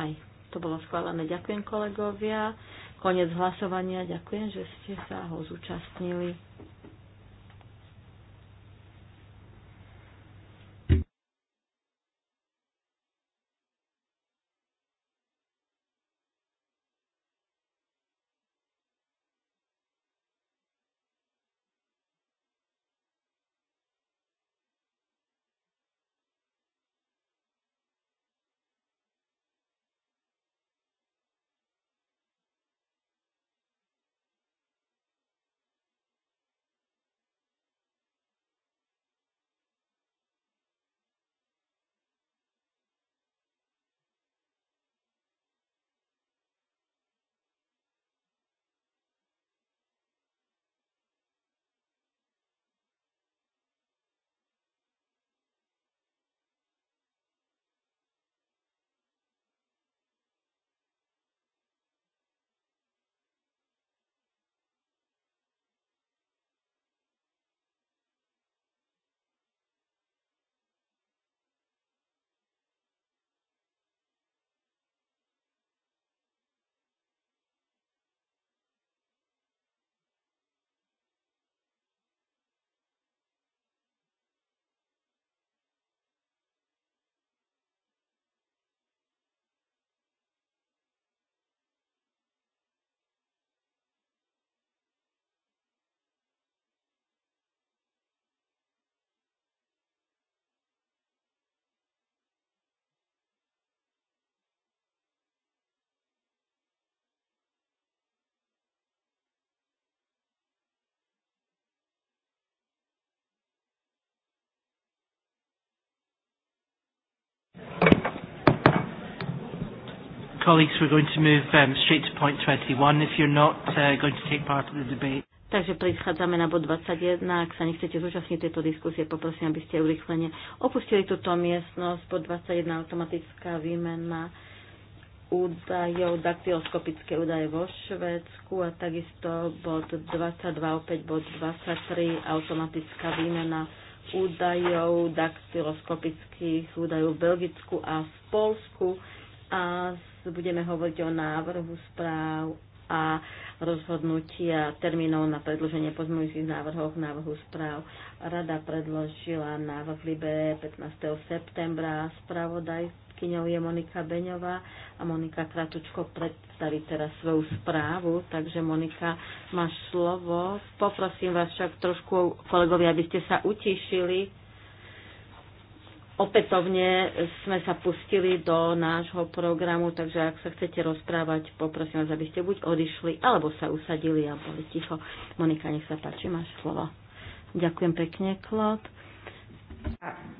Aj to bolo schválené. Ďakujem kolegovia. Konec hlasovania. Ďakujem, že ste sa ho zúčastnili. Colleagues, we're going to move um, straight to point 21 if you're not uh, going to take part in the debate. Takže prichádzame na bod 21. Ak sa nechcete zúčastniť tejto diskusie, poprosím, aby ste urychlene opustili túto miestnosť. Bod 21. Automatická výmena údajov, daktyloskopické údaje vo Švedsku a takisto bod 22, opäť bod 23, automatická výmena údajov, daktyloskopických údajov v Belgicku a v Polsku a budeme hovoriť o návrhu správ a rozhodnutia termínov na predloženie pozmeňujúcich návrhov k návrhu správ. Rada predložila návrh Libe 15. septembra. Spravodajkyňou je Monika Beňová a Monika Kratučko predstaví teraz svoju správu. Takže Monika, máš slovo. Poprosím vás však trošku, kolegovia, aby ste sa utišili Opätovne sme sa pustili do nášho programu, takže ak sa chcete rozprávať, poprosím vás, aby ste buď odišli, alebo sa usadili a boli ticho. Monika, nech sa páči, máš slovo. Ďakujem pekne, Klod.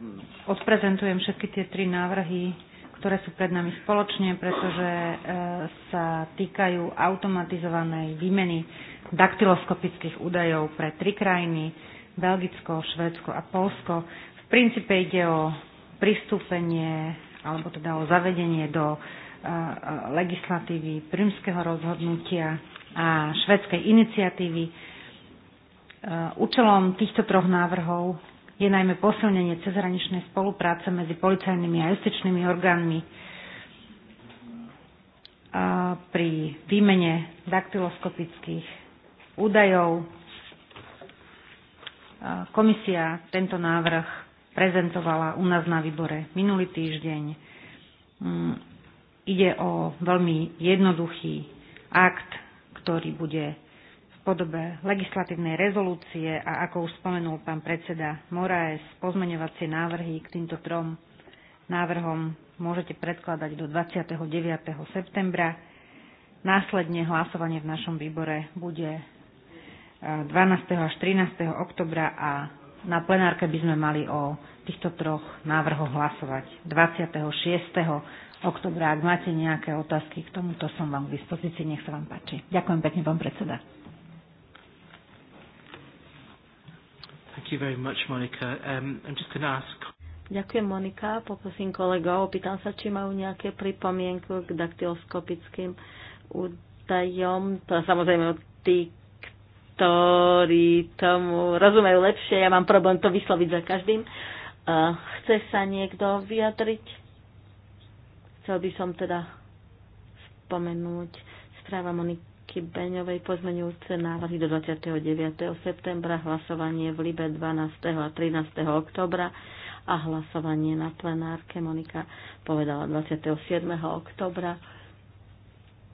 Mm, odprezentujem všetky tie tri návrhy, ktoré sú pred nami spoločne, pretože e, sa týkajú automatizovanej výmeny daktyloskopických údajov pre tri krajiny, Belgicko, Švédsko a Polsko. V princípe ide o pristúpenie alebo teda o zavedenie do e, e, legislatívy prímskeho rozhodnutia a švedskej iniciatívy. E, účelom týchto troch návrhov je najmä posilnenie cezhraničnej spolupráce medzi policajnými a justičnými orgánmi pri výmene daktyloskopických údajov. Komisia tento návrh prezentovala u nás na výbore minulý týždeň. Mm, ide o veľmi jednoduchý akt, ktorý bude v podobe legislatívnej rezolúcie a ako už spomenul pán predseda Moraes, pozmeňovacie návrhy k týmto trom návrhom môžete predkladať do 29. septembra. Následne hlasovanie v našom výbore bude 12. Eh, až 13. oktobra a na plenárke by sme mali o týchto troch návrhoch hlasovať 26. oktobra. Ak máte nejaké otázky k tomuto, som vám k dispozícii. Nech sa vám páči. Ďakujem pekne, pán predseda. Thank you very much, Um, I'm just going to ask... Ďakujem, Monika. Poprosím kolegov. Opýtam sa, či majú nejaké pripomienku k daktyloskopickým údajom. To samozrejme od tých ktorí tomu rozumejú lepšie. Ja mám problém to vysloviť za každým. Chce sa niekto vyjadriť? Chcel by som teda spomenúť správa Moniky Beňovej pozmenujúce návrhy do 29. septembra, hlasovanie v Libe 12. a 13. oktobra a hlasovanie na plenárke Monika povedala 27. oktobra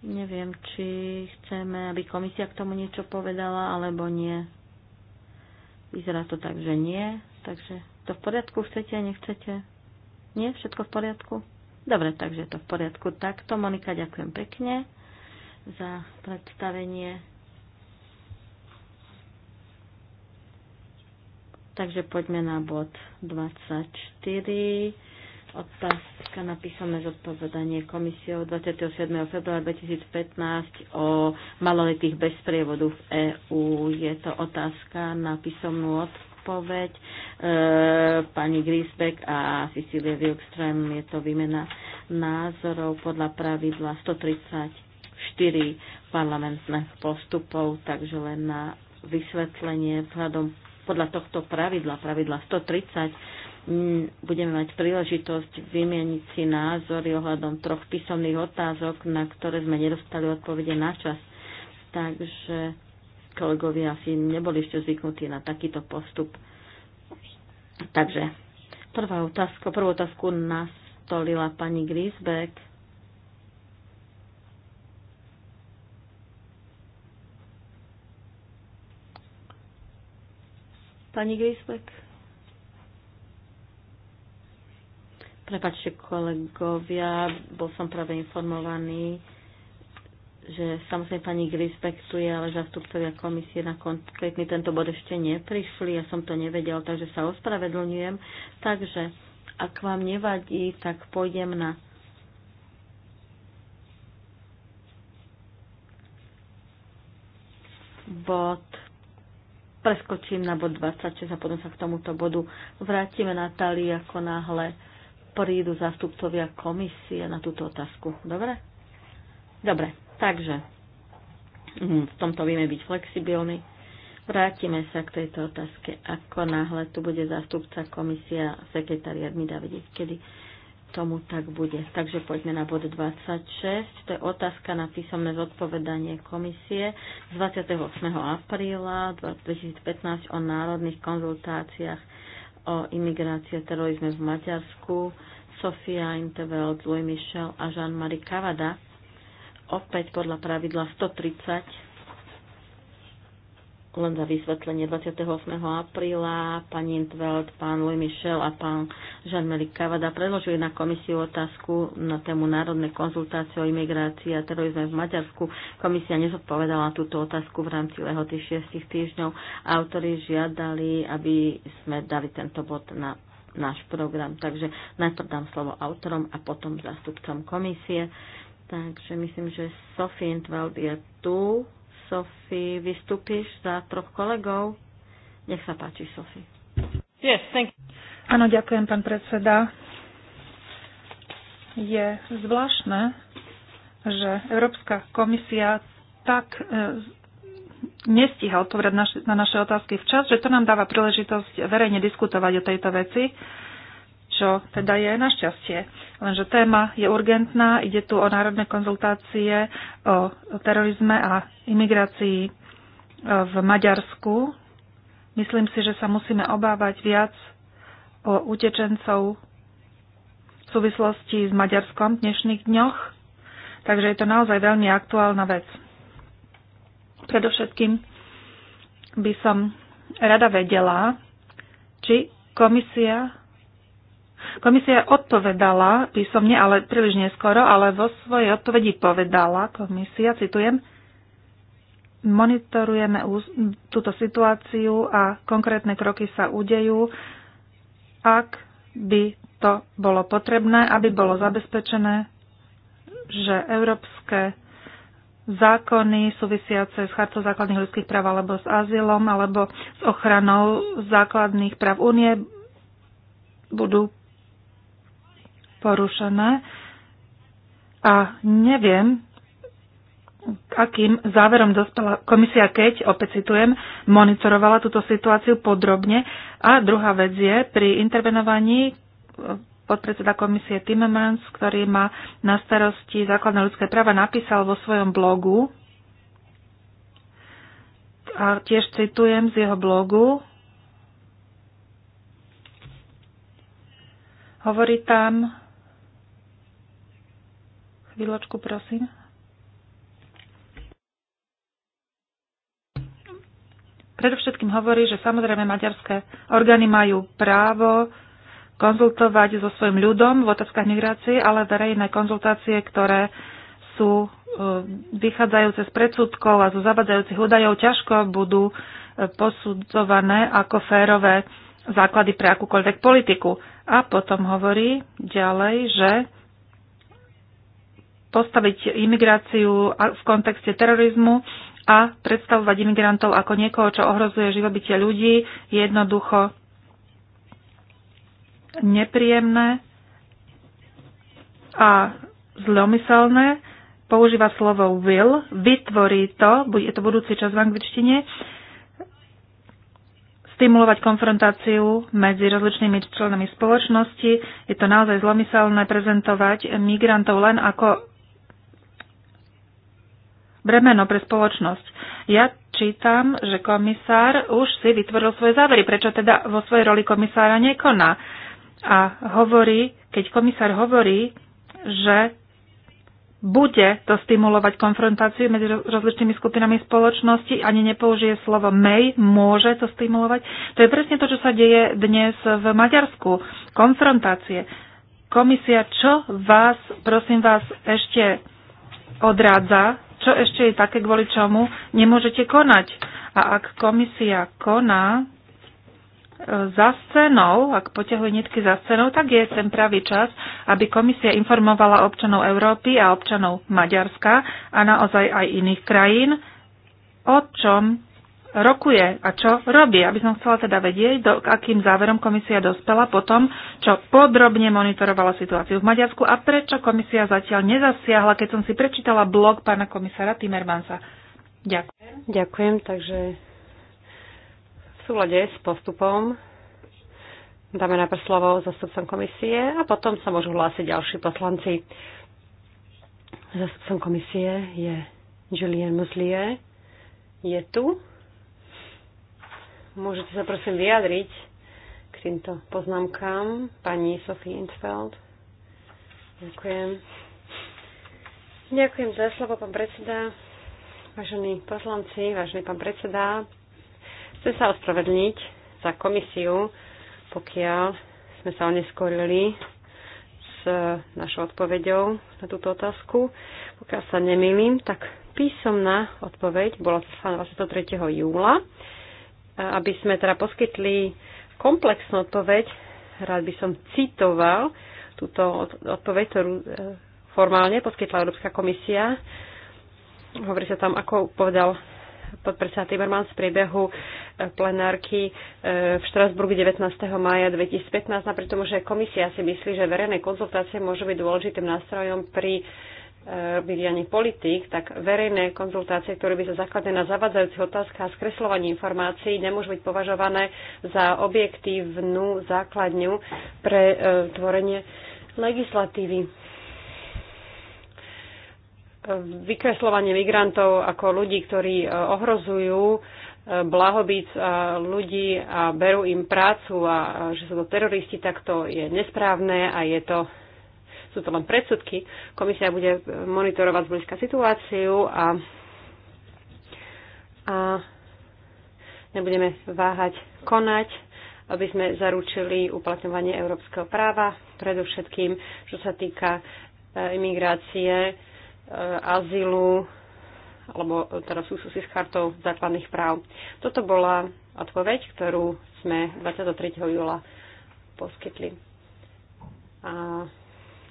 Neviem, či chceme, aby komisia k tomu niečo povedala, alebo nie. Vyzerá to tak, že nie. Takže to v poriadku chcete, nechcete? Nie? Všetko v poriadku? Dobre, takže to v poriadku. Takto, Monika, ďakujem pekne za predstavenie. Takže poďme na bod 24 Otázka na písomné zodpovedanie komisiou 27. februára 2015 o maloletých bez prievodu v EÚ. Je to otázka na písomnú odpoveď. E, pani Grisbeck a Cecilia Wilkström je to výmena názorov podľa pravidla 134 parlamentných postupov, takže len na vysvetlenie vzhľadom podľa tohto pravidla, pravidla 130, Mm, budeme mať príležitosť vymieniť si názory ohľadom troch písomných otázok, na ktoré sme nedostali odpovede na čas. Takže kolegovia asi neboli ešte zvyknutí na takýto postup. Takže prvá otázka, prvú otázku nastolila pani Grisbeck. Pani Grisbeck? Prepačte kolegovia, bol som práve informovaný, že samozrejme pani Grisbeck ale zastupcovia komisie na konkrétny tento bod ešte neprišli, ja som to nevedel, takže sa ospravedlňujem. Takže, ak vám nevadí, tak pôjdem na bod preskočím na bod 26 a potom sa k tomuto bodu vrátime Natália ako náhle prídu zástupcovia komisie na túto otázku. Dobre? Dobre, takže mm, v tomto vieme byť flexibilní. Vrátime sa k tejto otázke, ako náhle tu bude zástupca komisia, sekretariat mi dá vedieť, kedy tomu tak bude. Takže poďme na bod 26. To je otázka na písomné zodpovedanie komisie z 28. apríla 2015 o národných konzultáciách o imigrácie, a terorizme v Maďarsku Sofia Intervelt, Louis Michel a Jean-Marie Cavada opäť podľa pravidla 130 len za vysvetlenie 28. apríla pani Intveld, pán Louis Michel a pán Jean-Marie Cavada predložili na komisiu otázku na tému národnej konzultácie o imigrácii a terorizme v Maďarsku. Komisia nezodpovedala túto otázku v rámci lehoty 6 týždňov. Autori žiadali, aby sme dali tento bod na náš program. Takže najprv dám slovo autorom a potom zástupcom komisie. Takže myslím, že Sofie Intveld je tu Sophie, vystúpiš za troch kolegov. Nech sa páči, Sophie. Yes, thank you. Áno, ďakujem, pán predseda. Je zvláštne, že Európska komisia tak e, nestíha odpovedať na naše otázky včas, že to nám dáva príležitosť verejne diskutovať o tejto veci čo teda je našťastie. Lenže téma je urgentná, ide tu o národné konzultácie o terorizme a imigrácii e, v Maďarsku. Myslím si, že sa musíme obávať viac o utečencov v súvislosti s Maďarskom v dnešných dňoch, takže je to naozaj veľmi aktuálna vec. Predovšetkým by som rada vedela, či komisia Komisia odpovedala písomne, ale príliš neskoro, ale vo svojej odpovedi povedala, komisia, citujem, monitorujeme túto situáciu a konkrétne kroky sa udejú, ak by to bolo potrebné, aby bolo zabezpečené, že európske zákony súvisiace s chartou základných ľudských práv alebo s azylom alebo s ochranou základných práv únie budú porušené a neviem, k akým záverom dospela komisia, keď, opäť citujem, monitorovala túto situáciu podrobne. A druhá vec je, pri intervenovaní eh, podpredseda komisie Timmermans, ktorý má na starosti základné ľudské práva, napísal vo svojom blogu, a tiež citujem z jeho blogu, hovorí tam, Chvíľočku, prosím. Predovšetkým hovorí, že samozrejme maďarské orgány majú právo konzultovať so svojim ľudom v otázkach migrácie, ale verejné konzultácie, ktoré sú e, vychádzajúce z predsudkov a zo zavadzajúcich údajov, ťažko budú e, posudzované ako férové základy pre akúkoľvek politiku. A potom hovorí ďalej, že postaviť imigráciu v kontexte terorizmu a predstavovať imigrantov ako niekoho, čo ohrozuje živobytie ľudí, je jednoducho nepríjemné a zlomyselné. Používa slovo will, vytvorí to, je to budúci čas v angličtine, stimulovať konfrontáciu medzi rozličnými členami spoločnosti. Je to naozaj zlomyselné prezentovať migrantov len ako bremeno pre spoločnosť. Ja čítam, že komisár už si vytvoril svoje závery, prečo teda vo svojej roli komisára nekoná. A hovorí, keď komisár hovorí, že bude to stimulovať konfrontáciu medzi rozličnými skupinami spoločnosti, ani nepoužije slovo may, môže to stimulovať. To je presne to, čo sa deje dnes v Maďarsku. Konfrontácie. Komisia, čo vás, prosím vás, ešte odrádza čo ešte je také, kvôli čomu nemôžete konať. A ak komisia koná e, za scénou, ak poťahuje nitky za scénou, tak je ten pravý čas, aby komisia informovala občanov Európy a občanov Maďarska a naozaj aj iných krajín, o čom rokuje a čo robí. Aby som chcela teda vedieť, do, k akým záverom komisia dospela potom, čo podrobne monitorovala situáciu v Maďarsku a prečo komisia zatiaľ nezasiahla, keď som si prečítala blog pána komisára Timmermansa. Ďakujem. Ďakujem, takže v súlade s postupom dáme najprv slovo zastupcom komisie a potom sa môžu hlásiť ďalší poslanci. Zastupcom komisie je Julien Muslie. Je tu. Môžete sa prosím vyjadriť k týmto poznámkám. Pani Sophie Intfeld. Ďakujem. Ďakujem za slovo, pán predseda. Vážení poslanci, vážený pán predseda, chcem sa ospravedlniť za komisiu, pokiaľ sme sa oneskorili s našou odpoveďou na túto otázku. Pokiaľ sa nemýlim, tak písomná odpoveď bola 23. júla aby sme teda poskytli komplexnú odpoveď, rád by som citoval túto odpoveď, ktorú e, formálne poskytla Európska komisia. Hovorí sa tam, ako povedal podpredseda Timmermans v priebehu e, plenárky e, v Štrasburgu 19. maja 2015, napriek tomu, že komisia si myslí, že verejné konzultácie môžu byť dôležitým nástrojom pri byť ani politik, tak verejné konzultácie, ktoré by sa zakladali na zavadzajúcich otázkach a skreslovaní informácií, nemôžu byť považované za objektívnu základňu pre e, tvorenie legislatívy. E, Vykreslovanie migrantov ako ľudí, ktorí e, ohrozujú blahobyt ľudí a berú im prácu a že sú to teroristi, tak to je nesprávne a je to sú to len predsudky. Komisia bude monitorovať zblízka situáciu a, a nebudeme váhať konať, aby sme zaručili uplatňovanie európskeho práva, predovšetkým, čo sa týka e, imigrácie, e, azylu, alebo teda súvisí s chartou základných práv. Toto bola odpoveď, ktorú sme 23. júla poskytli. A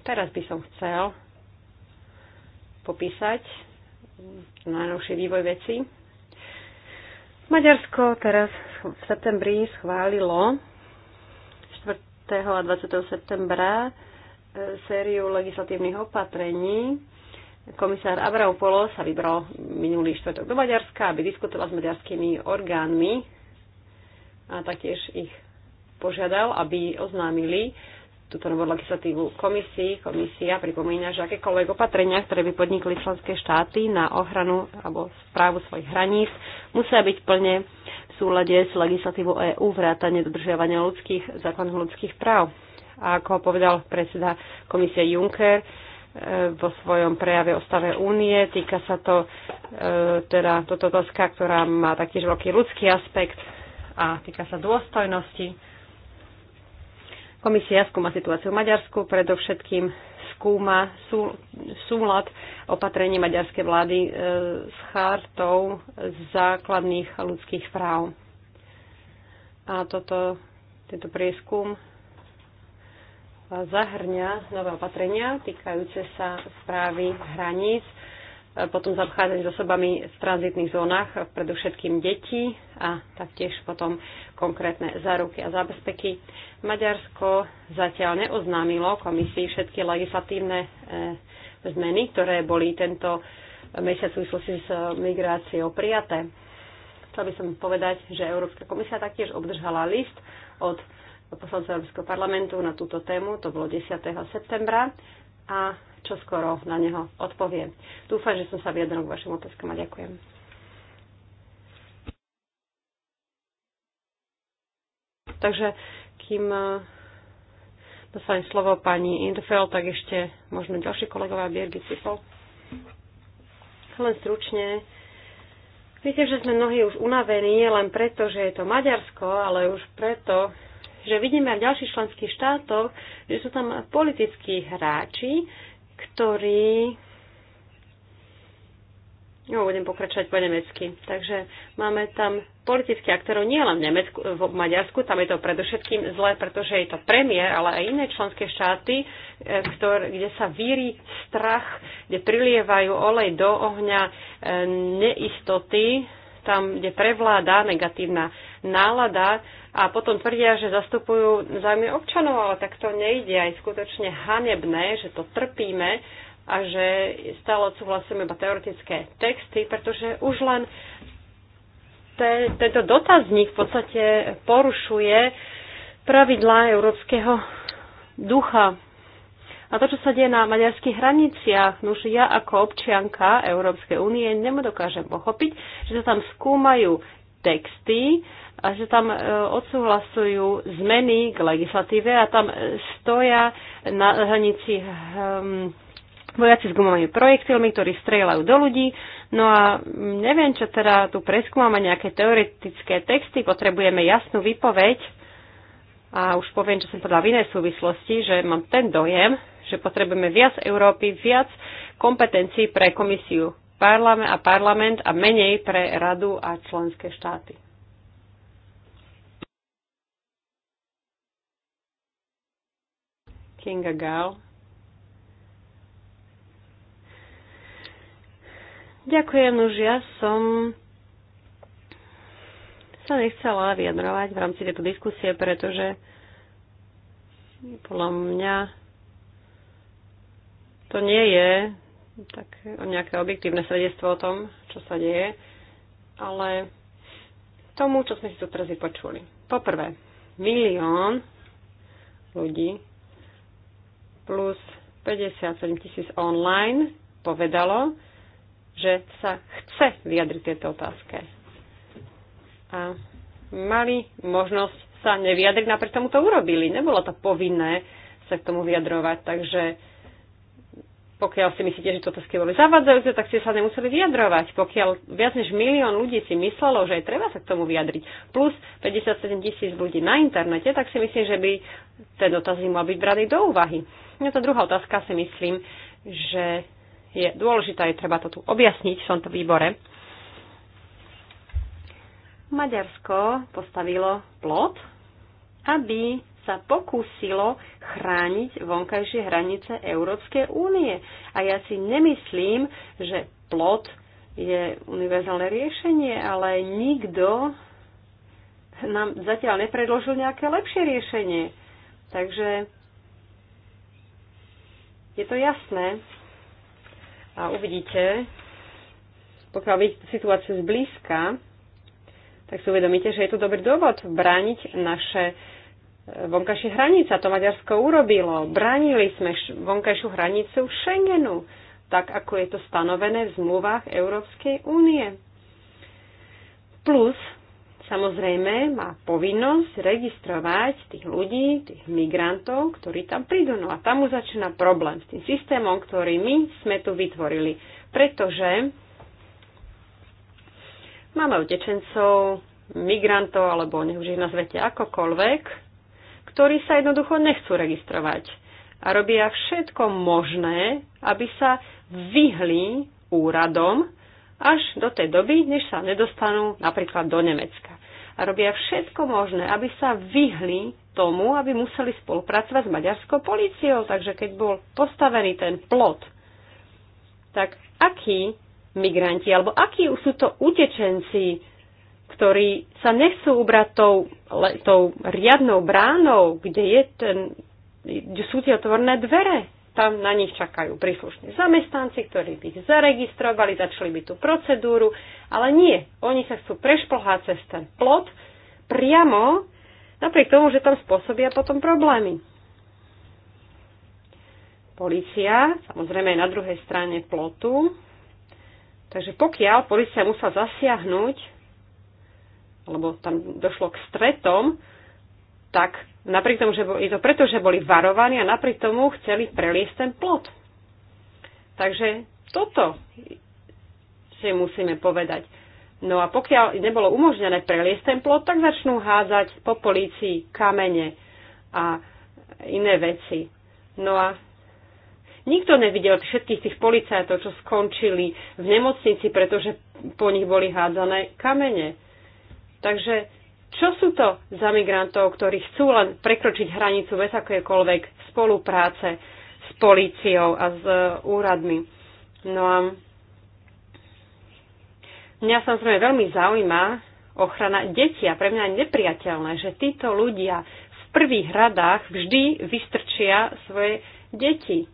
Teraz by som chcel popísať najnovší vývoj veci. Maďarsko teraz v septembri schválilo 4. a 20. septembra e, sériu legislatívnych opatrení. Komisár Polo sa vybral minulý štvrtok do Maďarska, aby diskutoval s maďarskými orgánmi a taktiež ich požiadal, aby oznámili túto novú legislatívu komisii. Komisia pripomína, že akékoľvek opatrenia, ktoré by podnikli členské štáty na ochranu alebo správu svojich hraníc, musia byť plne v súlade s legislatívou EÚ vrátane dodržiavania ľudských, zákonov ľudských práv. A ako povedal predseda komisie Juncker e, vo svojom prejave o stave únie, týka sa to e, teda toto otázka, ktorá má taktiež veľký ľudský aspekt a týka sa dôstojnosti Komisia skúma situáciu v Maďarsku, predovšetkým skúma sú, súlad opatrení maďarskej vlády e, s chartou základných ľudských práv. A toto, tento prieskum zahrňa nové opatrenia týkajúce sa správy hraníc potom zaobchádzanie s osobami v tranzitných zónach, predovšetkým deti a taktiež potom konkrétne záruky a zábezpeky. Maďarsko zatiaľ neoznámilo komisii všetky legislatívne eh, zmeny, ktoré boli tento mesiac v súvislosti s eh, migráciou prijaté. Chcel by som povedať, že Európska komisia taktiež obdržala list od poslancov Európskeho parlamentu na túto tému, to bolo 10. septembra a čo skoro na neho odpoviem. Dúfam, že som sa vyjadril k vašim otázkam a ďakujem. Takže kým eh, dostane slovo pani Indfeld, tak ešte možno ďalší kolegovia Birgit Cipol. Len stručne, Viete, že sme mnohí už unavení len preto, že je to Maďarsko, ale už preto, že vidíme aj v ďalších členských štátoch, že sú tam politickí hráči, ktorý No, budem pokračovať po nemecky. Takže máme tam politických aktorov nie len v, Nemecku, v Maďarsku, tam je to predovšetkým zlé, pretože je to premiér, ale aj iné členské štáty, e, ktor, kde sa víri strach, kde prilievajú olej do ohňa e, neistoty, tam, kde prevláda negatívna nálada a potom tvrdia, že zastupujú zájmy občanov, ale tak to nejde. Aj skutočne hanebné, že to trpíme a že stále odsúhlasujeme iba teoretické texty, pretože už len te, tento dotazník v podstate porušuje pravidlá európskeho ducha. A to, čo sa deje na maďarských hraniciach, no už ja ako občianka Európskej únie nedokážem pochopiť, že sa tam skúmajú texty a že tam e, odsúhlasujú zmeny k legislatíve a tam e, stoja na hranici hm, vojaci s gumovými projektilmi, ktorí strieľajú do ľudí. No a neviem, čo teda tu preskúmame, nejaké teoretické texty, potrebujeme jasnú výpoveď. A už poviem, čo som povedala v inej súvislosti, že mám ten dojem, že potrebujeme viac Európy, viac kompetencií pre komisiu parlament a parlament a menej pre radu a členské štáty. Kinga Gal. Ďakujem, už ja som sa nechcela vyjadrovať v rámci tejto diskusie, pretože podľa mňa to nie je tak e, nejaké objektívne svedectvo o tom, čo sa deje, ale tomu, čo sme si tu teraz vypočuli. Poprvé, milión ľudí plus 57 tisíc online povedalo, že sa chce vyjadriť tieto otázke. A mali možnosť sa nevyjadriť, napriek tomu to urobili. Nebolo to povinné sa k tomu vyjadrovať, takže pokiaľ si myslíte, že toto ste boli zavadzajúce, tak ste sa nemuseli vyjadrovať. Pokiaľ viac než milión ľudí si myslelo, že je treba sa k tomu vyjadriť, plus 57 tisíc ľudí na internete, tak si myslím, že by ten dotazník mal byť braný do úvahy. No tá druhá otázka si myslím, že je dôležitá, je treba to tu objasniť v tomto výbore. Maďarsko postavilo plot, aby sa pokúsilo chrániť vonkajšie hranice Európskej únie. A ja si nemyslím, že plot je univerzálne riešenie, ale nikto nám zatiaľ nepredložil nejaké lepšie riešenie. Takže je to jasné. A uvidíte, pokiaľ vidíte situáciu zblízka, tak si uvedomíte, že je tu dobrý dôvod brániť naše vonkajšie hranica to Maďarsko urobilo. Bránili sme vonkajšiu hranicu Schengenu, tak ako je to stanovené v zmluvách Európskej únie. Plus, samozrejme, má povinnosť registrovať tých ľudí, tých migrantov, ktorí tam prídu. No a tam už začína problém s tým systémom, ktorý my sme tu vytvorili. Pretože máme utečencov, migrantov, alebo nech už ich nazvete akokoľvek, ktorí sa jednoducho nechcú registrovať a robia všetko možné, aby sa vyhli úradom až do tej doby, než sa nedostanú napríklad do Nemecka. A robia všetko možné, aby sa vyhli tomu, aby museli spolupracovať s maďarskou políciou. Takže keď bol postavený ten plot, tak akí migranti alebo akí sú to utečenci ktorí sa nechcú ubrať tou, le, tou riadnou bránou, kde, je ten, kde sú tie otvorné dvere. Tam na nich čakajú príslušní zamestnanci, ktorí by ich zaregistrovali, začali by tú procedúru, ale nie. Oni sa chcú prešplhať cez ten plot priamo, napriek tomu, že tam spôsobia potom problémy. Polícia, samozrejme je na druhej strane plotu, takže pokiaľ policia musela zasiahnuť alebo tam došlo k stretom, tak napriek tomu, že je to preto, že boli varovaní a napriek tomu chceli preliesť ten plot. Takže toto si musíme povedať. No a pokiaľ nebolo umožnené preliesť ten plot, tak začnú hádzať po polícii kamene a iné veci. No a nikto nevidel všetkých tých policajtov, čo skončili v nemocnici, pretože po nich boli hádzané kamene. Takže čo sú to za migrantov, ktorí chcú len prekročiť hranicu bez akékoľvek spolupráce s políciou a s e, úradmi? No a mňa samozrejme veľmi zaujíma ochrana detí a pre mňa je nepriateľné, že títo ľudia v prvých radách vždy vystrčia svoje deti.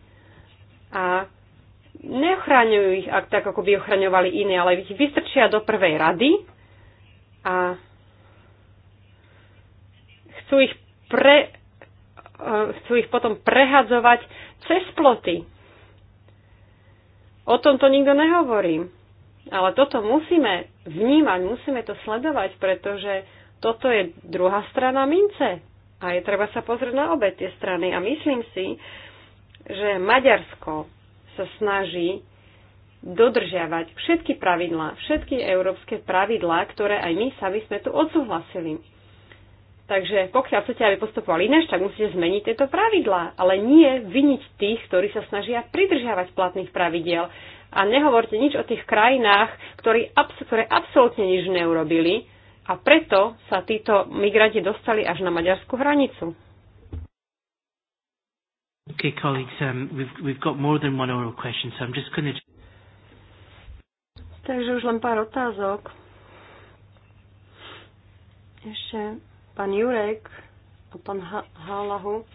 A neochráňujú ich ak, tak, ako by ochraňovali iní, ale ich vystrčia do prvej rady a chcú ich, pre, e, chcú ich potom prehadzovať cez ploty. O tom to nikto nehovorí. Ale toto musíme vnímať, musíme to sledovať, pretože toto je druhá strana mince. A je treba sa pozrieť na obe tie strany. A myslím si, že Maďarsko sa snaží dodržiavať všetky pravidlá, všetky európske pravidlá, ktoré aj my sami sme tu odsúhlasili. Takže pokiaľ chcete, aby postupovali ináč, tak musíte zmeniť tieto pravidlá, ale nie viniť tých, ktorí sa snažia pridržiavať platných pravidiel. A nehovorte nič o tých krajinách, ktoré, ktoré absolútne nič neurobili a preto sa títo migranti dostali až na maďarskú hranicu. Okay, colleagues, um, we've, we've got more than one oral question, so I'm just going to... Takže už len pár otázok. Ešte pán Jurek a pán Hálahu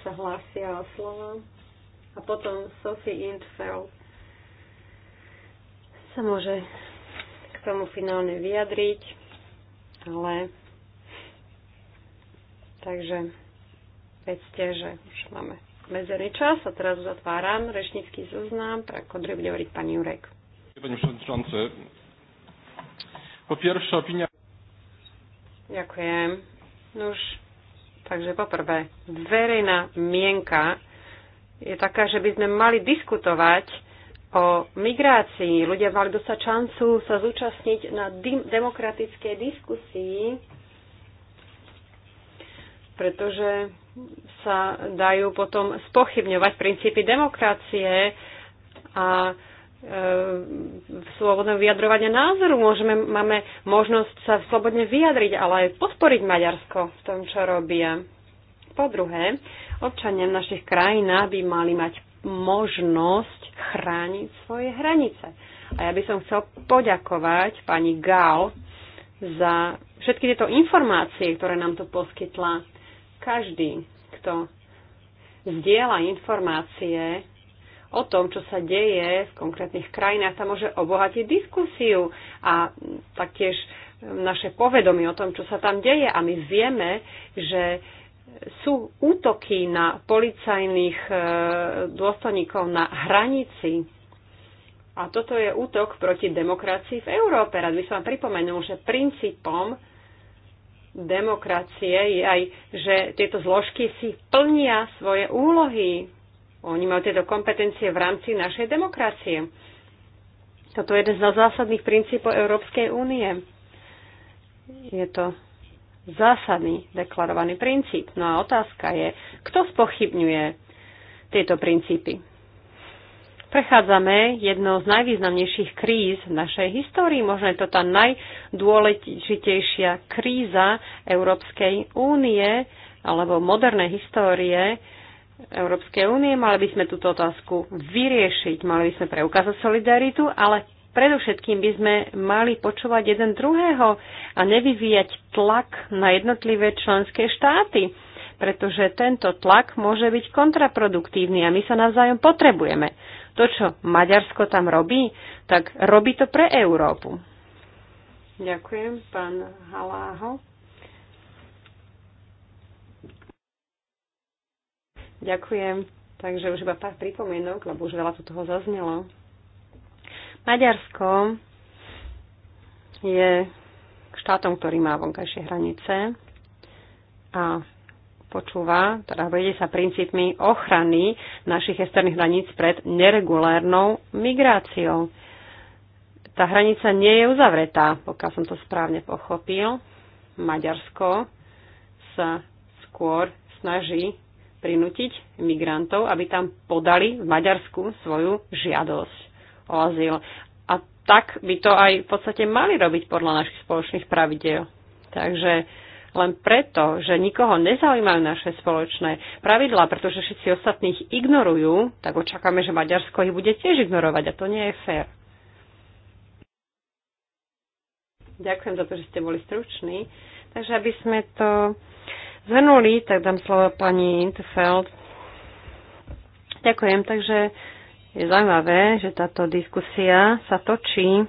sa hlásia o slova. A potom Sophie Intfeld sa môže k tomu finálne vyjadriť, ale takže vedzte, že už máme medzerný čas a teraz zatváram rečnícky zoznam, tak ako bude hovoriť pán Jurek. Panie Przewodniczący, po pierwsze opinia... Dziękuję. Nuž, no takže poprvé, verejná mienka je taká, že by sme mali diskutovať o migrácii. Ľudia mali dostať šancu sa zúčastniť na demokratickej diskusii, pretože sa dajú potom spochybňovať princípy demokracie a v slobodnom vyjadrovania názoru. Môžeme, máme možnosť sa slobodne vyjadriť, ale aj podporiť Maďarsko v tom, čo robia. Po druhé, občania v našich krajinách by mali mať možnosť chrániť svoje hranice. A ja by som chcel poďakovať pani Gal za všetky tieto informácie, ktoré nám tu poskytla. Každý, kto zdieľa informácie o tom, čo sa deje v konkrétnych krajinách. Tam môže obohatiť diskusiu a taktiež ehm, naše povedomie o tom, čo sa tam deje. A my vieme, že sú útoky na policajných ehm, dôstojníkov na hranici. A toto je útok proti demokracii v Európe. Rád by som vám pripomenul, že princípom demokracie je aj, že tieto zložky si plnia svoje úlohy. Oni majú tieto kompetencie v rámci našej demokracie. Toto je jeden z zásadných princípov Európskej únie. Je to zásadný deklarovaný princíp. No a otázka je, kto spochybňuje tieto princípy. Prechádzame jednou z najvýznamnejších kríz v našej histórii. Možno je to tá najdôležitejšia kríza Európskej únie alebo modernej histórie. Európskej únie, mali by sme túto otázku vyriešiť, mali by sme preukázať solidaritu, ale predovšetkým by sme mali počúvať jeden druhého a nevyvíjať tlak na jednotlivé členské štáty, pretože tento tlak môže byť kontraproduktívny a my sa navzájom potrebujeme. To, čo Maďarsko tam robí, tak robí to pre Európu. Ďakujem, pán Haláho. Ďakujem. Takže už iba pár pripomienok, lebo už veľa tu toho zaznelo. Maďarsko je štátom, ktorý má vonkajšie hranice a počúva, teda vedie sa princípmi ochrany našich externých hraníc pred neregulárnou migráciou. Tá hranica nie je uzavretá, pokiaľ som to správne pochopil. Maďarsko sa skôr snaží prinútiť migrantov, aby tam podali v Maďarsku svoju žiadosť o azyl. A tak by to aj v podstate mali robiť podľa našich spoločných pravidel. Takže len preto, že nikoho nezaujímajú naše spoločné pravidlá, pretože všetci ostatných ignorujú, tak očakáme, že Maďarsko ich bude tiež ignorovať a to nie je fér. Ďakujem za to, že ste boli struční. Takže aby sme to zhrnuli, tak dám slovo pani Interfeld. Ďakujem, takže je zaujímavé, že táto diskusia sa točí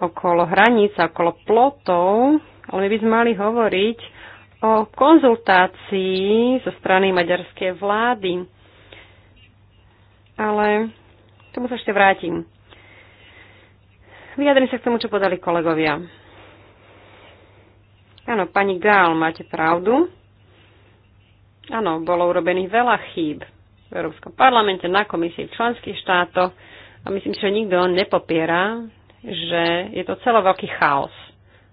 okolo hraníc, okolo plotov, ale my by sme mali hovoriť o konzultácii zo strany maďarskej vlády. Ale k tomu sa ešte vrátim. Vyjadrím sa k tomu, čo podali kolegovia Áno, pani Gál, máte pravdu. Áno, bolo urobených veľa chýb v Európskom parlamente, na komisii, v členských štátoch a myslím si, že nikto nepopiera, že je to celo veľký chaos.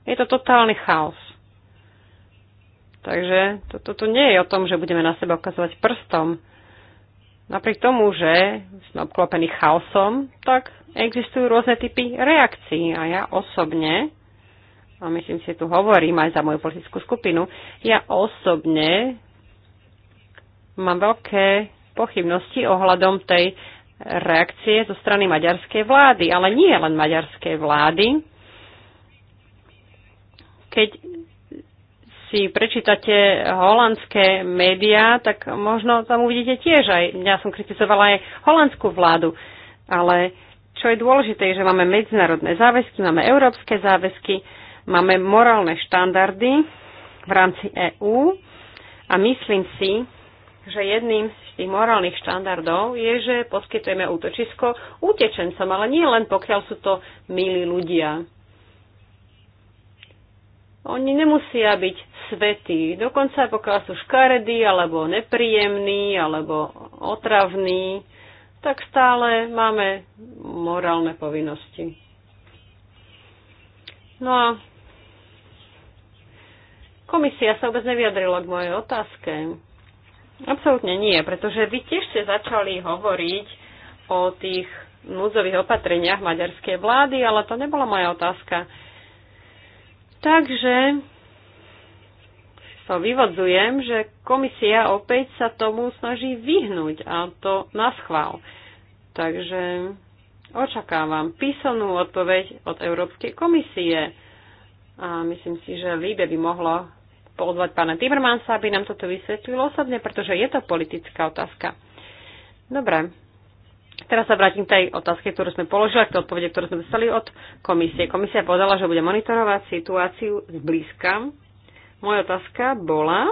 Je to totálny chaos. Takže toto to, to nie je o tom, že budeme na seba ukazovať prstom. Napriek tomu, že sme obklopení chaosom, tak existujú rôzne typy reakcií. A ja osobne a myslím si, tu hovorím aj za moju politickú skupinu, ja osobne mám veľké pochybnosti ohľadom tej reakcie zo strany maďarskej vlády, ale nie len maďarskej vlády. Keď si prečítate holandské médiá, tak možno tam uvidíte tiež aj, ja som kritizovala aj holandskú vládu, ale čo je dôležité, je, že máme medzinárodné záväzky, máme európske záväzky, Máme morálne štandardy v rámci EÚ a myslím si, že jedným z tých morálnych štandardov je, že poskytujeme útočisko utečencom, ale nie len pokiaľ sú to milí ľudia. Oni nemusia byť svetí, dokonca pokiaľ sú škaredí, alebo nepríjemní, alebo otravní, tak stále máme morálne povinnosti. No a Komisia sa vôbec nevyjadrila k mojej otázke. Absolútne nie, pretože vy tiež ste začali hovoriť o tých núdzových opatreniach maďarskej vlády, ale to nebola moja otázka. Takže to vyvodzujem, že komisia opäť sa tomu snaží vyhnúť a to na schvál. Takže očakávam písomnú odpoveď od Európskej komisie a myslím si, že Líbe by mohlo pozvať pána Timmermansa, aby nám toto vysvetlil osobne, pretože je to politická otázka. Dobre. Teraz sa vrátim k tej otázke, ktorú sme položili, k tej odpovede, ktorú sme dostali od komisie. Komisia povedala, že bude monitorovať situáciu zblízka. Moja otázka bola,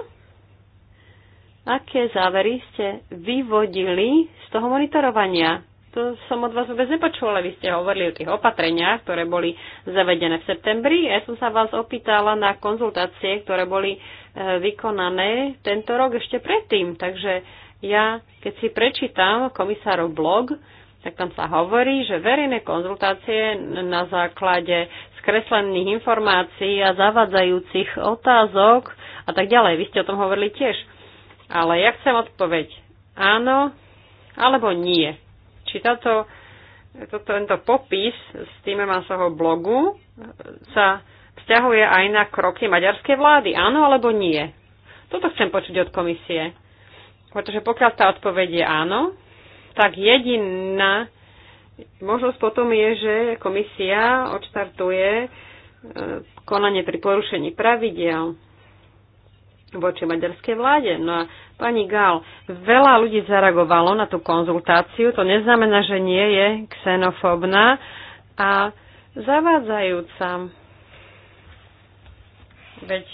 aké závery ste vyvodili z toho monitorovania to som od vás vôbec nepočula. Vy ste hovorili o tých opatreniach, ktoré boli zavedené v septembri. Ja som sa vás opýtala na konzultácie, ktoré boli e, vykonané tento rok ešte predtým. Takže ja, keď si prečítam komisárov blog, tak tam sa hovorí, že verejné konzultácie na základe skreslených informácií a zavadzajúcich otázok a tak ďalej. Vy ste o tom hovorili tiež. Ale ja chcem odpoveď áno alebo nie či táto, toto, tento popis z Timemansovho blogu sa vzťahuje aj na kroky maďarskej vlády. Áno alebo nie? Toto chcem počuť od komisie. Pretože pokiaľ tá odpoveď je áno, tak jediná možnosť potom je, že komisia odštartuje eh, konanie pri porušení pravidel voči maďarskej vláde. No a pani Gál, veľa ľudí zareagovalo na tú konzultáciu, to neznamená, že nie je xenofóbna a zavádzajúca. Veď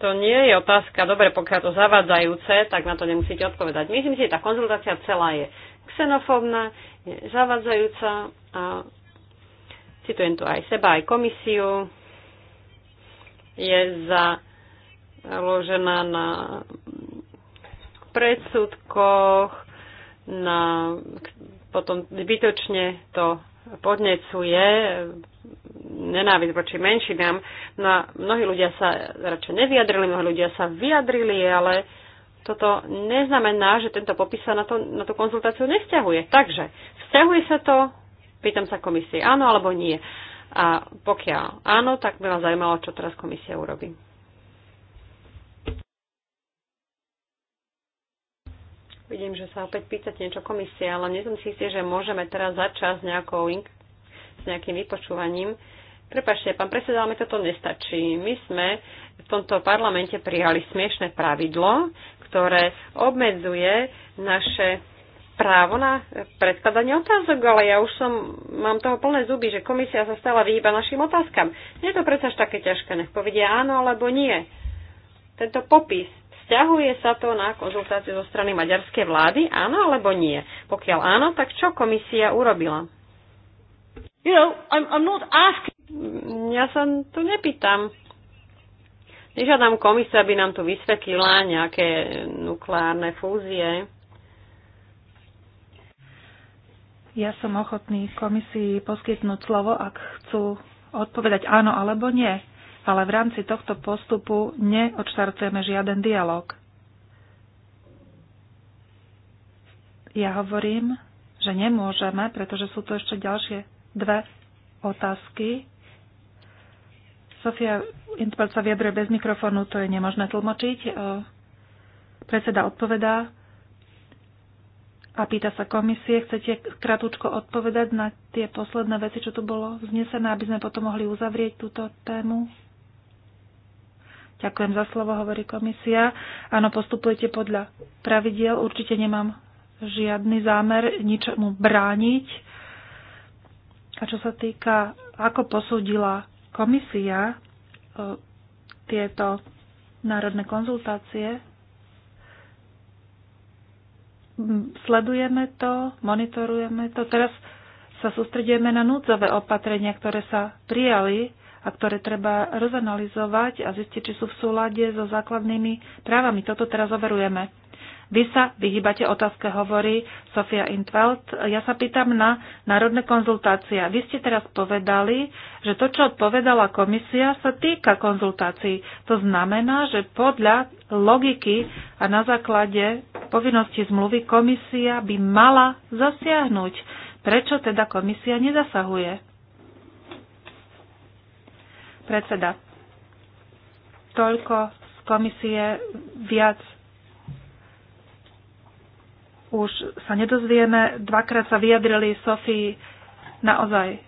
to nie je otázka, dobre, pokiaľ to zavádzajúce, tak na to nemusíte odpovedať. Myslím si, že tá konzultácia celá je xenofóbna, je zavádzajúca a citujem tu aj seba, aj komisiu, je za založená na predsudkoch, na, potom zbytočne to podnecuje nenávisť voči menšinám. No a mnohí ľudia sa radšej nevyjadrili, mnohí ľudia sa vyjadrili, ale toto neznamená, že tento popis sa na, to, na tú konzultáciu nevzťahuje. Takže vzťahuje sa to, pýtam sa komisie, áno alebo nie. A pokiaľ áno, tak by ma zaujímalo, čo teraz komisia urobí. Vidím, že sa opäť pýtať niečo komisie, ale nie som si istý, že môžeme teraz začať s, nejakou, s nejakým vypočúvaním. Prepačte, pán predseda, ale mi toto nestačí. My sme v tomto parlamente prijali smiešne pravidlo, ktoré obmedzuje naše právo na predkladanie otázok, ale ja už som, mám toho plné zuby, že komisia sa stala vyhýba našim otázkam. Nie je to predsa až také ťažké, nech povedia áno alebo nie. Tento popis Vzťahuje sa to na konzultáciu zo strany maďarskej vlády, áno alebo nie? Pokiaľ áno, tak čo komisia urobila? You know, I'm, I'm not asking... Ja sa tu nepýtam. Nežiadam komisia, aby nám tu vysvetlila nejaké nukleárne fúzie. Ja som ochotný komisii poskytnúť slovo, ak chcú odpovedať áno alebo nie ale v rámci tohto postupu neodštartujeme žiaden dialog. Ja hovorím, že nemôžeme, pretože sú tu ešte ďalšie dve otázky. Sofia Intpel sa vyjadruje bez mikrofónu, to je nemožné tlmočiť. E, predseda odpovedá a pýta sa komisie, chcete kratúčko odpovedať na tie posledné veci, čo tu bolo vznesené, aby sme potom mohli uzavrieť túto tému? Ďakujem za slovo, hovorí komisia. Áno, postupujete podľa pravidiel. Určite nemám žiadny zámer ničomu brániť. A čo sa týka, ako posúdila komisia e, tieto národné konzultácie, sledujeme to, monitorujeme to. Teraz sa sústredujeme na núdzové opatrenia, ktoré sa prijali a ktoré treba rozanalizovať a zistiť, či sú v súlade so základnými právami. Toto teraz overujeme. Vy sa vyhýbate otázke, hovorí Sofia Intveld. Ja sa pýtam na národné konzultácie. Vy ste teraz povedali, že to, čo povedala komisia, sa týka konzultácií. To znamená, že podľa logiky a na základe povinnosti zmluvy komisia by mala zasiahnuť. Prečo teda komisia nezasahuje? Predseda, toľko z komisie viac už sa nedozvieme. Dvakrát sa vyjadrili Sofii naozaj.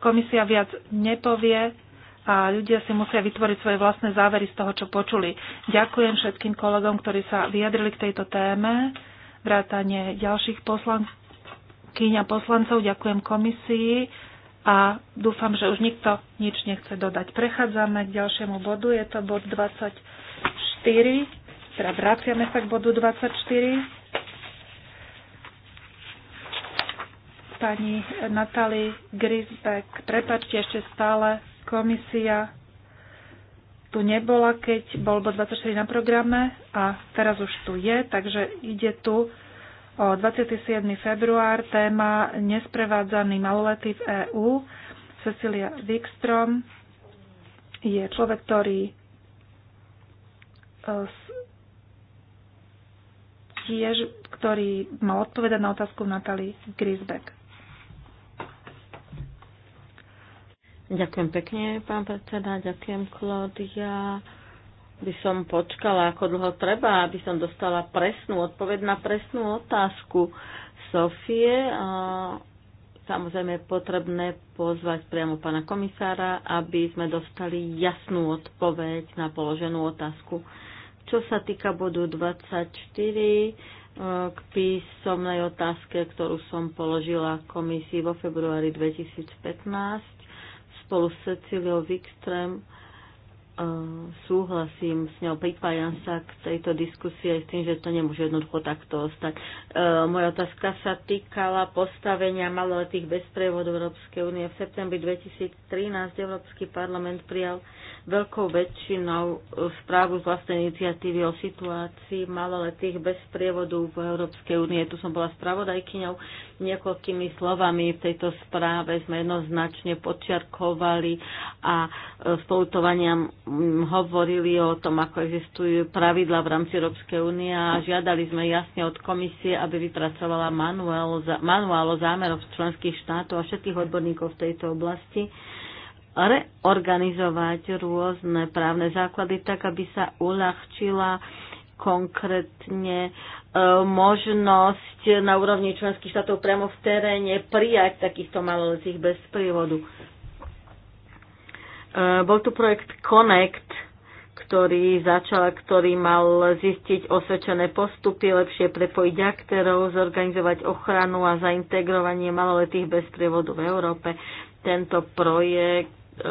Komisia viac nepovie a ľudia si musia vytvoriť svoje vlastné závery z toho, čo počuli. Ďakujem všetkým kolegom, ktorí sa vyjadrili k tejto téme, vrátane ďalších poslankyň a poslancov. Ďakujem komisii a dúfam, že už nikto nič nechce dodať. Prechádzame k ďalšiemu bodu, je to bod 24, teda vraciame sa k bodu 24. Pani Natali Grisbeck, prepačte, ešte stále komisia tu nebola, keď bol bod 24 na programe a teraz už tu je, takže ide tu o 27. február téma Nesprevádzaný maloletý v EÚ. Cecilia Wikstrom je človek, ktorý e, tiež, ktorý mal odpovedať na otázku Natalie Grisbeck. Ďakujem pekne, pán predseda, ďakujem Klaudia by som počkala, ako dlho treba, aby som dostala presnú odpoveď na presnú otázku Sofie. A samozrejme je potrebné pozvať priamo pána komisára, aby sme dostali jasnú odpoveď na položenú otázku. Čo sa týka bodu 24, e, k písomnej otázke, ktorú som položila komisii vo februári 2015 spolu s Ceciliou Wikström súhlasím s ňou, pripájam sa k tejto diskusii aj s tým, že to nemôže jednoducho takto ostať. E, moja otázka sa týkala postavenia maloletých bezprevodov Európskej únie. V septembri 2013 Európsky parlament prijal veľkou väčšinou správu z vlastnej iniciatívy o situácii maloletých bez prievodu v Európskej únie. Tu som bola spravodajkyňou. Niekoľkými slovami v tejto správe sme jednoznačne podčiarkovali a e, spolutovaniam hovorili o tom, ako existujú pravidla v rámci Európskej únie a žiadali sme jasne od komisie, aby vypracovala manuál, manuál o zámeroch členských štátov a všetkých odborníkov v tejto oblasti reorganizovať rôzne právne základy tak, aby sa uľahčila konkrétne e, možnosť na úrovni členských štátov priamo v teréne prijať takýchto maloletých bez prívodu. Eh, bol tu projekt Connect, ktorý začal, ktorý mal zistiť osvedčené postupy, lepšie prepojiť aktérov, zorganizovať ochranu a zaintegrovanie maloletých bez prievodu v Európe. Tento projekt e,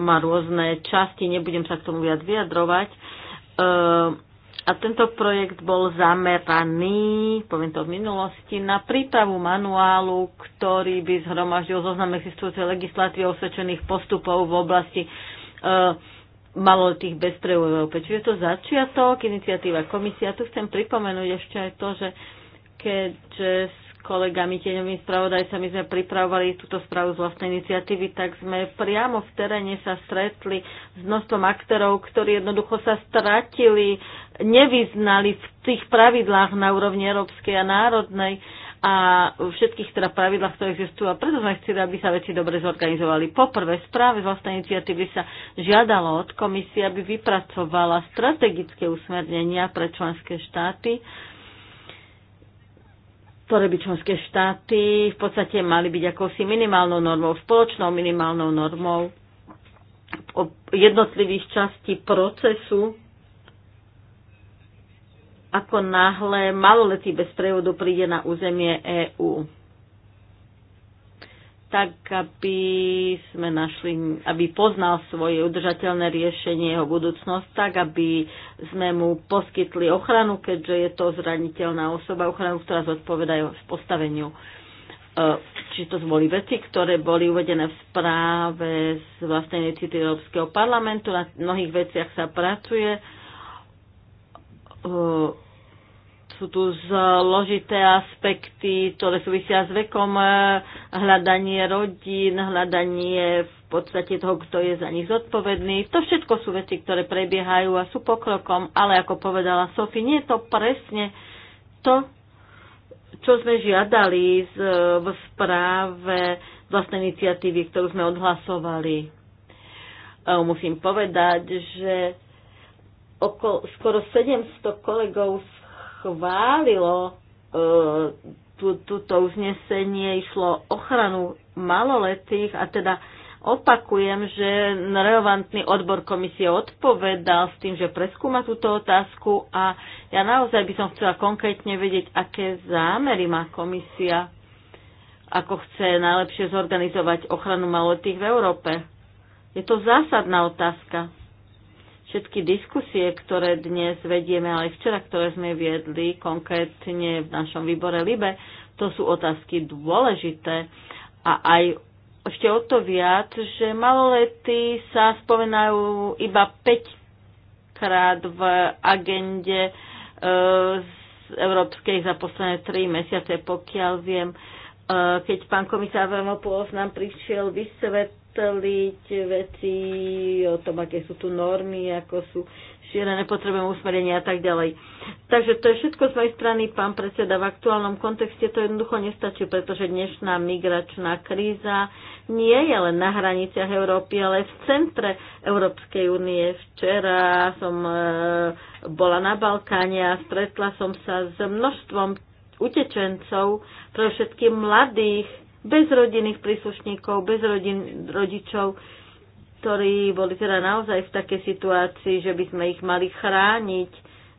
má rôzne časti, nebudem sa k tomu viac vyjadrovať. E, a tento projekt bol zameraný, poviem to v minulosti, na prípravu manuálu, ktorý by zhromaždil zoznam existujúcej legislatívy osvedčených postupov v oblasti e, maloletých bez Čiže je to začiatok, iniciatíva komisia. Tu chcem pripomenúť ešte aj to, že keďže kolegami tieňovými spravodajcami sme pripravovali túto správu z vlastnej iniciatívy, tak sme priamo v teréne sa stretli s množstvom aktérov, ktorí jednoducho sa stratili, nevyznali v tých pravidlách na úrovni európskej a národnej a všetkých teda pravidlách, ktoré existujú. A preto sme chceli, aby sa veci dobre zorganizovali. Poprvé, správe z vlastnej iniciatívy sa žiadalo od komisie, aby vypracovala strategické usmernenia pre členské štáty, ktoré by členské štáty v podstate mali byť ako si minimálnou normou, spoločnou minimálnou normou jednotlivých častí procesu, ako náhle maloletý bez prevodu príde na územie EÚ tak, aby sme našli, aby poznal svoje udržateľné riešenie, jeho budúcnosť, tak, aby sme mu poskytli ochranu, keďže je to zraniteľná osoba, ochranu, ktorá zodpoveda jeho postaveniu. E, či to boli veci, ktoré boli uvedené v správe z vlastnej necity Európskeho parlamentu, na mnohých veciach sa pracuje e, sú tu zložité aspekty, ktoré súvisia s vekom, e, hľadanie rodín, hľadanie v podstate toho, kto je za nich zodpovedný. To všetko sú veci, ktoré prebiehajú a sú pokrokom, ale ako povedala Sofi, nie je to presne to, čo sme žiadali z, v správe vlastnej iniciatívy, ktorú sme odhlasovali. E, musím povedať, že okolo, skoro 700 kolegov z schválilo tú, e, túto uznesenie, išlo ochranu maloletých a teda opakujem, že relevantný odbor komisie odpovedal s tým, že preskúma túto otázku a ja naozaj by som chcela konkrétne vedieť, aké zámery má komisia, ako chce najlepšie zorganizovať ochranu maloletých v Európe. Je to zásadná otázka všetky diskusie, ktoré dnes vedieme, ale aj včera, ktoré sme viedli, konkrétne v našom výbore LIBE, to sú otázky dôležité a aj ešte o to viac, že malolety sa spomenajú iba 5 krát v agende e, z Európskej za posledné 3 mesiace, pokiaľ viem, e, keď pán komisár Vermopoulos nám prišiel vysvet vysvetliť veci o tom, aké sú tu normy, ako sú šírené, potrebujeme usmerenia a tak ďalej. Takže to je všetko z mojej strany, pán predseda. V aktuálnom kontexte to jednoducho nestačí, pretože dnešná migračná kríza nie je len na hraniciach Európy, ale v centre Európskej únie. Včera som e, bola na Balkáne a stretla som sa s množstvom utečencov, pre všetkých mladých, bez rodinných príslušníkov, bez rodin, rodičov, ktorí boli teda naozaj v takej situácii, že by sme ich mali chrániť,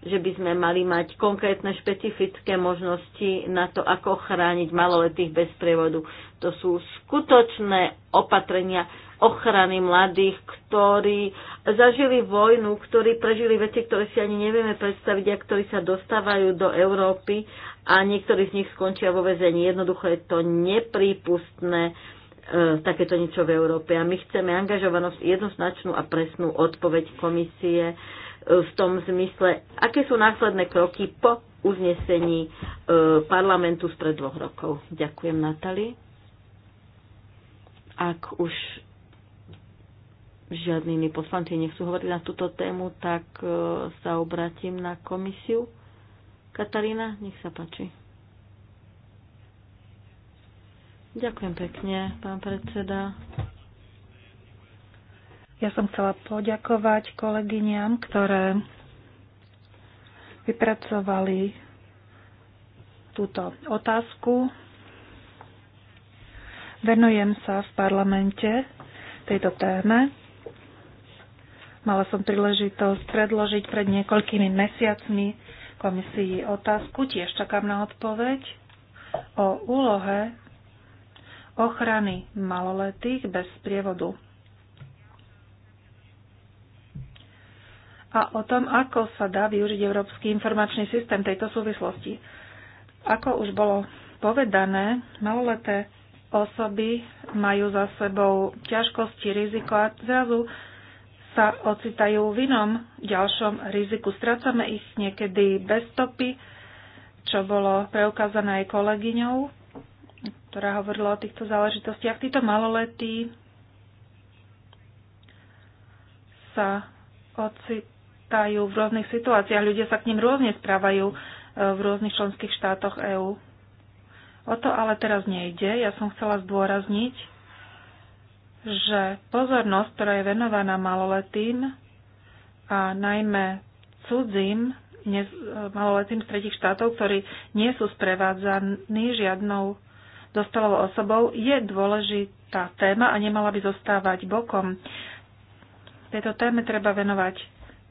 že by sme mali mať konkrétne špecifické možnosti na to, ako chrániť maloletých bez prievodu. To sú skutočné opatrenia, ochrany mladých, ktorí zažili vojnu, ktorí prežili veci, ktoré si ani nevieme predstaviť a ktorí sa dostávajú do Európy a niektorí z nich skončia vo väzení. Jednoducho je to neprípustné e, takéto niečo v Európe. A my chceme angažovanosť, jednoznačnú a presnú odpoveď komisie e, v tom zmysle, aké sú následné kroky po uznesení e, parlamentu spred dvoch rokov. Ďakujem, Natali. Ak už žiadni iní poslanci nechcú hovoriť na túto tému, tak e, sa obratím na komisiu. Katarína, nech sa páči. Ďakujem pekne, pán predseda. Ja som chcela poďakovať kolegyňam, ktoré vypracovali túto otázku. Venujem sa v parlamente tejto téme Mala som príležitosť predložiť pred niekoľkými mesiacmi komisii otázku, tiež čakám na odpoveď, o úlohe ochrany maloletých bez prievodu. A o tom, ako sa dá využiť Európsky informačný systém tejto súvislosti. Ako už bolo povedané, maloleté osoby majú za sebou ťažkosti, riziko a zrazu sa ocitajú v inom ďalšom riziku. Strácame ich niekedy bez stopy, čo bolo preukázané aj kolegyňou, ktorá hovorila o týchto záležitostiach. Títo maloletí sa ocitajú v rôznych situáciách. Ľudia sa k ním rôzne správajú e, v rôznych členských štátoch EÚ. O to ale teraz nejde. Ja som chcela zdôrazniť, že pozornosť, ktorá je venovaná maloletým a najmä cudzím maloletým z tretich štátov, ktorí nie sú sprevádzaní žiadnou dospelou osobou, je dôležitá téma a nemala by zostávať bokom. Tejto téme treba venovať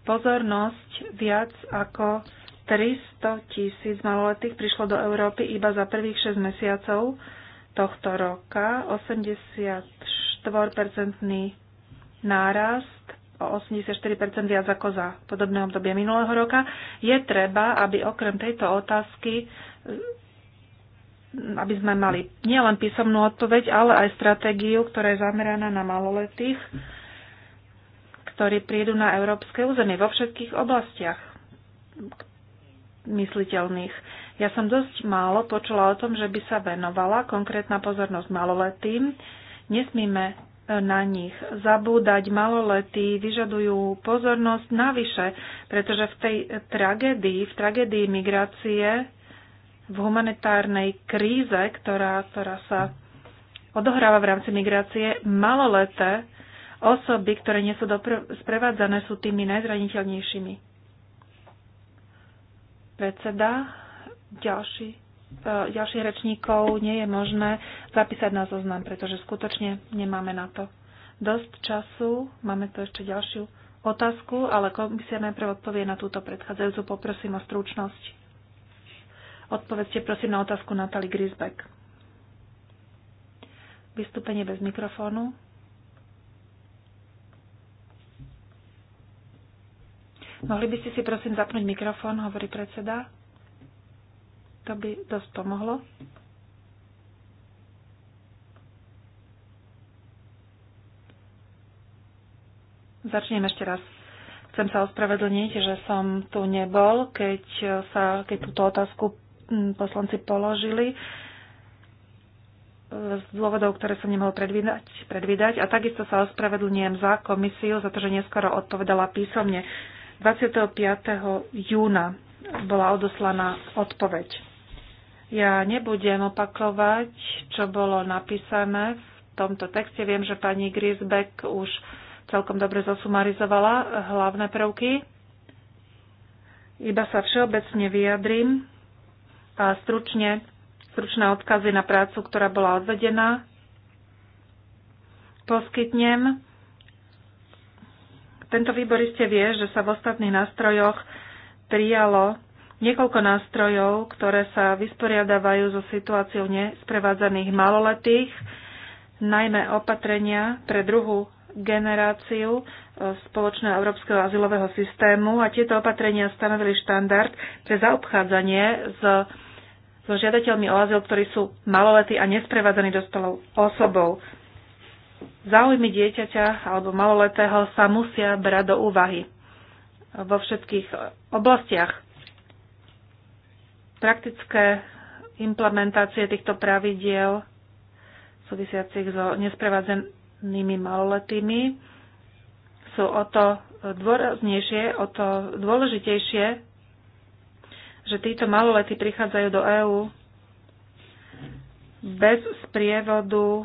pozornosť viac ako 300 tisíc maloletých prišlo do Európy iba za prvých 6 mesiacov tohto roka. 86 4 nárast o 84% viac ako za podobné obdobie minulého roka, je treba, aby okrem tejto otázky eh, aby sme mali nielen písomnú odpoveď, ale aj stratégiu, ktorá je zameraná na maloletých, ktorí prídu na európske územie vo všetkých oblastiach mysliteľných. Ja som dosť málo počula o tom, že by sa venovala konkrétna pozornosť maloletým, Nesmíme e, na nich zabúdať. Maloletí vyžadujú pozornosť navyše, pretože v tej tragédii, v tragédii migrácie, v humanitárnej kríze, ktorá, ktorá sa odohráva v rámci migrácie, maloleté osoby, ktoré nie sú sprevádzané, sú tými najzraniteľnejšími. Predseda, ďalší E, ďalších rečníkov nie je možné zapísať na zoznam, pretože skutočne nemáme na to dosť času. Máme tu ešte ďalšiu otázku, ale komisia najprv odpovie na túto predchádzajúcu. Poprosím o stručnosť. Odpovedzte prosím na otázku Natali Grisbeck. Vystúpenie bez mikrofónu. Mohli by ste si prosím zapnúť mikrofón, hovorí predseda. To by dosť pomohlo. Začnem ešte raz. Chcem sa ospravedlniť, že som tu nebol, keď, sa, keď túto otázku mm, poslanci položili z dôvodov, ktoré som nemohol predvídať, predvídať. A takisto sa ospravedlňujem za komisiu, za to, že neskoro odpovedala písomne. 25. júna bola odoslaná odpoveď. Ja nebudem opakovať, čo bolo napísané v tomto texte. Viem, že pani Grisbeck už celkom dobre zosumarizovala hlavné prvky. Iba sa všeobecne vyjadrím a stručne, stručné odkazy na prácu, ktorá bola odvedená, poskytnem. Tento výbor iste vie, že sa v ostatných nástrojoch prijalo niekoľko nástrojov, ktoré sa vysporiadávajú so situáciou nesprevádzaných maloletých, najmä opatrenia pre druhú generáciu e, spoločného európskeho azylového systému a tieto opatrenia stanovili štandard pre zaobchádzanie s, so žiadateľmi o azyl, ktorí sú maloletí a nesprevádzaní dospelou osobou. Záujmy dieťaťa alebo maloletého sa musia brať do úvahy vo všetkých oblastiach praktické implementácie týchto pravidiel súvisiacich so nesprevádzenými maloletými sú o to dôraznejšie, o to dôležitejšie, že títo maloletí prichádzajú do EÚ bez sprievodu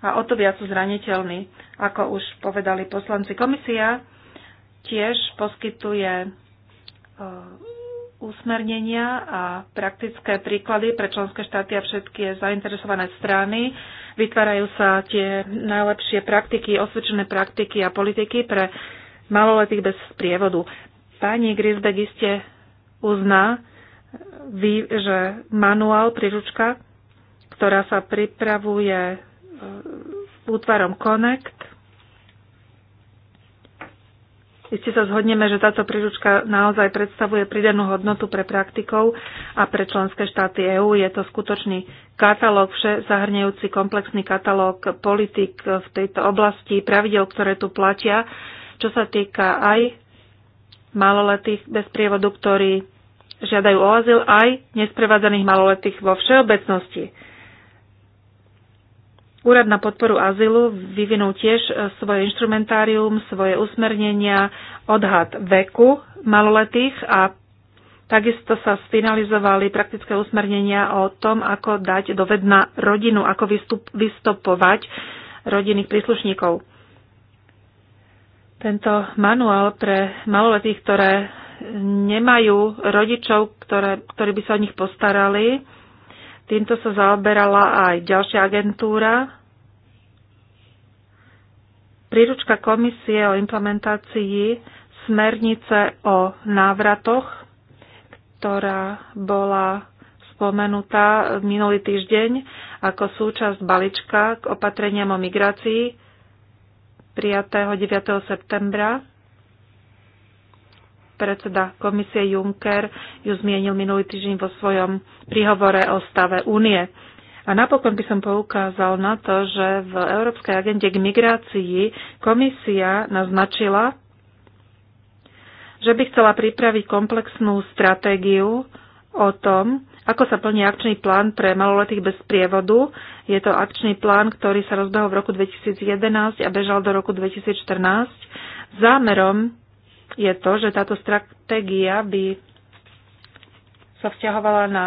a o to viac sú zraniteľní. Ako už povedali poslanci, komisia tiež poskytuje usmernenia a praktické príklady pre členské štáty a všetky zainteresované strany. Vytvárajú sa tie najlepšie praktiky, osvedčené praktiky a politiky pre maloletých bez prievodu. Pani Grisbeck iste uzná, že manuál, príručka, ktorá sa pripravuje e, útvarom Connect, Iste sa zhodneme, že táto príručka naozaj predstavuje pridanú hodnotu pre praktikov a pre členské štáty EÚ. Je to skutočný katalóg, vše zahrňajúci komplexný katalóg politik v tejto oblasti, pravidel, ktoré tu platia, čo sa týka aj maloletých bez prievodu, ktorí žiadajú o azyl, aj nesprevádzaných maloletých vo všeobecnosti. Úrad na podporu azylu vyvinul tiež e, svoje instrumentárium, svoje usmernenia, odhad veku maloletých a takisto sa sfinalizovali praktické usmernenia o tom, ako dať do vedna rodinu, ako vystup, vystupovať rodinných príslušníkov. Tento manuál pre maloletých, ktoré nemajú rodičov, ktoré, ktorí by sa o nich postarali, Týmto sa zaoberala aj ďalšia agentúra. Príručka komisie o implementácii smernice o návratoch, ktorá bola spomenutá minulý týždeň ako súčasť balíčka k opatreniam o migrácii prijatého 9. septembra predseda komisie Juncker ju zmienil minulý týždeň vo svojom príhovore o stave únie. A napokon by som poukázal na to, že v Európskej agende k migrácii komisia naznačila, že by chcela pripraviť komplexnú stratégiu o tom, ako sa plní akčný plán pre maloletých bez prievodu. Je to akčný plán, ktorý sa rozbehol v roku 2011 a bežal do roku 2014. Zámerom je to, že táto stratégia by sa vzťahovala na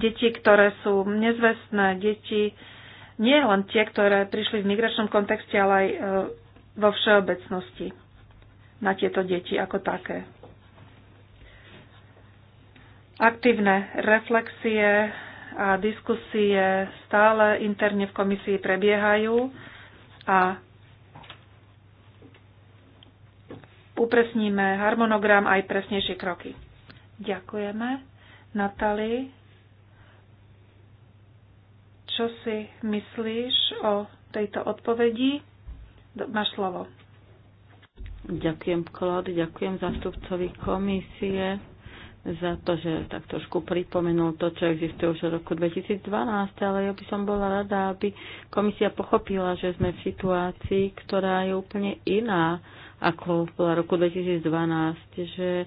deti, ktoré sú nezvestné, deti, nie len tie, ktoré prišli v migračnom kontexte, ale aj e, vo všeobecnosti na tieto deti ako také. Aktívne reflexie a diskusie stále interne v komisii prebiehajú a upresníme harmonogram aj presnejšie kroky. Ďakujeme. Natali, čo si myslíš o tejto odpovedi? Máš slovo. Ďakujem, Klod, ďakujem zastupcovi komisie za to, že tak trošku pripomenul to, čo existuje už v roku 2012, ale ja by som bola rada, aby komisia pochopila, že sme v situácii, ktorá je úplne iná ako bola roku 2012, že e,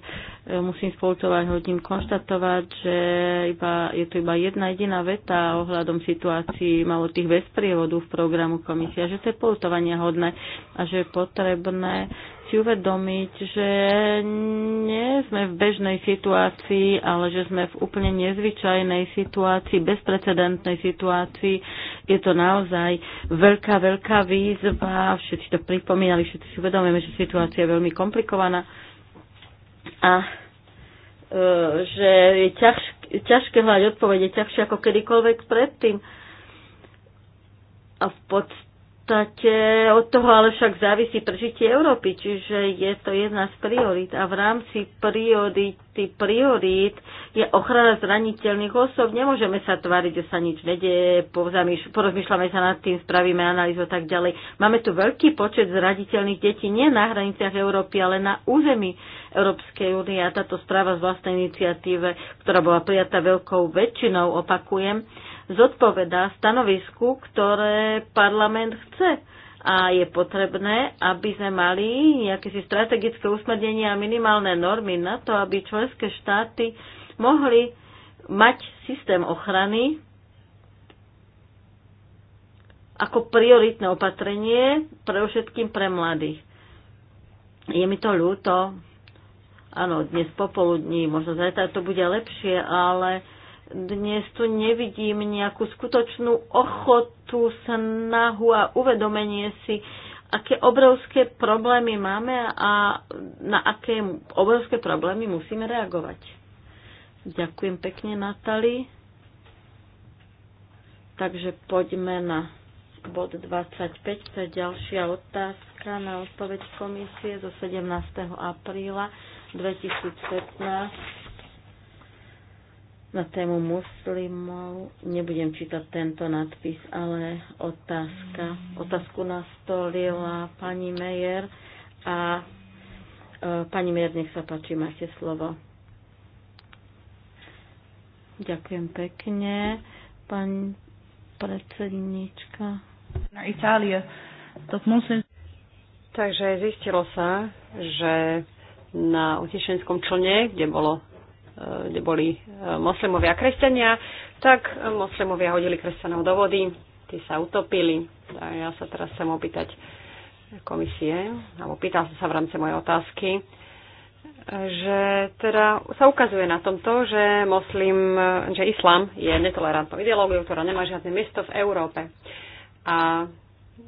musím spoltovať hodím konštatovať, že iba, je tu iba jedna jediná veta ohľadom situácií malo tých bez prievodu v programu komisia, že to je poltovania hodné a že je potrebné si uvedomiť, že nie sme v bežnej situácii, ale že sme v úplne nezvyčajnej situácii, bezprecedentnej situácii. Je to naozaj veľká, veľká výzva. Všetci to pripomínali, všetci si uvedomujeme, že situácia je veľmi komplikovaná a e, že je ťažké ťažké hľadať odpovede, ťažšie ako kedykoľvek predtým. A v podstate podstate od toho ale však závisí prežitie Európy, čiže je to jedna z priorít. A v rámci priority priorít je ochrana zraniteľných osob. Nemôžeme sa tváriť, že sa nič nedie, porozmýšľame sa nad tým, spravíme analýzu a tak ďalej. Máme tu veľký počet zraniteľných detí nie na hraniciach Európy, ale na území Európskej únie a táto správa z vlastnej iniciatíve, ktorá bola prijatá veľkou väčšinou, opakujem, zodpovedá stanovisku, ktoré parlament chce. A je potrebné, aby sme mali nejaké si strategické usmernenia a minimálne normy na to, aby členské štáty mohli mať systém ochrany ako prioritné opatrenie pre všetkým pre mladých. Je mi to ľúto, áno, dnes popoludní, možno zajtra to bude lepšie, ale dnes tu nevidím nejakú skutočnú ochotu, snahu a uvedomenie si, aké obrovské problémy máme a na aké obrovské problémy musíme reagovať. Ďakujem pekne, Natali. Takže poďme na bod 25, to je ďalšia otázka na odpoveď komisie zo 17. apríla 2015 na tému muslimov. Nebudem čítať tento nadpis, ale otázka. Otázku nastolila pani Mejer a e, pani Mejer, nech sa páči, máte slovo. Ďakujem pekne, pani predsednička. Na Itálie. To musím... Takže zistilo sa, že na utečenskom člne, kde bolo E, kde boli e, moslimovia a kresťania, tak moslimovia hodili kresťanov do vody, tí sa utopili. A ja sa teraz chcem opýtať komisie, alebo pýtal som sa v rámci mojej otázky, že teda sa ukazuje na tomto, že moslim, že islám je netolerantnou ideológiou, ktorá nemá žiadne miesto v Európe. A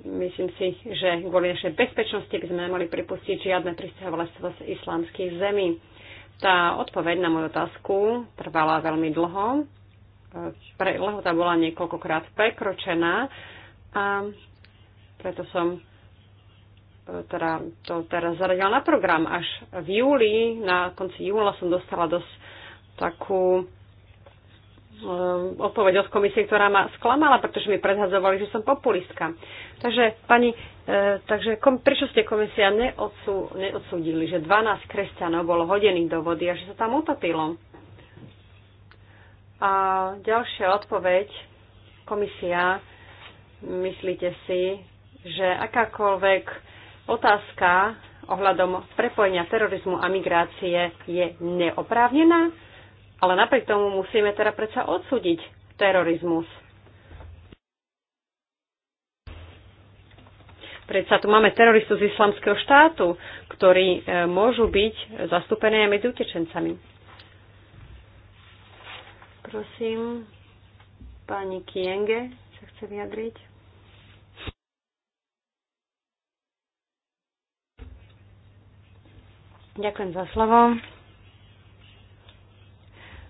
myslím si, že kvôli našej bezpečnosti by sme nemali pripustiť žiadne pristahovalectvo z islámskych zemí. Tá odpoveď na moju otázku trvala veľmi dlho. Pre, lehota bola niekoľkokrát prekročená a preto som e, teda to teraz zaradila na program. Až v júli, na konci júla som dostala dosť takú Eh, odpoveď od komisie, ktorá ma sklamala, pretože mi predhadzovali, že som populistka. Takže, pani, eh, takže kom, prečo ste komisia neodsú, neodsúdili, že 12 kresťanov bolo hodených do vody a že sa tam utopilo? A ďalšia odpoveď, komisia, myslíte si, že akákoľvek otázka ohľadom prepojenia terorizmu a migrácie je neoprávnená? Ale napriek tomu musíme teda predsa odsúdiť terorizmus. Predsa tu máme teroristu z islamského štátu, ktorí e, môžu byť zastúpení aj medzi utečencami. Prosím, pani Kienge sa chce vyjadriť. Ďakujem za slovo.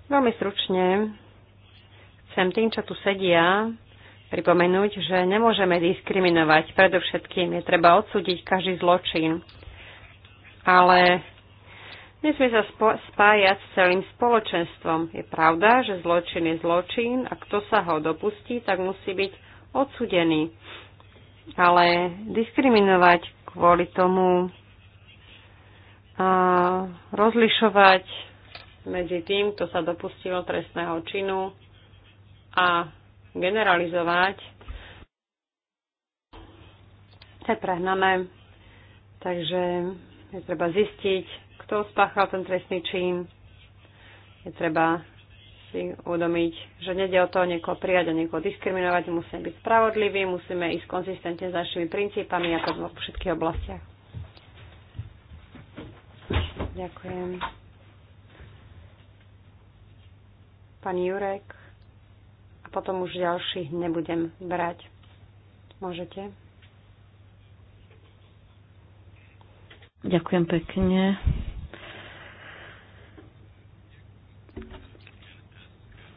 Veľmi stručne chcem tým, čo tu sedia, pripomenúť, že nemôžeme diskriminovať. Predovšetkým je treba odsúdiť každý zločin. Ale nesmie sa spájať s celým spoločenstvom. Je pravda, že zločin je zločin a kto sa ho dopustí, tak musí byť odsudený. Ale diskriminovať kvôli tomu, a rozlišovať medzi tým, kto sa dopustil trestného činu a generalizovať, to je prehnané. Takže je treba zistiť, kto spáchal ten trestný čin. Je treba si uvedomiť, že nede o to niekoho prijať a niekoho diskriminovať. Musíme byť spravodliví, musíme ísť konzistentne s našimi princípami a to vo všetkých oblastiach. Ďakujem. pán Jurek a potom už ďalších nebudem brať. Môžete? Ďakujem pekne.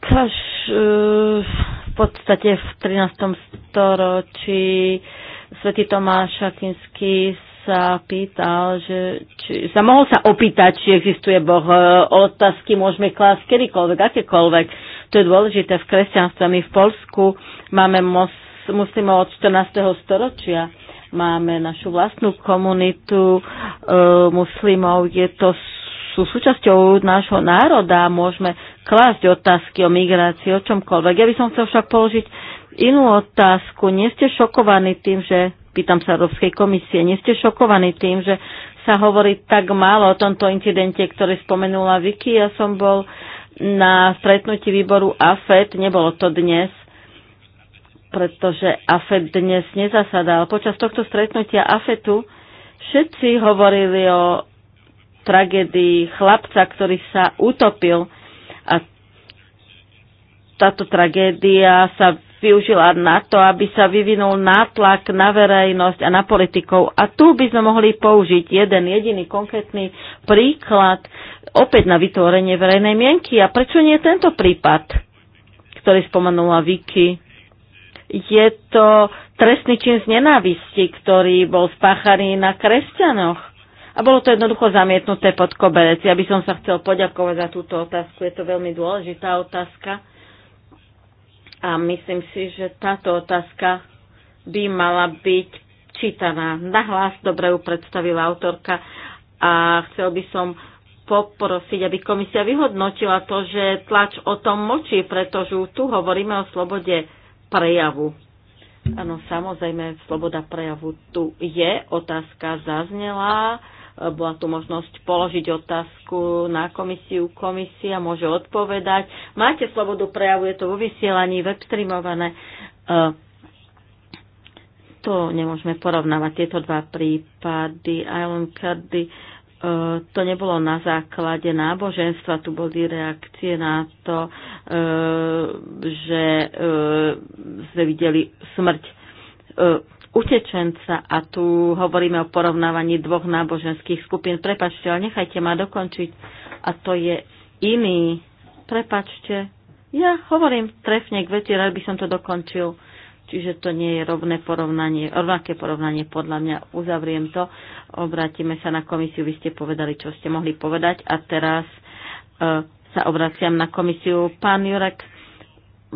Až eh, v podstate v 13. storočí svätý Tomáš Akinský sa pýtal, že či, sa mohol sa opýtať, či existuje Boh. E, otázky môžeme klásť kedykoľvek, akékoľvek. To je dôležité v kresťanstve. My v Polsku máme mos, muslimov od 14. storočia. Máme našu vlastnú komunitu e, muslimov. Je to sú súčasťou nášho národa a môžeme klásť otázky o migrácii, o čomkoľvek. Ja by som chcel však položiť inú otázku. Nie ste šokovaní tým, že pýtam sa Európskej komisie, nie ste šokovaní tým, že sa hovorí tak málo o tomto incidente, ktorý spomenula Vicky. Ja som bol na stretnutí výboru AFED, nebolo to dnes, pretože AFED dnes nezasadal. Počas tohto stretnutia AFETu všetci hovorili o tragédii chlapca, ktorý sa utopil a táto tragédia sa využila na to, aby sa vyvinul nátlak na verejnosť a na politikov. A tu by sme mohli použiť jeden jediný konkrétny príklad opäť na vytvorenie verejnej mienky. A prečo nie tento prípad, ktorý spomenula Vicky? Je to trestný čin z nenávisti, ktorý bol spáchaný na kresťanoch. A bolo to jednoducho zamietnuté pod koberec. Ja by som sa chcel poďakovať za túto otázku. Je to veľmi dôležitá otázka. A myslím si, že táto otázka by mala byť čítaná. Nahlas dobre ju predstavila autorka a chcel by som poprosiť, aby komisia vyhodnotila to, že tlač o tom močí, pretože tu hovoríme o slobode prejavu. Áno, samozrejme, sloboda prejavu tu je, otázka zaznela bola tu možnosť položiť otázku na komisiu. Komisia môže odpovedať. Máte slobodu prejavu, je to vo vysielaní, streamované. E, to nemôžeme porovnávať, tieto dva prípady. Island Cardi, e, to nebolo na základe náboženstva, tu boli reakcie na to, e, že sme videli smrť utečenca a tu hovoríme o porovnávaní dvoch náboženských skupín. Prepačte, ale nechajte ma dokončiť. A to je iný. Prepačte. Ja hovorím trefne k veci, rád by som to dokončil. Čiže to nie je rovné porovnanie, rovnaké porovnanie podľa mňa. Uzavriem to, obrátime sa na komisiu, vy ste povedali, čo ste mohli povedať a teraz e, sa obraciam na komisiu. Pán Jurek,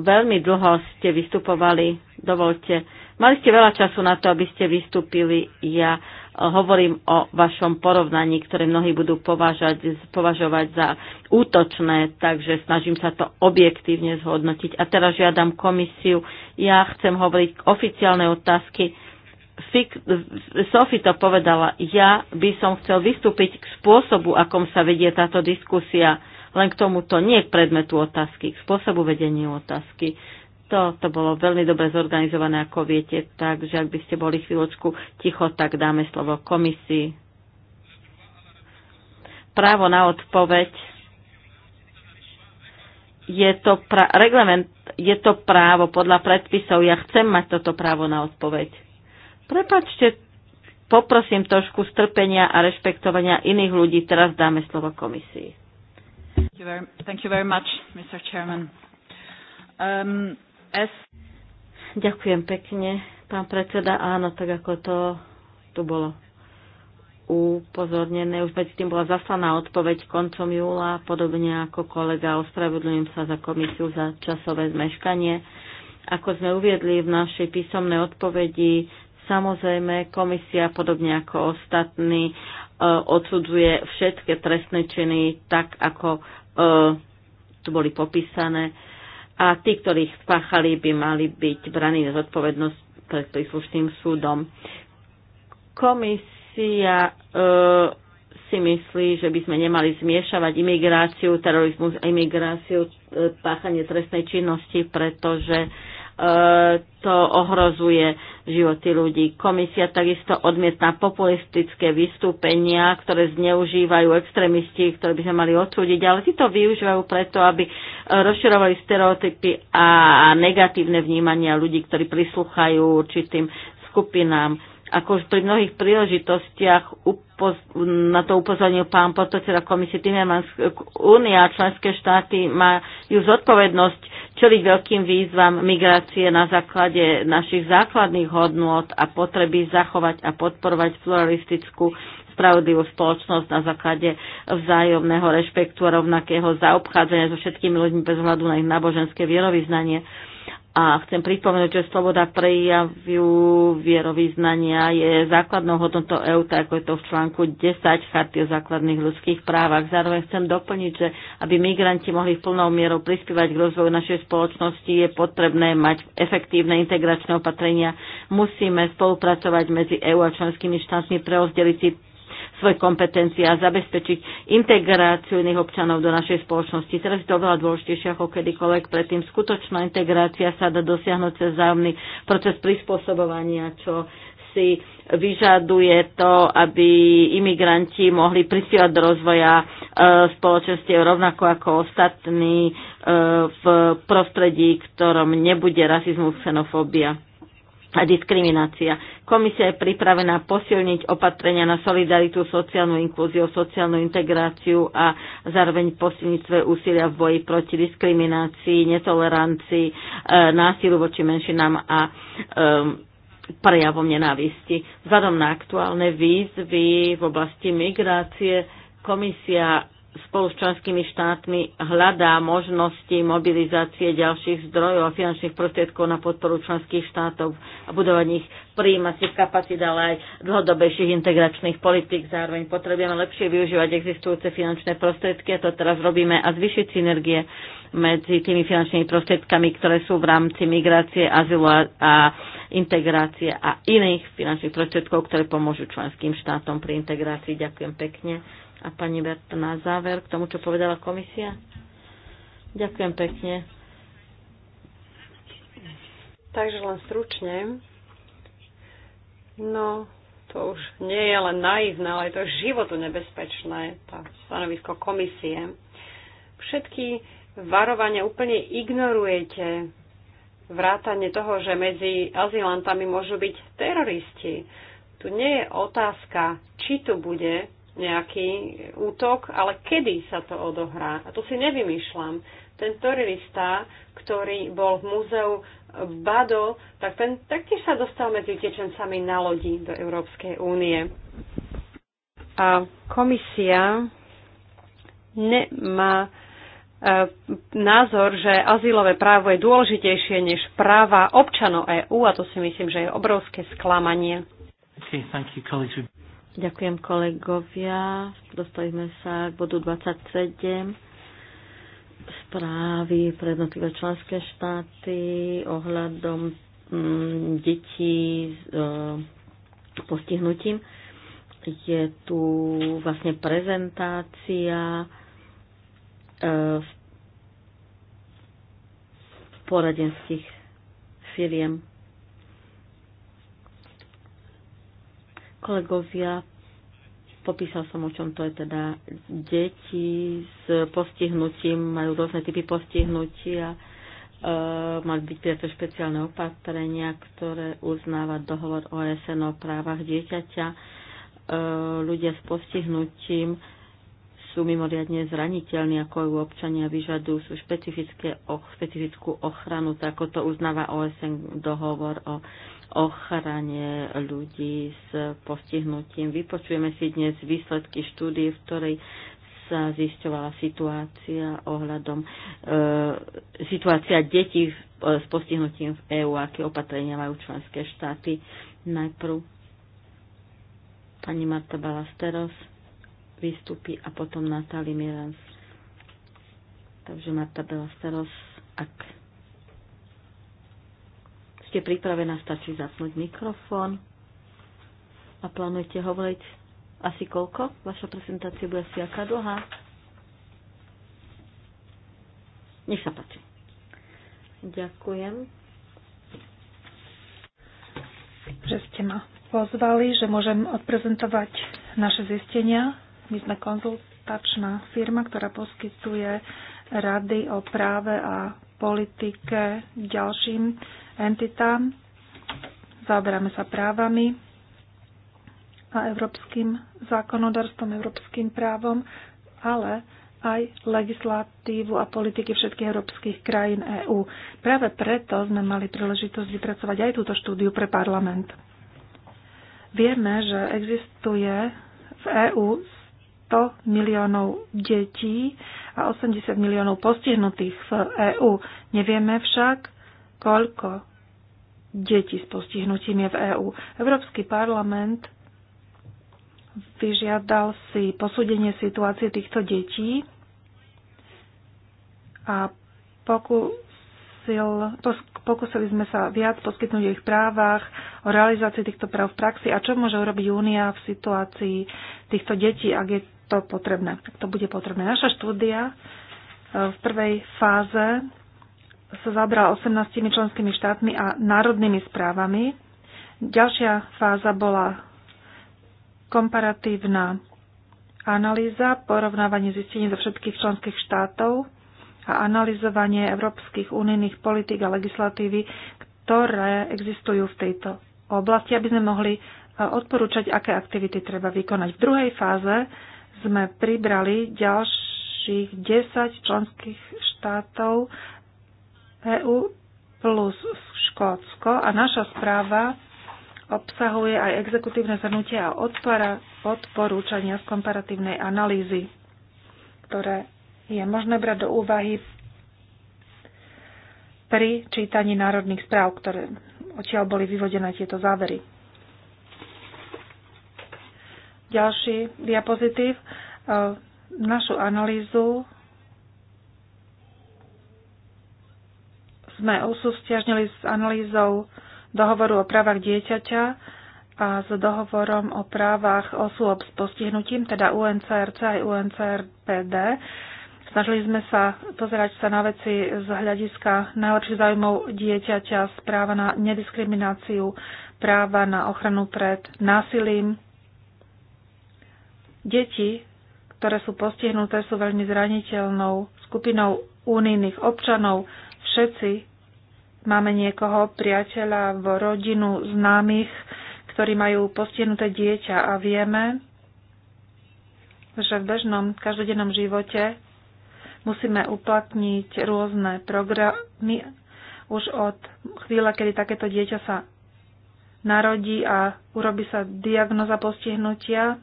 veľmi dlho ste vystupovali, dovolte Mali ste veľa času na to, aby ste vystúpili. Ja e, hovorím o vašom porovnaní, ktoré mnohí budú považať, považovať za útočné, takže snažím sa to objektívne zhodnotiť. A teraz žiadam komisiu. Ja chcem hovoriť oficiálne otázky. Fik, Sophie to povedala, ja by som chcel vystúpiť k spôsobu, akom sa vedie táto diskusia, len k tomuto, nie k predmetu otázky, k spôsobu vedenia otázky. To, to bolo veľmi dobre zorganizované, ako viete, takže ak by ste boli chvíľočku ticho, tak dáme slovo komisii. Právo na odpoveď. Je to, pra- reglement, je to právo podľa predpisov. Ja chcem mať toto právo na odpoveď. Prepačte, poprosím trošku strpenia a rešpektovania iných ľudí. Teraz dáme slovo komisii. Thank you very, thank you very much, Mr. Chairman. Um, s. Ďakujem pekne, pán predseda. Áno, tak ako to tu bolo upozornené. Už medzi tým bola zaslaná odpoveď koncom júla, podobne ako kolega. Ospravedlňujem sa za komisiu za časové zmeškanie. Ako sme uviedli v našej písomnej odpovedi, samozrejme komisia, podobne ako ostatní, e, odsudzuje všetky trestné činy tak, ako e, tu boli popísané a tí, ktorí ich spáchali, by mali byť braní na zodpovednosť pred príslušným súdom. Komisia e, si myslí, že by sme nemali zmiešavať imigráciu, terorizmus a imigráciu, e, páchanie trestnej činnosti, pretože e, to ohrozuje životy ľudí. Komisia takisto odmietná populistické vystúpenia, ktoré zneužívajú extrémisti, ktoré by sme mali odsúdiť, ale to využívajú preto, aby rozširovali stereotypy a negatívne vnímania ľudí, ktorí prisluchajú určitým skupinám ako už pri mnohých príležitostiach upoz- na to upozornil pán podpredseda komisie Timmermans, Únia a členské štáty majú zodpovednosť čeliť veľkým výzvam migrácie na základe našich základných hodnôt a potreby zachovať a podporovať pluralistickú spravodlivú spoločnosť na základe vzájomného rešpektu a rovnakého zaobchádzania so všetkými ľuďmi bez hľadu na ich náboženské vierovýznanie. A chcem pripomenúť, že sloboda prejavu vierovýznania je základnou hodnotou EU, tak ako je to v článku 10 Charty o základných ľudských právach. Zároveň chcem doplniť, že aby migranti mohli v plnou mierou prispievať k rozvoju našej spoločnosti, je potrebné mať efektívne integračné opatrenia. Musíme spolupracovať medzi EU a členskými štátmi pre si svoje kompetencie a zabezpečiť integráciu iných občanov do našej spoločnosti. Teraz je to oveľa dôležitejšie ako kedykoľvek predtým. Skutočná integrácia sa dá dosiahnuť cez zájomný proces prispôsobovania, čo si vyžaduje to, aby imigranti mohli prispievať do rozvoja e, spoločenstiev rovnako ako ostatní e, v prostredí, ktorom nebude rasizmus, xenofóbia a diskriminácia. Komisia je pripravená posilniť opatrenia na solidaritu, sociálnu inklúziu, sociálnu integráciu a zároveň posilniť svoje úsilia v boji proti diskriminácii, netolerancii, e, násilu voči menšinám a e, prejavom nenávisti. Vzhľadom na aktuálne výzvy v oblasti migrácie, komisia spolu s členskými štátmi hľadá možnosti mobilizácie ďalších zdrojov a finančných prostriedkov na podporu členských štátov a budovanie ich príjmacích kapacít, ale aj dlhodobejších integračných politik. Zároveň potrebujeme lepšie využívať existujúce finančné prostriedky a to teraz robíme a zvyšiť synergie medzi tými finančnými prostriedkami, ktoré sú v rámci migrácie, azylu a integrácie a iných finančných prostriedkov, ktoré pomôžu členským štátom pri integrácii. Ďakujem pekne. A pani Berta na záver k tomu, čo povedala komisia. Ďakujem pekne. Takže len stručne. No, to už nie je len naivné, ale je to životu nebezpečné, tá stanovisko komisie. Všetky varovania úplne ignorujete. Vrátanie toho, že medzi azylantami môžu byť teroristi. Tu nie je otázka, či tu bude nejaký útok, ale kedy sa to odohrá. A to si nevymýšľam. Ten terorista, ktorý bol v múzeu Bado, tak ten taktiež sa dostal medzi utečencami na lodi do Európskej únie. A komisia nemá e, názor, že azylové právo je dôležitejšie než práva občanov EÚ a to si myslím, že je obrovské sklamanie. Okay, thank you, colleagues. Ďakujem kolegovia. Dostali sa k bodu 27 správy pre jednotlivé členské štáty ohľadom mm, detí s e, postihnutím. Je tu vlastne prezentácia e, poradenských firiem Kolegovia, popísal som, o čom to je teda. Deti s postihnutím majú rôzne typy postihnutia. E, mali byť preto špeciálne opatrenia, ktoré uznáva dohovor OSN o právach dieťaťa. E, ľudia s postihnutím sú mimoriadne zraniteľní ako ju občania vyžadujú sú špecifické, o, špecifickú ochranu, tak ako to uznáva OSN dohovor o ochrane ľudí s postihnutím. Vypočujeme si dnes výsledky štúdie, v ktorej sa zisťovala situácia ohľadom e, situácia detí v, e, s postihnutím v EÚ, aké opatrenia majú členské štáty. Najprv pani Marta Balasteros vystúpi a potom Natália Mirans. Takže Marta Balasteros, ak ste pripravená, stačí zapnúť mikrofón a plánujete hovoriť asi koľko? Vaša prezentácia bude asi aká dlhá? Nech sa páči. Ďakujem. Že ste ma pozvali, že môžem odprezentovať naše zistenia. My sme konzultačná firma, ktorá poskytuje rady o práve a politike ďalším entitám. Zaoberáme sa právami a európskym zákonodarstvom, európskym právom, ale aj legislatívu a politiky všetkých európskych krajín EÚ. Práve preto sme mali príležitosť vypracovať aj túto štúdiu pre parlament. Vieme, že existuje v EÚ 100 miliónov detí a 80 miliónov postihnutých v EÚ. Nevieme však, koľko detí s postihnutím je v EÚ. Európsky parlament vyžiadal si posúdenie situácie týchto detí a pokusil, pokusili sme sa viac poskytnúť o ich právach, o realizácii týchto práv v praxi a čo môže urobiť Únia v situácii týchto detí, ak je to potrebné, Tak to bude potrebné. Naša štúdia eh, v prvej fáze sa zabral 18 členskými štátmi a národnými správami. Ďalšia fáza bola komparatívna analýza, porovnávanie zistení zo všetkých členských štátov a analyzovanie európskych unijných politik a legislatívy, ktoré existujú v tejto oblasti, aby sme mohli e, odporúčať, aké aktivity treba vykonať. V druhej fáze sme pribrali ďalších 10 členských štátov EU plus Škótsko a naša správa obsahuje aj exekutívne zhrnutie a odporúčania z komparatívnej analýzy, ktoré je možné brať do úvahy pri čítaní národných správ, ktoré odtiaľ boli vyvodené tieto závery. Ďalší diapozitív. E, našu analýzu sme usústiažnili s analýzou dohovoru o právach dieťaťa a s dohovorom o právach osôb s postihnutím, teda UNCRC aj UNCRPD. Snažili sme sa pozerať sa na veci z hľadiska najlepších záujmov dieťaťa, práva na nediskrimináciu, práva na ochranu pred násilím. Deti, ktoré sú postihnuté, sú veľmi zraniteľnou skupinou únijných občanov. Všetci máme niekoho, priateľa, v rodinu, známych, ktorí majú postihnuté dieťa a vieme, že v bežnom každodennom živote musíme uplatniť rôzne programy už od chvíle, kedy takéto dieťa sa narodí a urobi sa diagnoza postihnutia.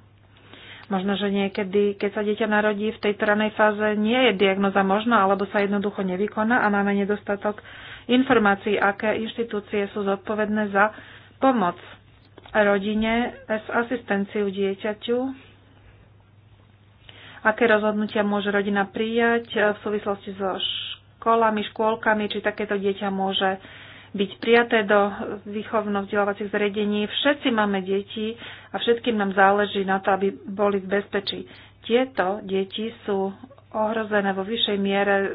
Možno, že niekedy, keď sa dieťa narodí v tejto ranej fáze, nie je diagnoza možná, alebo sa jednoducho nevykoná a máme nedostatok informácií, aké inštitúcie sú zodpovedné za pomoc rodine s asistenciou dieťaťu, aké rozhodnutia môže rodina prijať v súvislosti so školami, škôlkami, či takéto dieťa môže byť prijaté do výchovno-vzdelávacích zariadení. Všetci máme deti a všetkým nám záleží na to, aby boli v bezpečí. Tieto deti sú ohrozené vo vyššej miere e,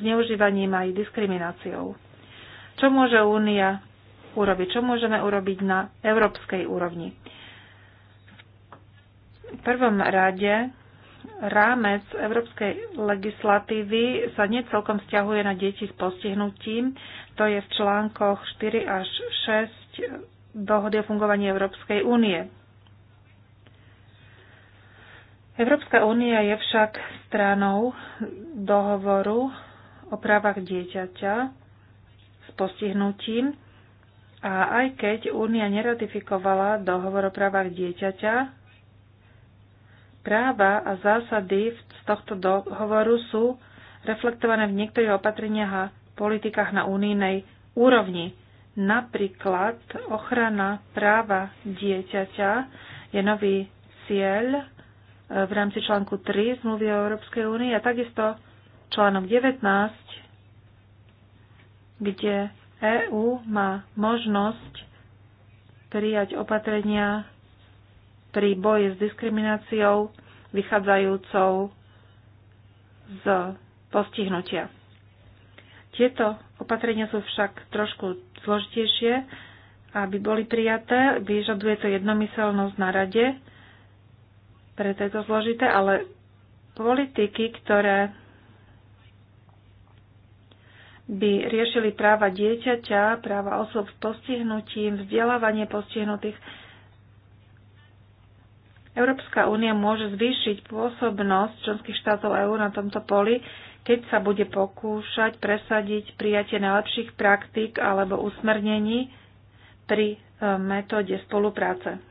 zneužívaním aj diskrimináciou. Čo môže Únia urobiť? Čo môžeme urobiť na európskej úrovni? V prvom rade rámec európskej legislatívy sa necelkom celkom vzťahuje na deti s postihnutím. To je v článkoch 4 až 6 dohody o fungovaní Európskej únie. Európska únia je však stranou dohovoru o právach dieťaťa s postihnutím a aj keď únia neratifikovala dohovor o právach dieťaťa, práva a zásady z tohto dohovoru sú reflektované v niektorých opatreniach a politikách na unijnej úrovni. Napríklad ochrana práva dieťaťa je nový cieľ v rámci článku 3 zmluvy o Európskej únii a takisto článok 19, kde EÚ má možnosť prijať opatrenia pri boji s diskrimináciou vychádzajúcou z postihnutia. Tieto opatrenia sú však trošku zložitejšie, aby boli prijaté, vyžaduje to jednomyselnosť na rade, preto je to zložité, ale politiky, ktoré by riešili práva dieťaťa, práva osob s postihnutím, vzdelávanie postihnutých. Európska únia môže zvýšiť pôsobnosť členských štátov EÚ na tomto poli, keď sa bude pokúšať presadiť prijatie najlepších praktík alebo usmernení pri e, metóde spolupráce.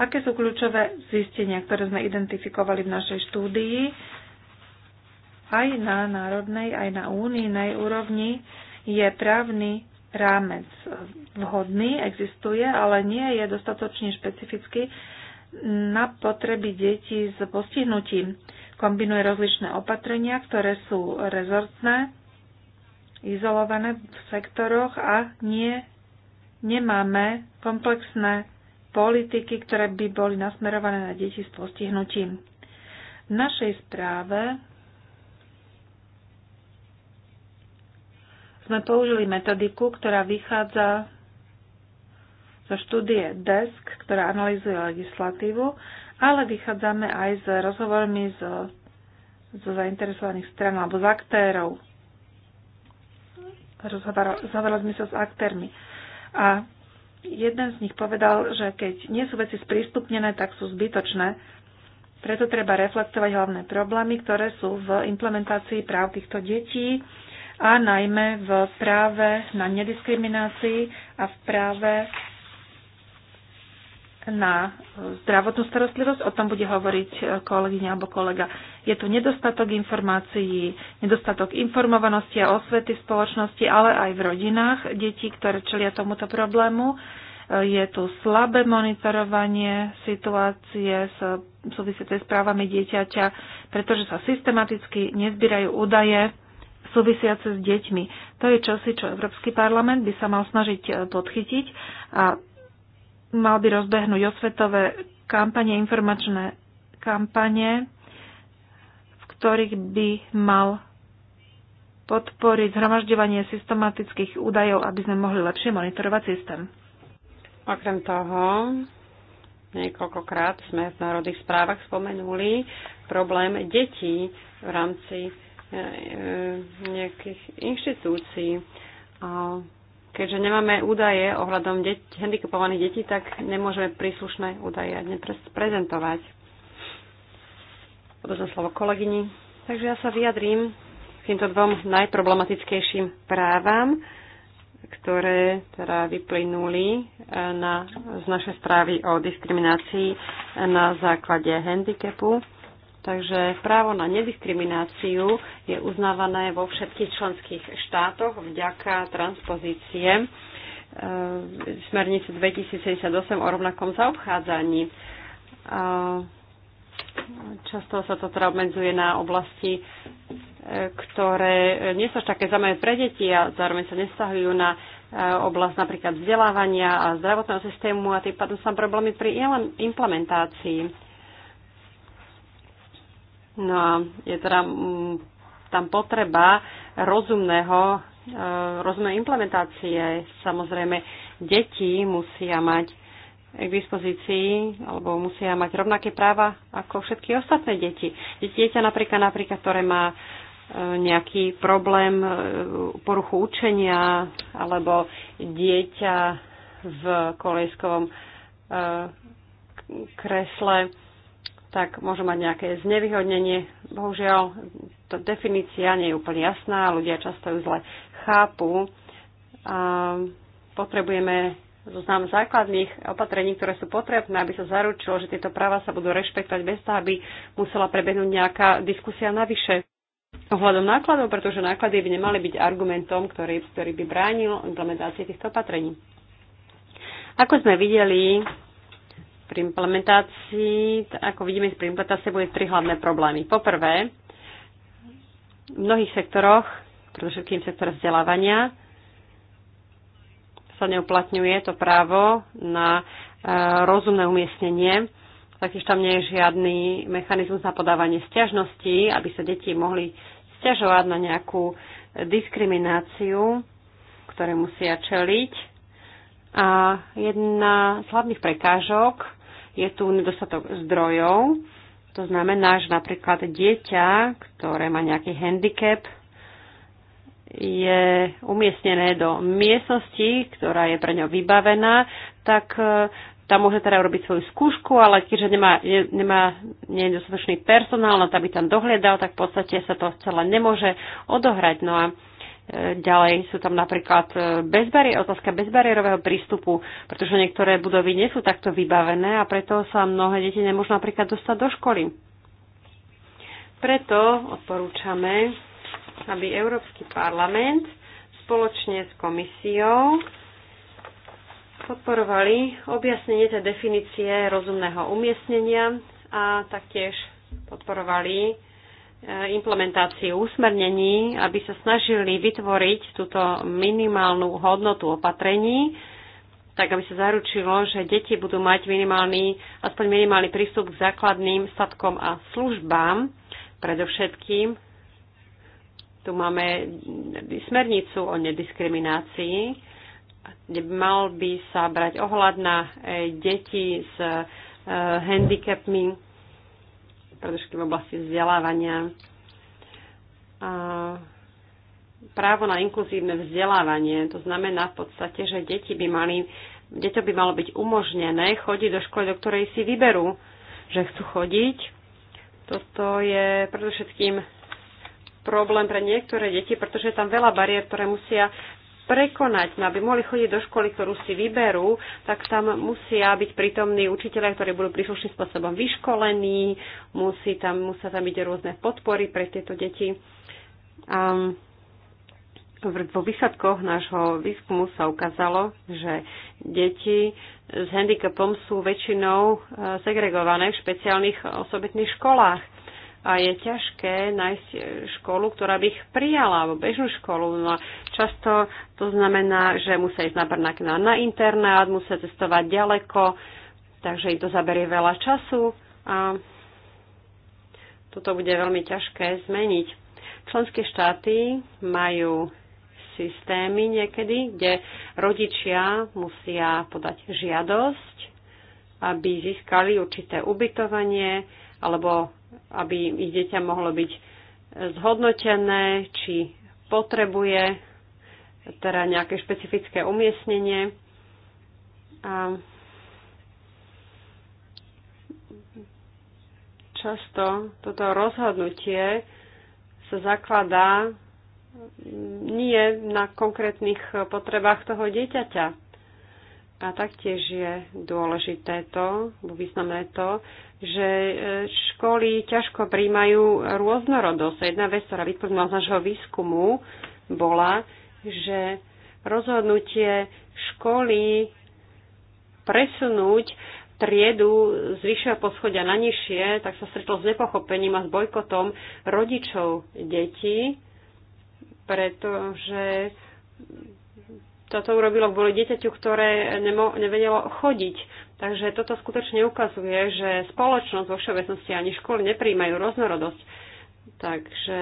Aké sú kľúčové zistenia, ktoré sme identifikovali v našej štúdii aj na národnej, aj na únijnej úrovni? Je právny rámec vhodný, existuje, ale nie je dostatočne špecifický na potreby detí s postihnutím. Kombinuje rozličné opatrenia, ktoré sú rezortné, izolované v sektoroch a nie, nemáme komplexné politiky, ktoré by boli nasmerované na deti s postihnutím. V našej správe sme použili metodiku, ktorá vychádza zo štúdie DESK, ktorá analýzuje legislatívu, ale vychádzame aj z rozhovormi zo zo zainteresovaných stran alebo z aktérov. Rozhovorili sme sa s aktérmi. A jeden z nich povedal, že keď nie sú veci sprístupnené, tak sú zbytočné. Preto treba reflektovať hlavné problémy, ktoré sú v implementácii práv týchto detí a najmä v práve na nediskriminácii a v práve na zdravotnú starostlivosť, o tom bude hovoriť e, kolegyňa alebo kolega. Je tu nedostatok informácií, nedostatok informovanosti a osvety v spoločnosti, ale aj v rodinách detí, ktoré čelia tomuto problému. E, je tu slabé monitorovanie situácie s súvisiacej s právami dieťaťa, pretože sa systematicky nezbierajú údaje súvisiace s deťmi. To je čosi, čo Európsky parlament by sa mal snažiť e, podchytiť a mal by rozbehnúť osvetové kampanie, informačné kampanie, v ktorých by mal podporiť zhromažďovanie systematických údajov, aby sme mohli lepšie monitorovať systém. Okrem toho, niekoľkokrát sme v národných správach spomenuli problém detí v rámci e, e, nejakých inštitúcií. A keďže nemáme údaje ohľadom deť, handicapovaných detí, tak nemôžeme príslušné údaje prezentovať. Odozdám slovo kolegyni. Takže ja sa vyjadrím k týmto dvom najproblematickejším právam, ktoré teda vyplynuli e, na, z našej správy o diskriminácii na základe handicapu. Takže právo na nediskrimináciu je uznávané vo všetkých členských štátoch vďaka transpozície e, smernice 2078 o rovnakom zaobchádzaní. Často sa to teda obmedzuje na oblasti, e, ktoré nie sú také zaujímavé pre deti a zároveň sa nestahujú na e, oblasť napríklad vzdelávania a zdravotného systému a tým pádom sú problémy pri implementácii No a je teda mm, tam potreba rozumného, e, rozumnej implementácie. Samozrejme, deti musia mať k dispozícii alebo musia mať rovnaké práva ako všetky ostatné deti. Dieťa napríklad, napríklad ktoré má e, nejaký problém e, poruchu učenia alebo dieťa v kolejskom kresle tak môžu mať nejaké znevýhodnenie. Bohužiaľ, tá definícia nie je úplne jasná, ľudia často ju zle chápu. A potrebujeme zoznam základných opatrení, ktoré sú potrebné, aby sa zaručilo, že tieto práva sa budú rešpektovať bez toho, aby musela prebehnúť nejaká diskusia navyše ohľadom nákladov, pretože náklady by nemali byť argumentom, ktorý, ktorý by bránil implementácie týchto opatrení. Ako sme videli, pri implementácii, ako vidíme, pri implementácii boli tri hlavné problémy. Poprvé, v mnohých sektoroch, predovšetkým sektor vzdelávania, sa neuplatňuje to právo na e, rozumné umiestnenie. Taktiež tam nie je žiadny mechanizmus na podávanie stiažnosti, aby sa deti mohli stiažovať na nejakú diskrimináciu, ktoré musia čeliť. A jedna z hlavných prekážok je tu nedostatok zdrojov. To znamená, že napríklad dieťa, ktoré má nejaký handicap, je umiestnené do miestnosti, ktorá je pre ňo vybavená, tak e, tam môže teda robiť svoju skúšku, ale keďže nemá, nemá nie je dostatočný personál no to, aby tam dohliadal, tak v podstate sa to celé nemôže odohrať. No a Ďalej sú tam napríklad e, bezbari- otázka bezbariérového prístupu, pretože niektoré budovy nie sú takto vybavené a preto sa mnohé deti nemôžu napríklad dostať do školy. Preto odporúčame, aby Európsky parlament spoločne s komisiou podporovali objasnenie tej definície rozumného umiestnenia a taktiež podporovali implementáciu usmernení, aby sa snažili vytvoriť túto minimálnu hodnotu opatrení, tak aby sa zaručilo, že deti budú mať minimálny, aspoň minimálny prístup k základným statkom a službám. Predovšetkým tu máme smernicu o nediskriminácii, kde mal by sa brať ohľad na e, deti s e, handicapmi, predovšetkým v oblasti vzdelávania. A právo na inkluzívne vzdelávanie, to znamená v podstate, že deti by mali, deťo by malo byť umožnené chodiť do školy, do ktorej si vyberú, že chcú chodiť. Toto je predovšetkým problém pre niektoré deti, pretože je tam veľa bariér, ktoré musia prekonať, no aby mohli chodiť do školy, ktorú si vyberú, tak tam musia byť prítomní učiteľe, ktorí budú príslušným spôsobom vyškolení, musí tam, musia tam byť rôzne podpory pre tieto deti. A vo výsledkoch nášho výskumu sa ukázalo, že deti s handicapom sú väčšinou eh, segregované v špeciálnych osobitných školách a je ťažké nájsť e, školu, ktorá by ich prijala, alebo bežnú školu. No a často to znamená, že musia ísť napríklad na, na internát, musia cestovať ďaleko, takže im to zaberie veľa času a toto bude veľmi ťažké zmeniť. Členské štáty majú systémy niekedy, kde rodičia musia podať žiadosť, aby získali určité ubytovanie alebo aby ich dieťa mohlo byť zhodnotené, či potrebuje teda nejaké špecifické umiestnenie. A často toto rozhodnutie sa zakladá nie na konkrétnych potrebách toho dieťaťa, a taktiež je dôležité to, významné to, že e, školy ťažko príjmajú rôznorodosť. Jedna vec, ktorá vyplnila z nášho výskumu, bola, že rozhodnutie školy presunúť triedu z vyššieho poschodia na nižšie, tak sa stretlo s nepochopením a s bojkotom rodičov detí, pretože toto urobilo kvôli dieťaťu, ktoré nemo, nevedelo chodiť. Takže toto skutočne ukazuje, že spoločnosť vo všeobecnosti ani školy nepríjmajú rôznorodosť. Takže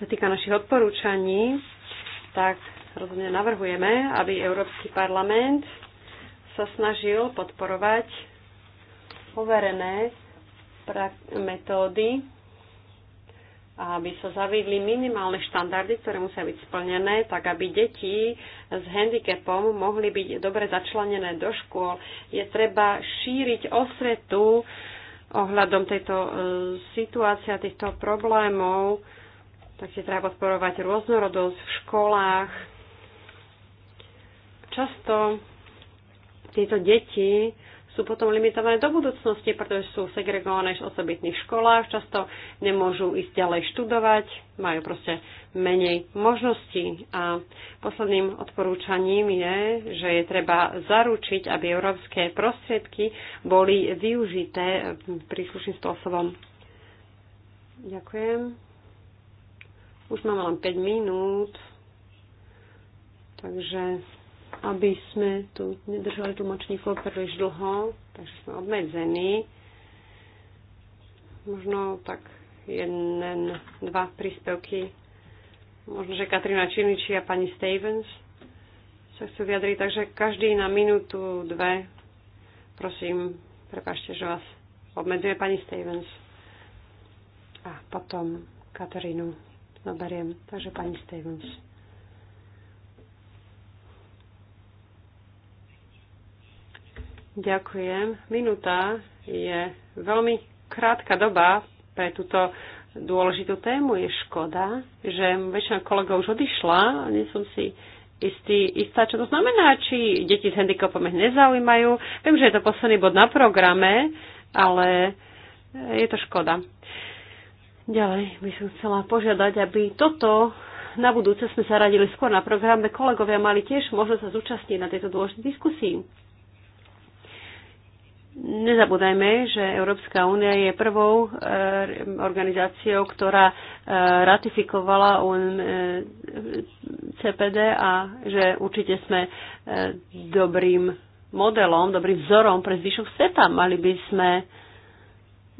čo týka našich odporúčaní, tak rozhodne navrhujeme, aby Európsky parlament sa snažil podporovať overené metódy aby sa zaviedli minimálne štandardy, ktoré musia byť splnené, tak aby deti s handicapom mohli byť dobre začlenené do škôl. Je treba šíriť osvetu ohľadom tejto e, situácie a týchto problémov, takže treba podporovať rôznorodosť v školách. Často tieto deti sú potom limitované do budúcnosti, pretože sú segregované v osobitných školách, často nemôžu ísť ďalej študovať, majú proste menej možností. A posledným odporúčaním je, že je treba zaručiť, aby európske prostriedky boli využité príslušným spôsobom. Ďakujem. Už máme len 5 minút, takže aby sme tu nedržali tlmočníkov príliš dlho, takže sme obmedzení. Možno tak jeden, dva príspevky. Možno, že Katrina Činiči a pani Stevens sa chcú vyjadriť, takže každý na minútu, dve. Prosím, prepašte, že vás obmedzuje pani Stevens. A potom Katarínu zoberiem. Takže pani Stevens. Ďakujem. Minúta je veľmi krátka doba pre túto dôležitú tému. Je škoda, že väčšina kolegov už odišla. a Nie som si istý, istá, čo to znamená, či deti s handicapom ich nezaujímajú. Viem, že je to posledný bod na programe, ale je to škoda. Ďalej by som chcela požiadať, aby toto na budúce sme zaradili skôr na programe. Kolegovia mali tiež možnosť sa zúčastniť na tejto dôležitej diskusii. Nezabúdajme, že Európska únia je prvou eh, organizáciou, ktorá eh, ratifikovala eh, CPD a že určite sme dobrým modelom, dobrým vzorom pre zvyšok sveta. Mali by sme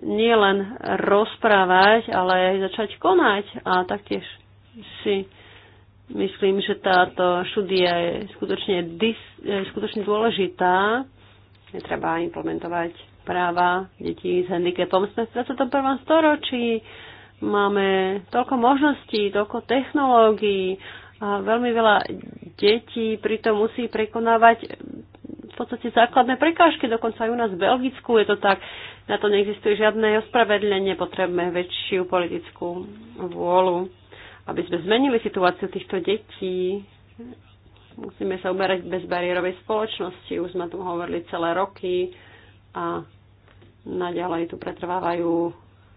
nielen rozprávať, ale aj začať konať. A taktiež si myslím, že táto štúdia je skutočne, dis, skutočne dôležitá že treba implementovať práva detí s handicapom. Sme v 21. storočí, máme toľko možností, toľko technológií a veľmi veľa detí pritom musí prekonávať v podstate základné prekážky, dokonca aj u nás v Belgicku je to tak, na to neexistuje žiadne ospravedlenie, potrebujeme väčšiu politickú vôľu, aby sme zmenili situáciu týchto detí Musíme sa uberať bez bezbariérovej spoločnosti, už sme tu hovorili celé roky a naďalej tu pretrvávajú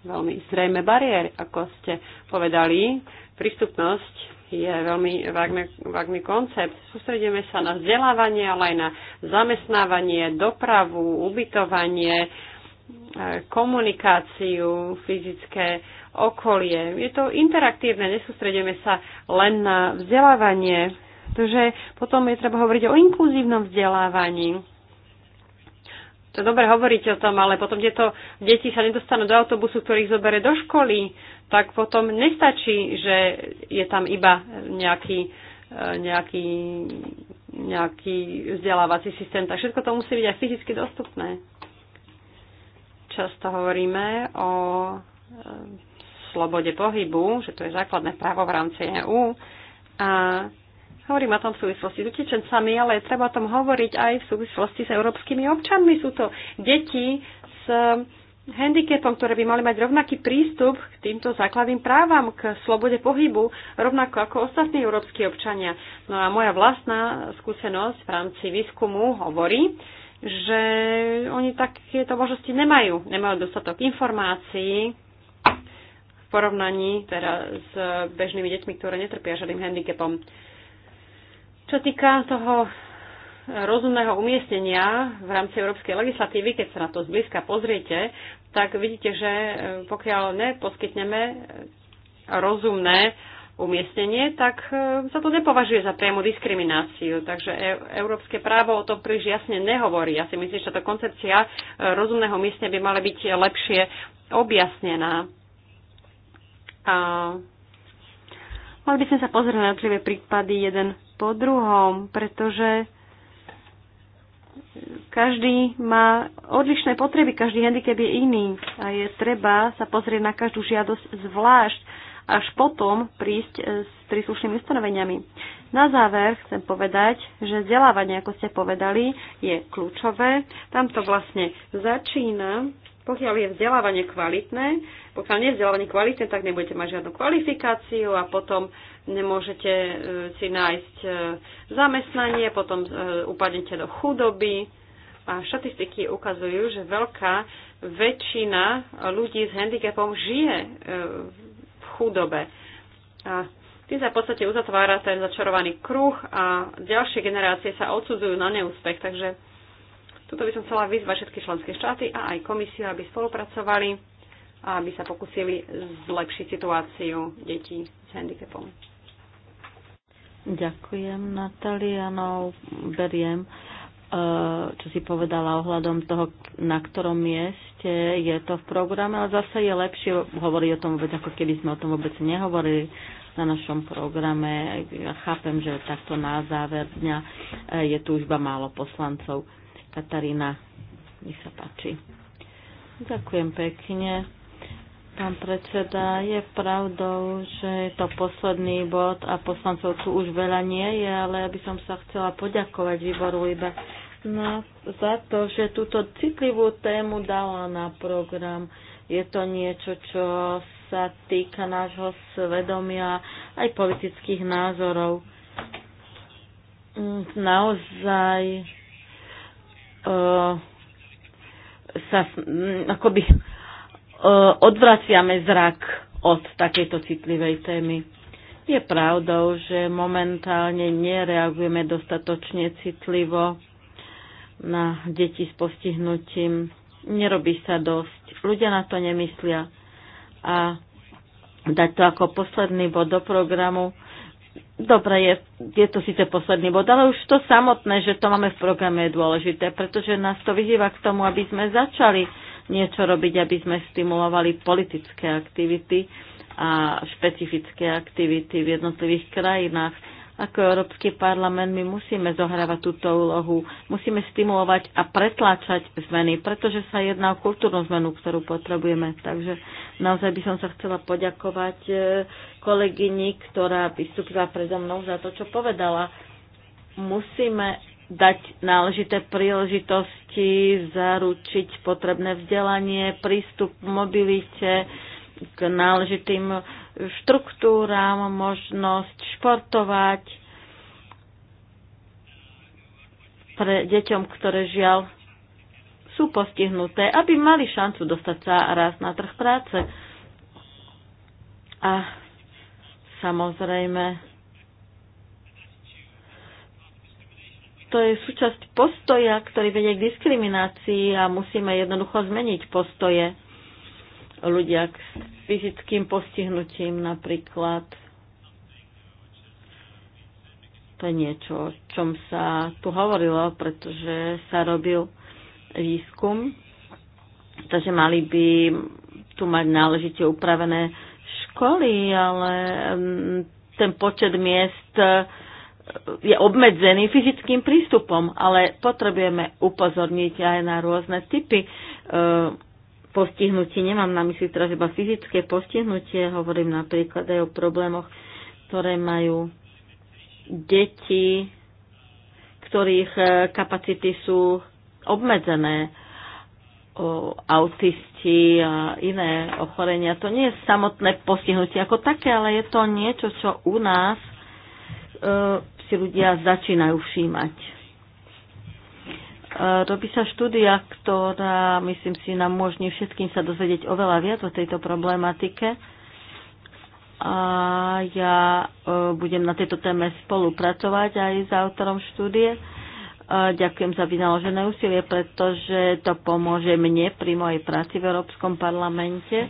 veľmi zrejme bariéry, ako ste povedali. Prístupnosť je veľmi vágny, vágny koncept. Sústredíme sa na vzdelávanie, ale aj na zamestnávanie, dopravu, ubytovanie, e, komunikáciu, fyzické okolie. Je to interaktívne, nesústredíme sa len na vzdelávanie. Pretože potom je treba hovoriť o inkluzívnom vzdelávaní. To dobre hovoríte o tom, ale potom tieto deti sa nedostanú do autobusu, ktorý ich zobere do školy, tak potom nestačí, že je tam iba nejaký, e, nejaký, nejaký vzdelávací systém. Tak všetko to musí byť aj fyzicky dostupné. Často hovoríme o e, slobode pohybu, že to je základné právo v rámci EÚ a Hovorím o tom v súvislosti s utečencami, ale treba o tom hovoriť aj v súvislosti s európskymi občanmi. Sú to deti s um, handicapom, ktoré by mali mať rovnaký prístup k týmto základným právam, k slobode pohybu, rovnako ako ostatní európsky občania. No a moja vlastná skúsenosť v rámci výskumu hovorí, že oni takéto možnosti nemajú. Nemajú dostatok informácií, v porovnaní teda s bežnými deťmi, ktoré netrpia žiadnym handicapom. Čo týka toho rozumného umiestnenia v rámci európskej legislatívy, keď sa na to zblízka pozriete, tak vidíte, že e, pokiaľ neposkytneme rozumné umiestnenie, tak e, sa to nepovažuje za priamu diskrimináciu. Takže e európske právo o tom príliš jasne nehovorí. Ja si myslím, že táto koncepcia e, rozumného umiestnenia by mala byť lepšie objasnená. A Mali by sme sa pozrieť na jednotlivé prípady jeden po druhom, pretože každý má odlišné potreby, každý handicap je iný a je treba sa pozrieť na každú žiadosť zvlášť až potom prísť s príslušnými ustanoveniami. Na záver chcem povedať, že vzdelávanie, ako ste povedali, je kľúčové. Tam to vlastne začína pokiaľ je vzdelávanie kvalitné, pokiaľ nie je vzdelávanie kvalitné, tak nebudete mať žiadnu kvalifikáciu a potom nemôžete e, si nájsť e, zamestnanie, potom e, upadnete do chudoby. A štatistiky ukazujú, že veľká väčšina ľudí s handicapom žije v chudobe. A tým sa v podstate uzatvára ten začarovaný kruh a ďalšie generácie sa odsudzujú na neúspech. Takže Tuto by som chcela vyzvať všetky členské štáty a aj komisiu, aby spolupracovali a aby sa pokusili zlepšiť situáciu detí s handicapom. Ďakujem, Natalianov. Beriem, e, čo si povedala ohľadom toho, na ktorom mieste je to v programe, ale zase je lepšie hovoriť o tom vôbec, ako keby sme o tom vôbec nehovorili na našom programe. Ja chápem, že takto na záver dňa e, je tu už iba málo poslancov. Katarína. Nech sa páči. Ďakujem pekne. Pán predseda, je pravdou, že je to posledný bod a poslancov tu už veľa nie je, ale by som sa chcela poďakovať výboru iba na, za to, že túto citlivú tému dala na program. Je to niečo, čo sa týka nášho svedomia aj politických názorov. Mm, naozaj E, sa akoby e, odvraciame zrak od takejto citlivej témy. Je pravdou, že momentálne nereagujeme dostatočne citlivo na deti s postihnutím. Nerobí sa dosť. Ľudia na to nemyslia. A dať to ako posledný bod do programu Dobre, je, je to síce posledný bod, ale už to samotné, že to máme v programe, je dôležité, pretože nás to vyzýva k tomu, aby sme začali niečo robiť, aby sme stimulovali politické aktivity a špecifické aktivity v jednotlivých krajinách. Ako Európsky parlament my musíme zohrávať túto úlohu, musíme stimulovať a pretláčať zmeny, pretože sa jedná o kultúrnu zmenu, ktorú potrebujeme. Takže naozaj by som sa chcela poďakovať e, kolegyni, ktorá vystúpila predo mnou za to, čo povedala. Musíme dať náležité príležitosti, zaručiť potrebné vzdelanie, prístup k mobilite, k náležitým štruktúram, možnosť športovať pre deťom, ktoré žiaľ sú postihnuté, aby mali šancu dostať sa raz na trh práce. A Samozrejme, to je súčasť postoja, ktorý vedie k diskriminácii a musíme jednoducho zmeniť postoje ľudia s fyzickým postihnutím napríklad. To je niečo, o čom sa tu hovorilo, pretože sa robil výskum, takže mali by tu mať náležite upravené školy, ale ten počet miest eh, je obmedzený fyzickým prístupom, ale potrebujeme upozorniť aj na rôzne typy eh, postihnutí. Nemám na mysli teraz iba fyzické postihnutie, hovorím napríklad aj o problémoch, ktoré majú deti, ktorých eh, kapacity sú obmedzené autisti a iné ochorenia. To nie je samotné postihnutie ako také, ale je to niečo, čo u nás e, si ľudia začínajú všímať. E, robí sa štúdia, ktorá, myslím si, nám možní všetkým sa dozvedieť oveľa viac o tejto problematike. A ja e, budem na tejto téme spolupracovať aj s autorom štúdie. E, Ďakujem za vynaložené úsilie, pretože to pomôže mne pri mojej práci v Európskom parlamente. E,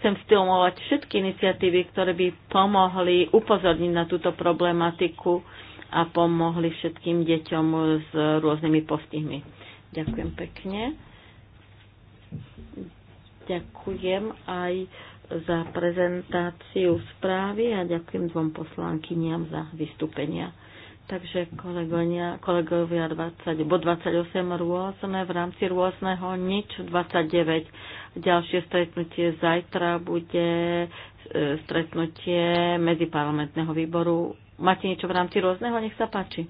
chcem stimulovať všetky iniciatívy, ktoré by pomohli upozorniť na túto problematiku a pomohli všetkým deťom s rôznymi postihmi. Ďakujem pekne. Ďakujem aj za prezentáciu správy a ďakujem dvom poslankyniam za vystúpenia. Takže kolegovia, kolegovia 20, bo 28 rôzne v rámci rôzneho nič 29. Ďalšie stretnutie zajtra bude e, stretnutie medziparlamentného výboru. Máte niečo v rámci rôzneho? Nech sa páči.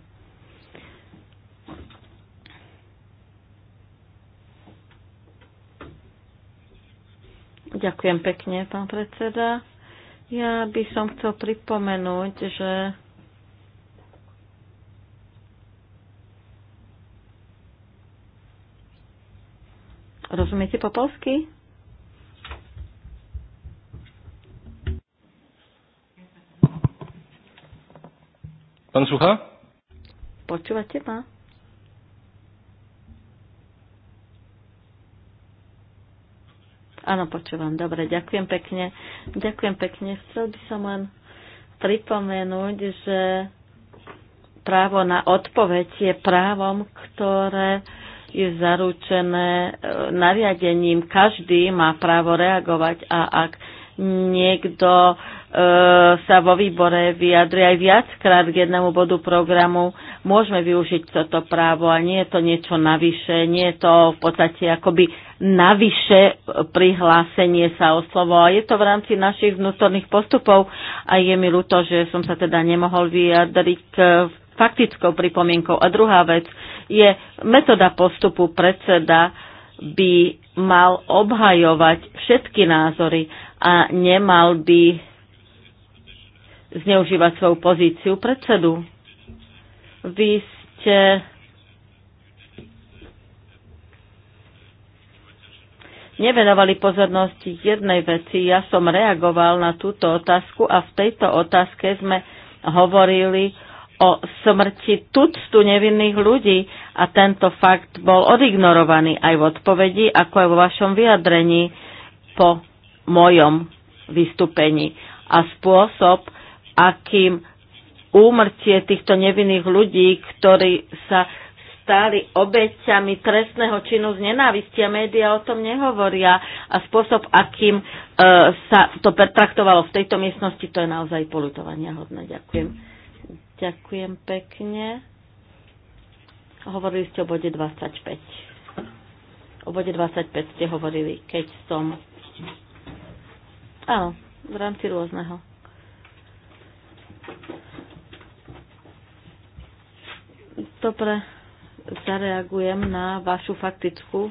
Ďakujem pekne, pán predseda. Ja by som chcel pripomenúť, že Rozumiete po polsky? Pán Sucha? Počúvate ma? Áno, počúvam. Dobre, ďakujem pekne. Ďakujem pekne. Chcel by som len pripomenúť, že právo na odpoveď je právom, ktoré je zaručené e, nariadením. Každý má právo reagovať a ak niekto e, sa vo výbore vyjadri aj viackrát k jednému bodu programu, môžeme využiť toto právo a nie je to niečo navyše, nie je to v podstate akoby navyše prihlásenie sa o slovo. A je to v rámci našich vnútorných postupov a je mi ľúto, že som sa teda nemohol vyjadriť k faktickou pripomienkou. A druhá vec, je metoda postupu predseda by mal obhajovať všetky názory a nemal by zneužívať svoju pozíciu predsedu. Vy ste nevenovali pozornosť jednej veci. Ja som reagoval na túto otázku a v tejto otázke sme hovorili o smrti tuctu nevinných ľudí a tento fakt bol odignorovaný aj v odpovedi, ako aj vo vašom vyjadrení po mojom vystúpení. A spôsob, akým úmrtie týchto nevinných ľudí, ktorí sa stali obeťami trestného činu z nenávisti a médiá o tom nehovoria a spôsob, akým e, sa to pertraktovalo v tejto miestnosti, to je naozaj polutovania hodné. Ďakujem. Ďakujem pekne. Hovorili ste o bode 25. O bode 25 ste hovorili, keď som... Áno, v rámci rôzneho. Dobre, zareagujem na vašu faktickú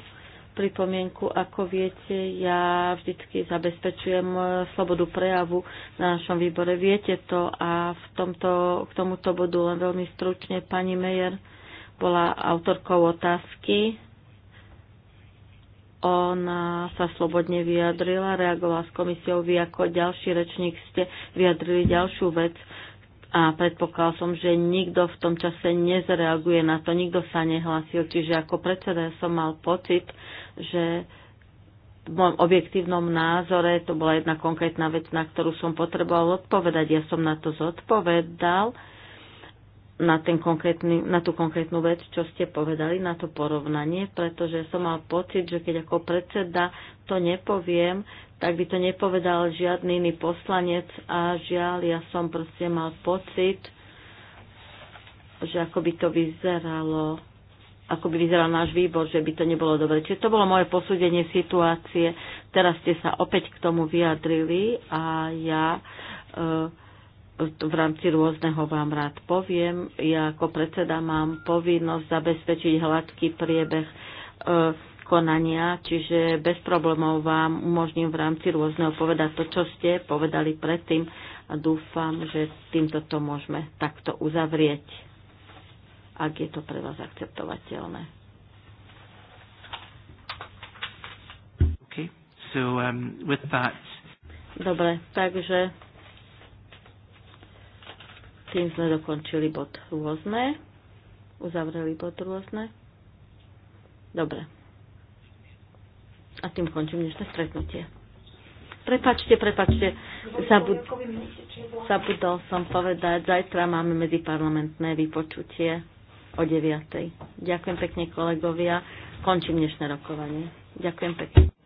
pripomienku. Ako viete, ja vždycky zabezpečujem eh, slobodu prejavu na našom výbore. Viete to a v tomto, k tomuto bodu len veľmi stručne pani Mejer bola autorkou otázky. Ona sa slobodne vyjadrila, reagovala s komisiou. Vy ako ďalší rečník ste vyjadrili ďalšiu vec a predpokladal som, že nikto v tom čase nezreaguje na to, nikto sa nehlasil, čiže ako predseda som mal pocit, že v môjom objektívnom názore to bola jedna konkrétna vec, na ktorú som potreboval odpovedať. Ja som na to zodpovedal, na, ten konkrétny, na tú konkrétnu vec, čo ste povedali, na to porovnanie, pretože som mal pocit, že keď ako predseda to nepoviem, tak by to nepovedal žiadny iný poslanec a žiaľ, ja som proste mal pocit, že ako by to vyzeralo ako by vyzeral náš výbor, že by to nebolo dobre. Čiže to bolo moje posúdenie situácie. Teraz ste sa opäť k tomu vyjadrili a ja e, v rámci rôzneho vám rád poviem. Ja ako predseda mám povinnosť zabezpečiť hladký priebeh e, konania, čiže bez problémov vám umožním v rámci rôzneho povedať to, čo ste povedali predtým a dúfam, že týmto to môžeme takto uzavrieť ak je to pre vás akceptovateľné. Okay. So, um, with that... Dobre, takže tým sme dokončili bod rôzne. Uzavreli bod rôzne. Dobre. A tým končím dnešné stretnutie. Prepačte, prepačte. Zabud... Zabudol som povedať, zajtra máme medziparlamentné vypočutie o 9. Ďakujem pekne kolegovia. Končím dnešné rokovanie. Ďakujem pekne.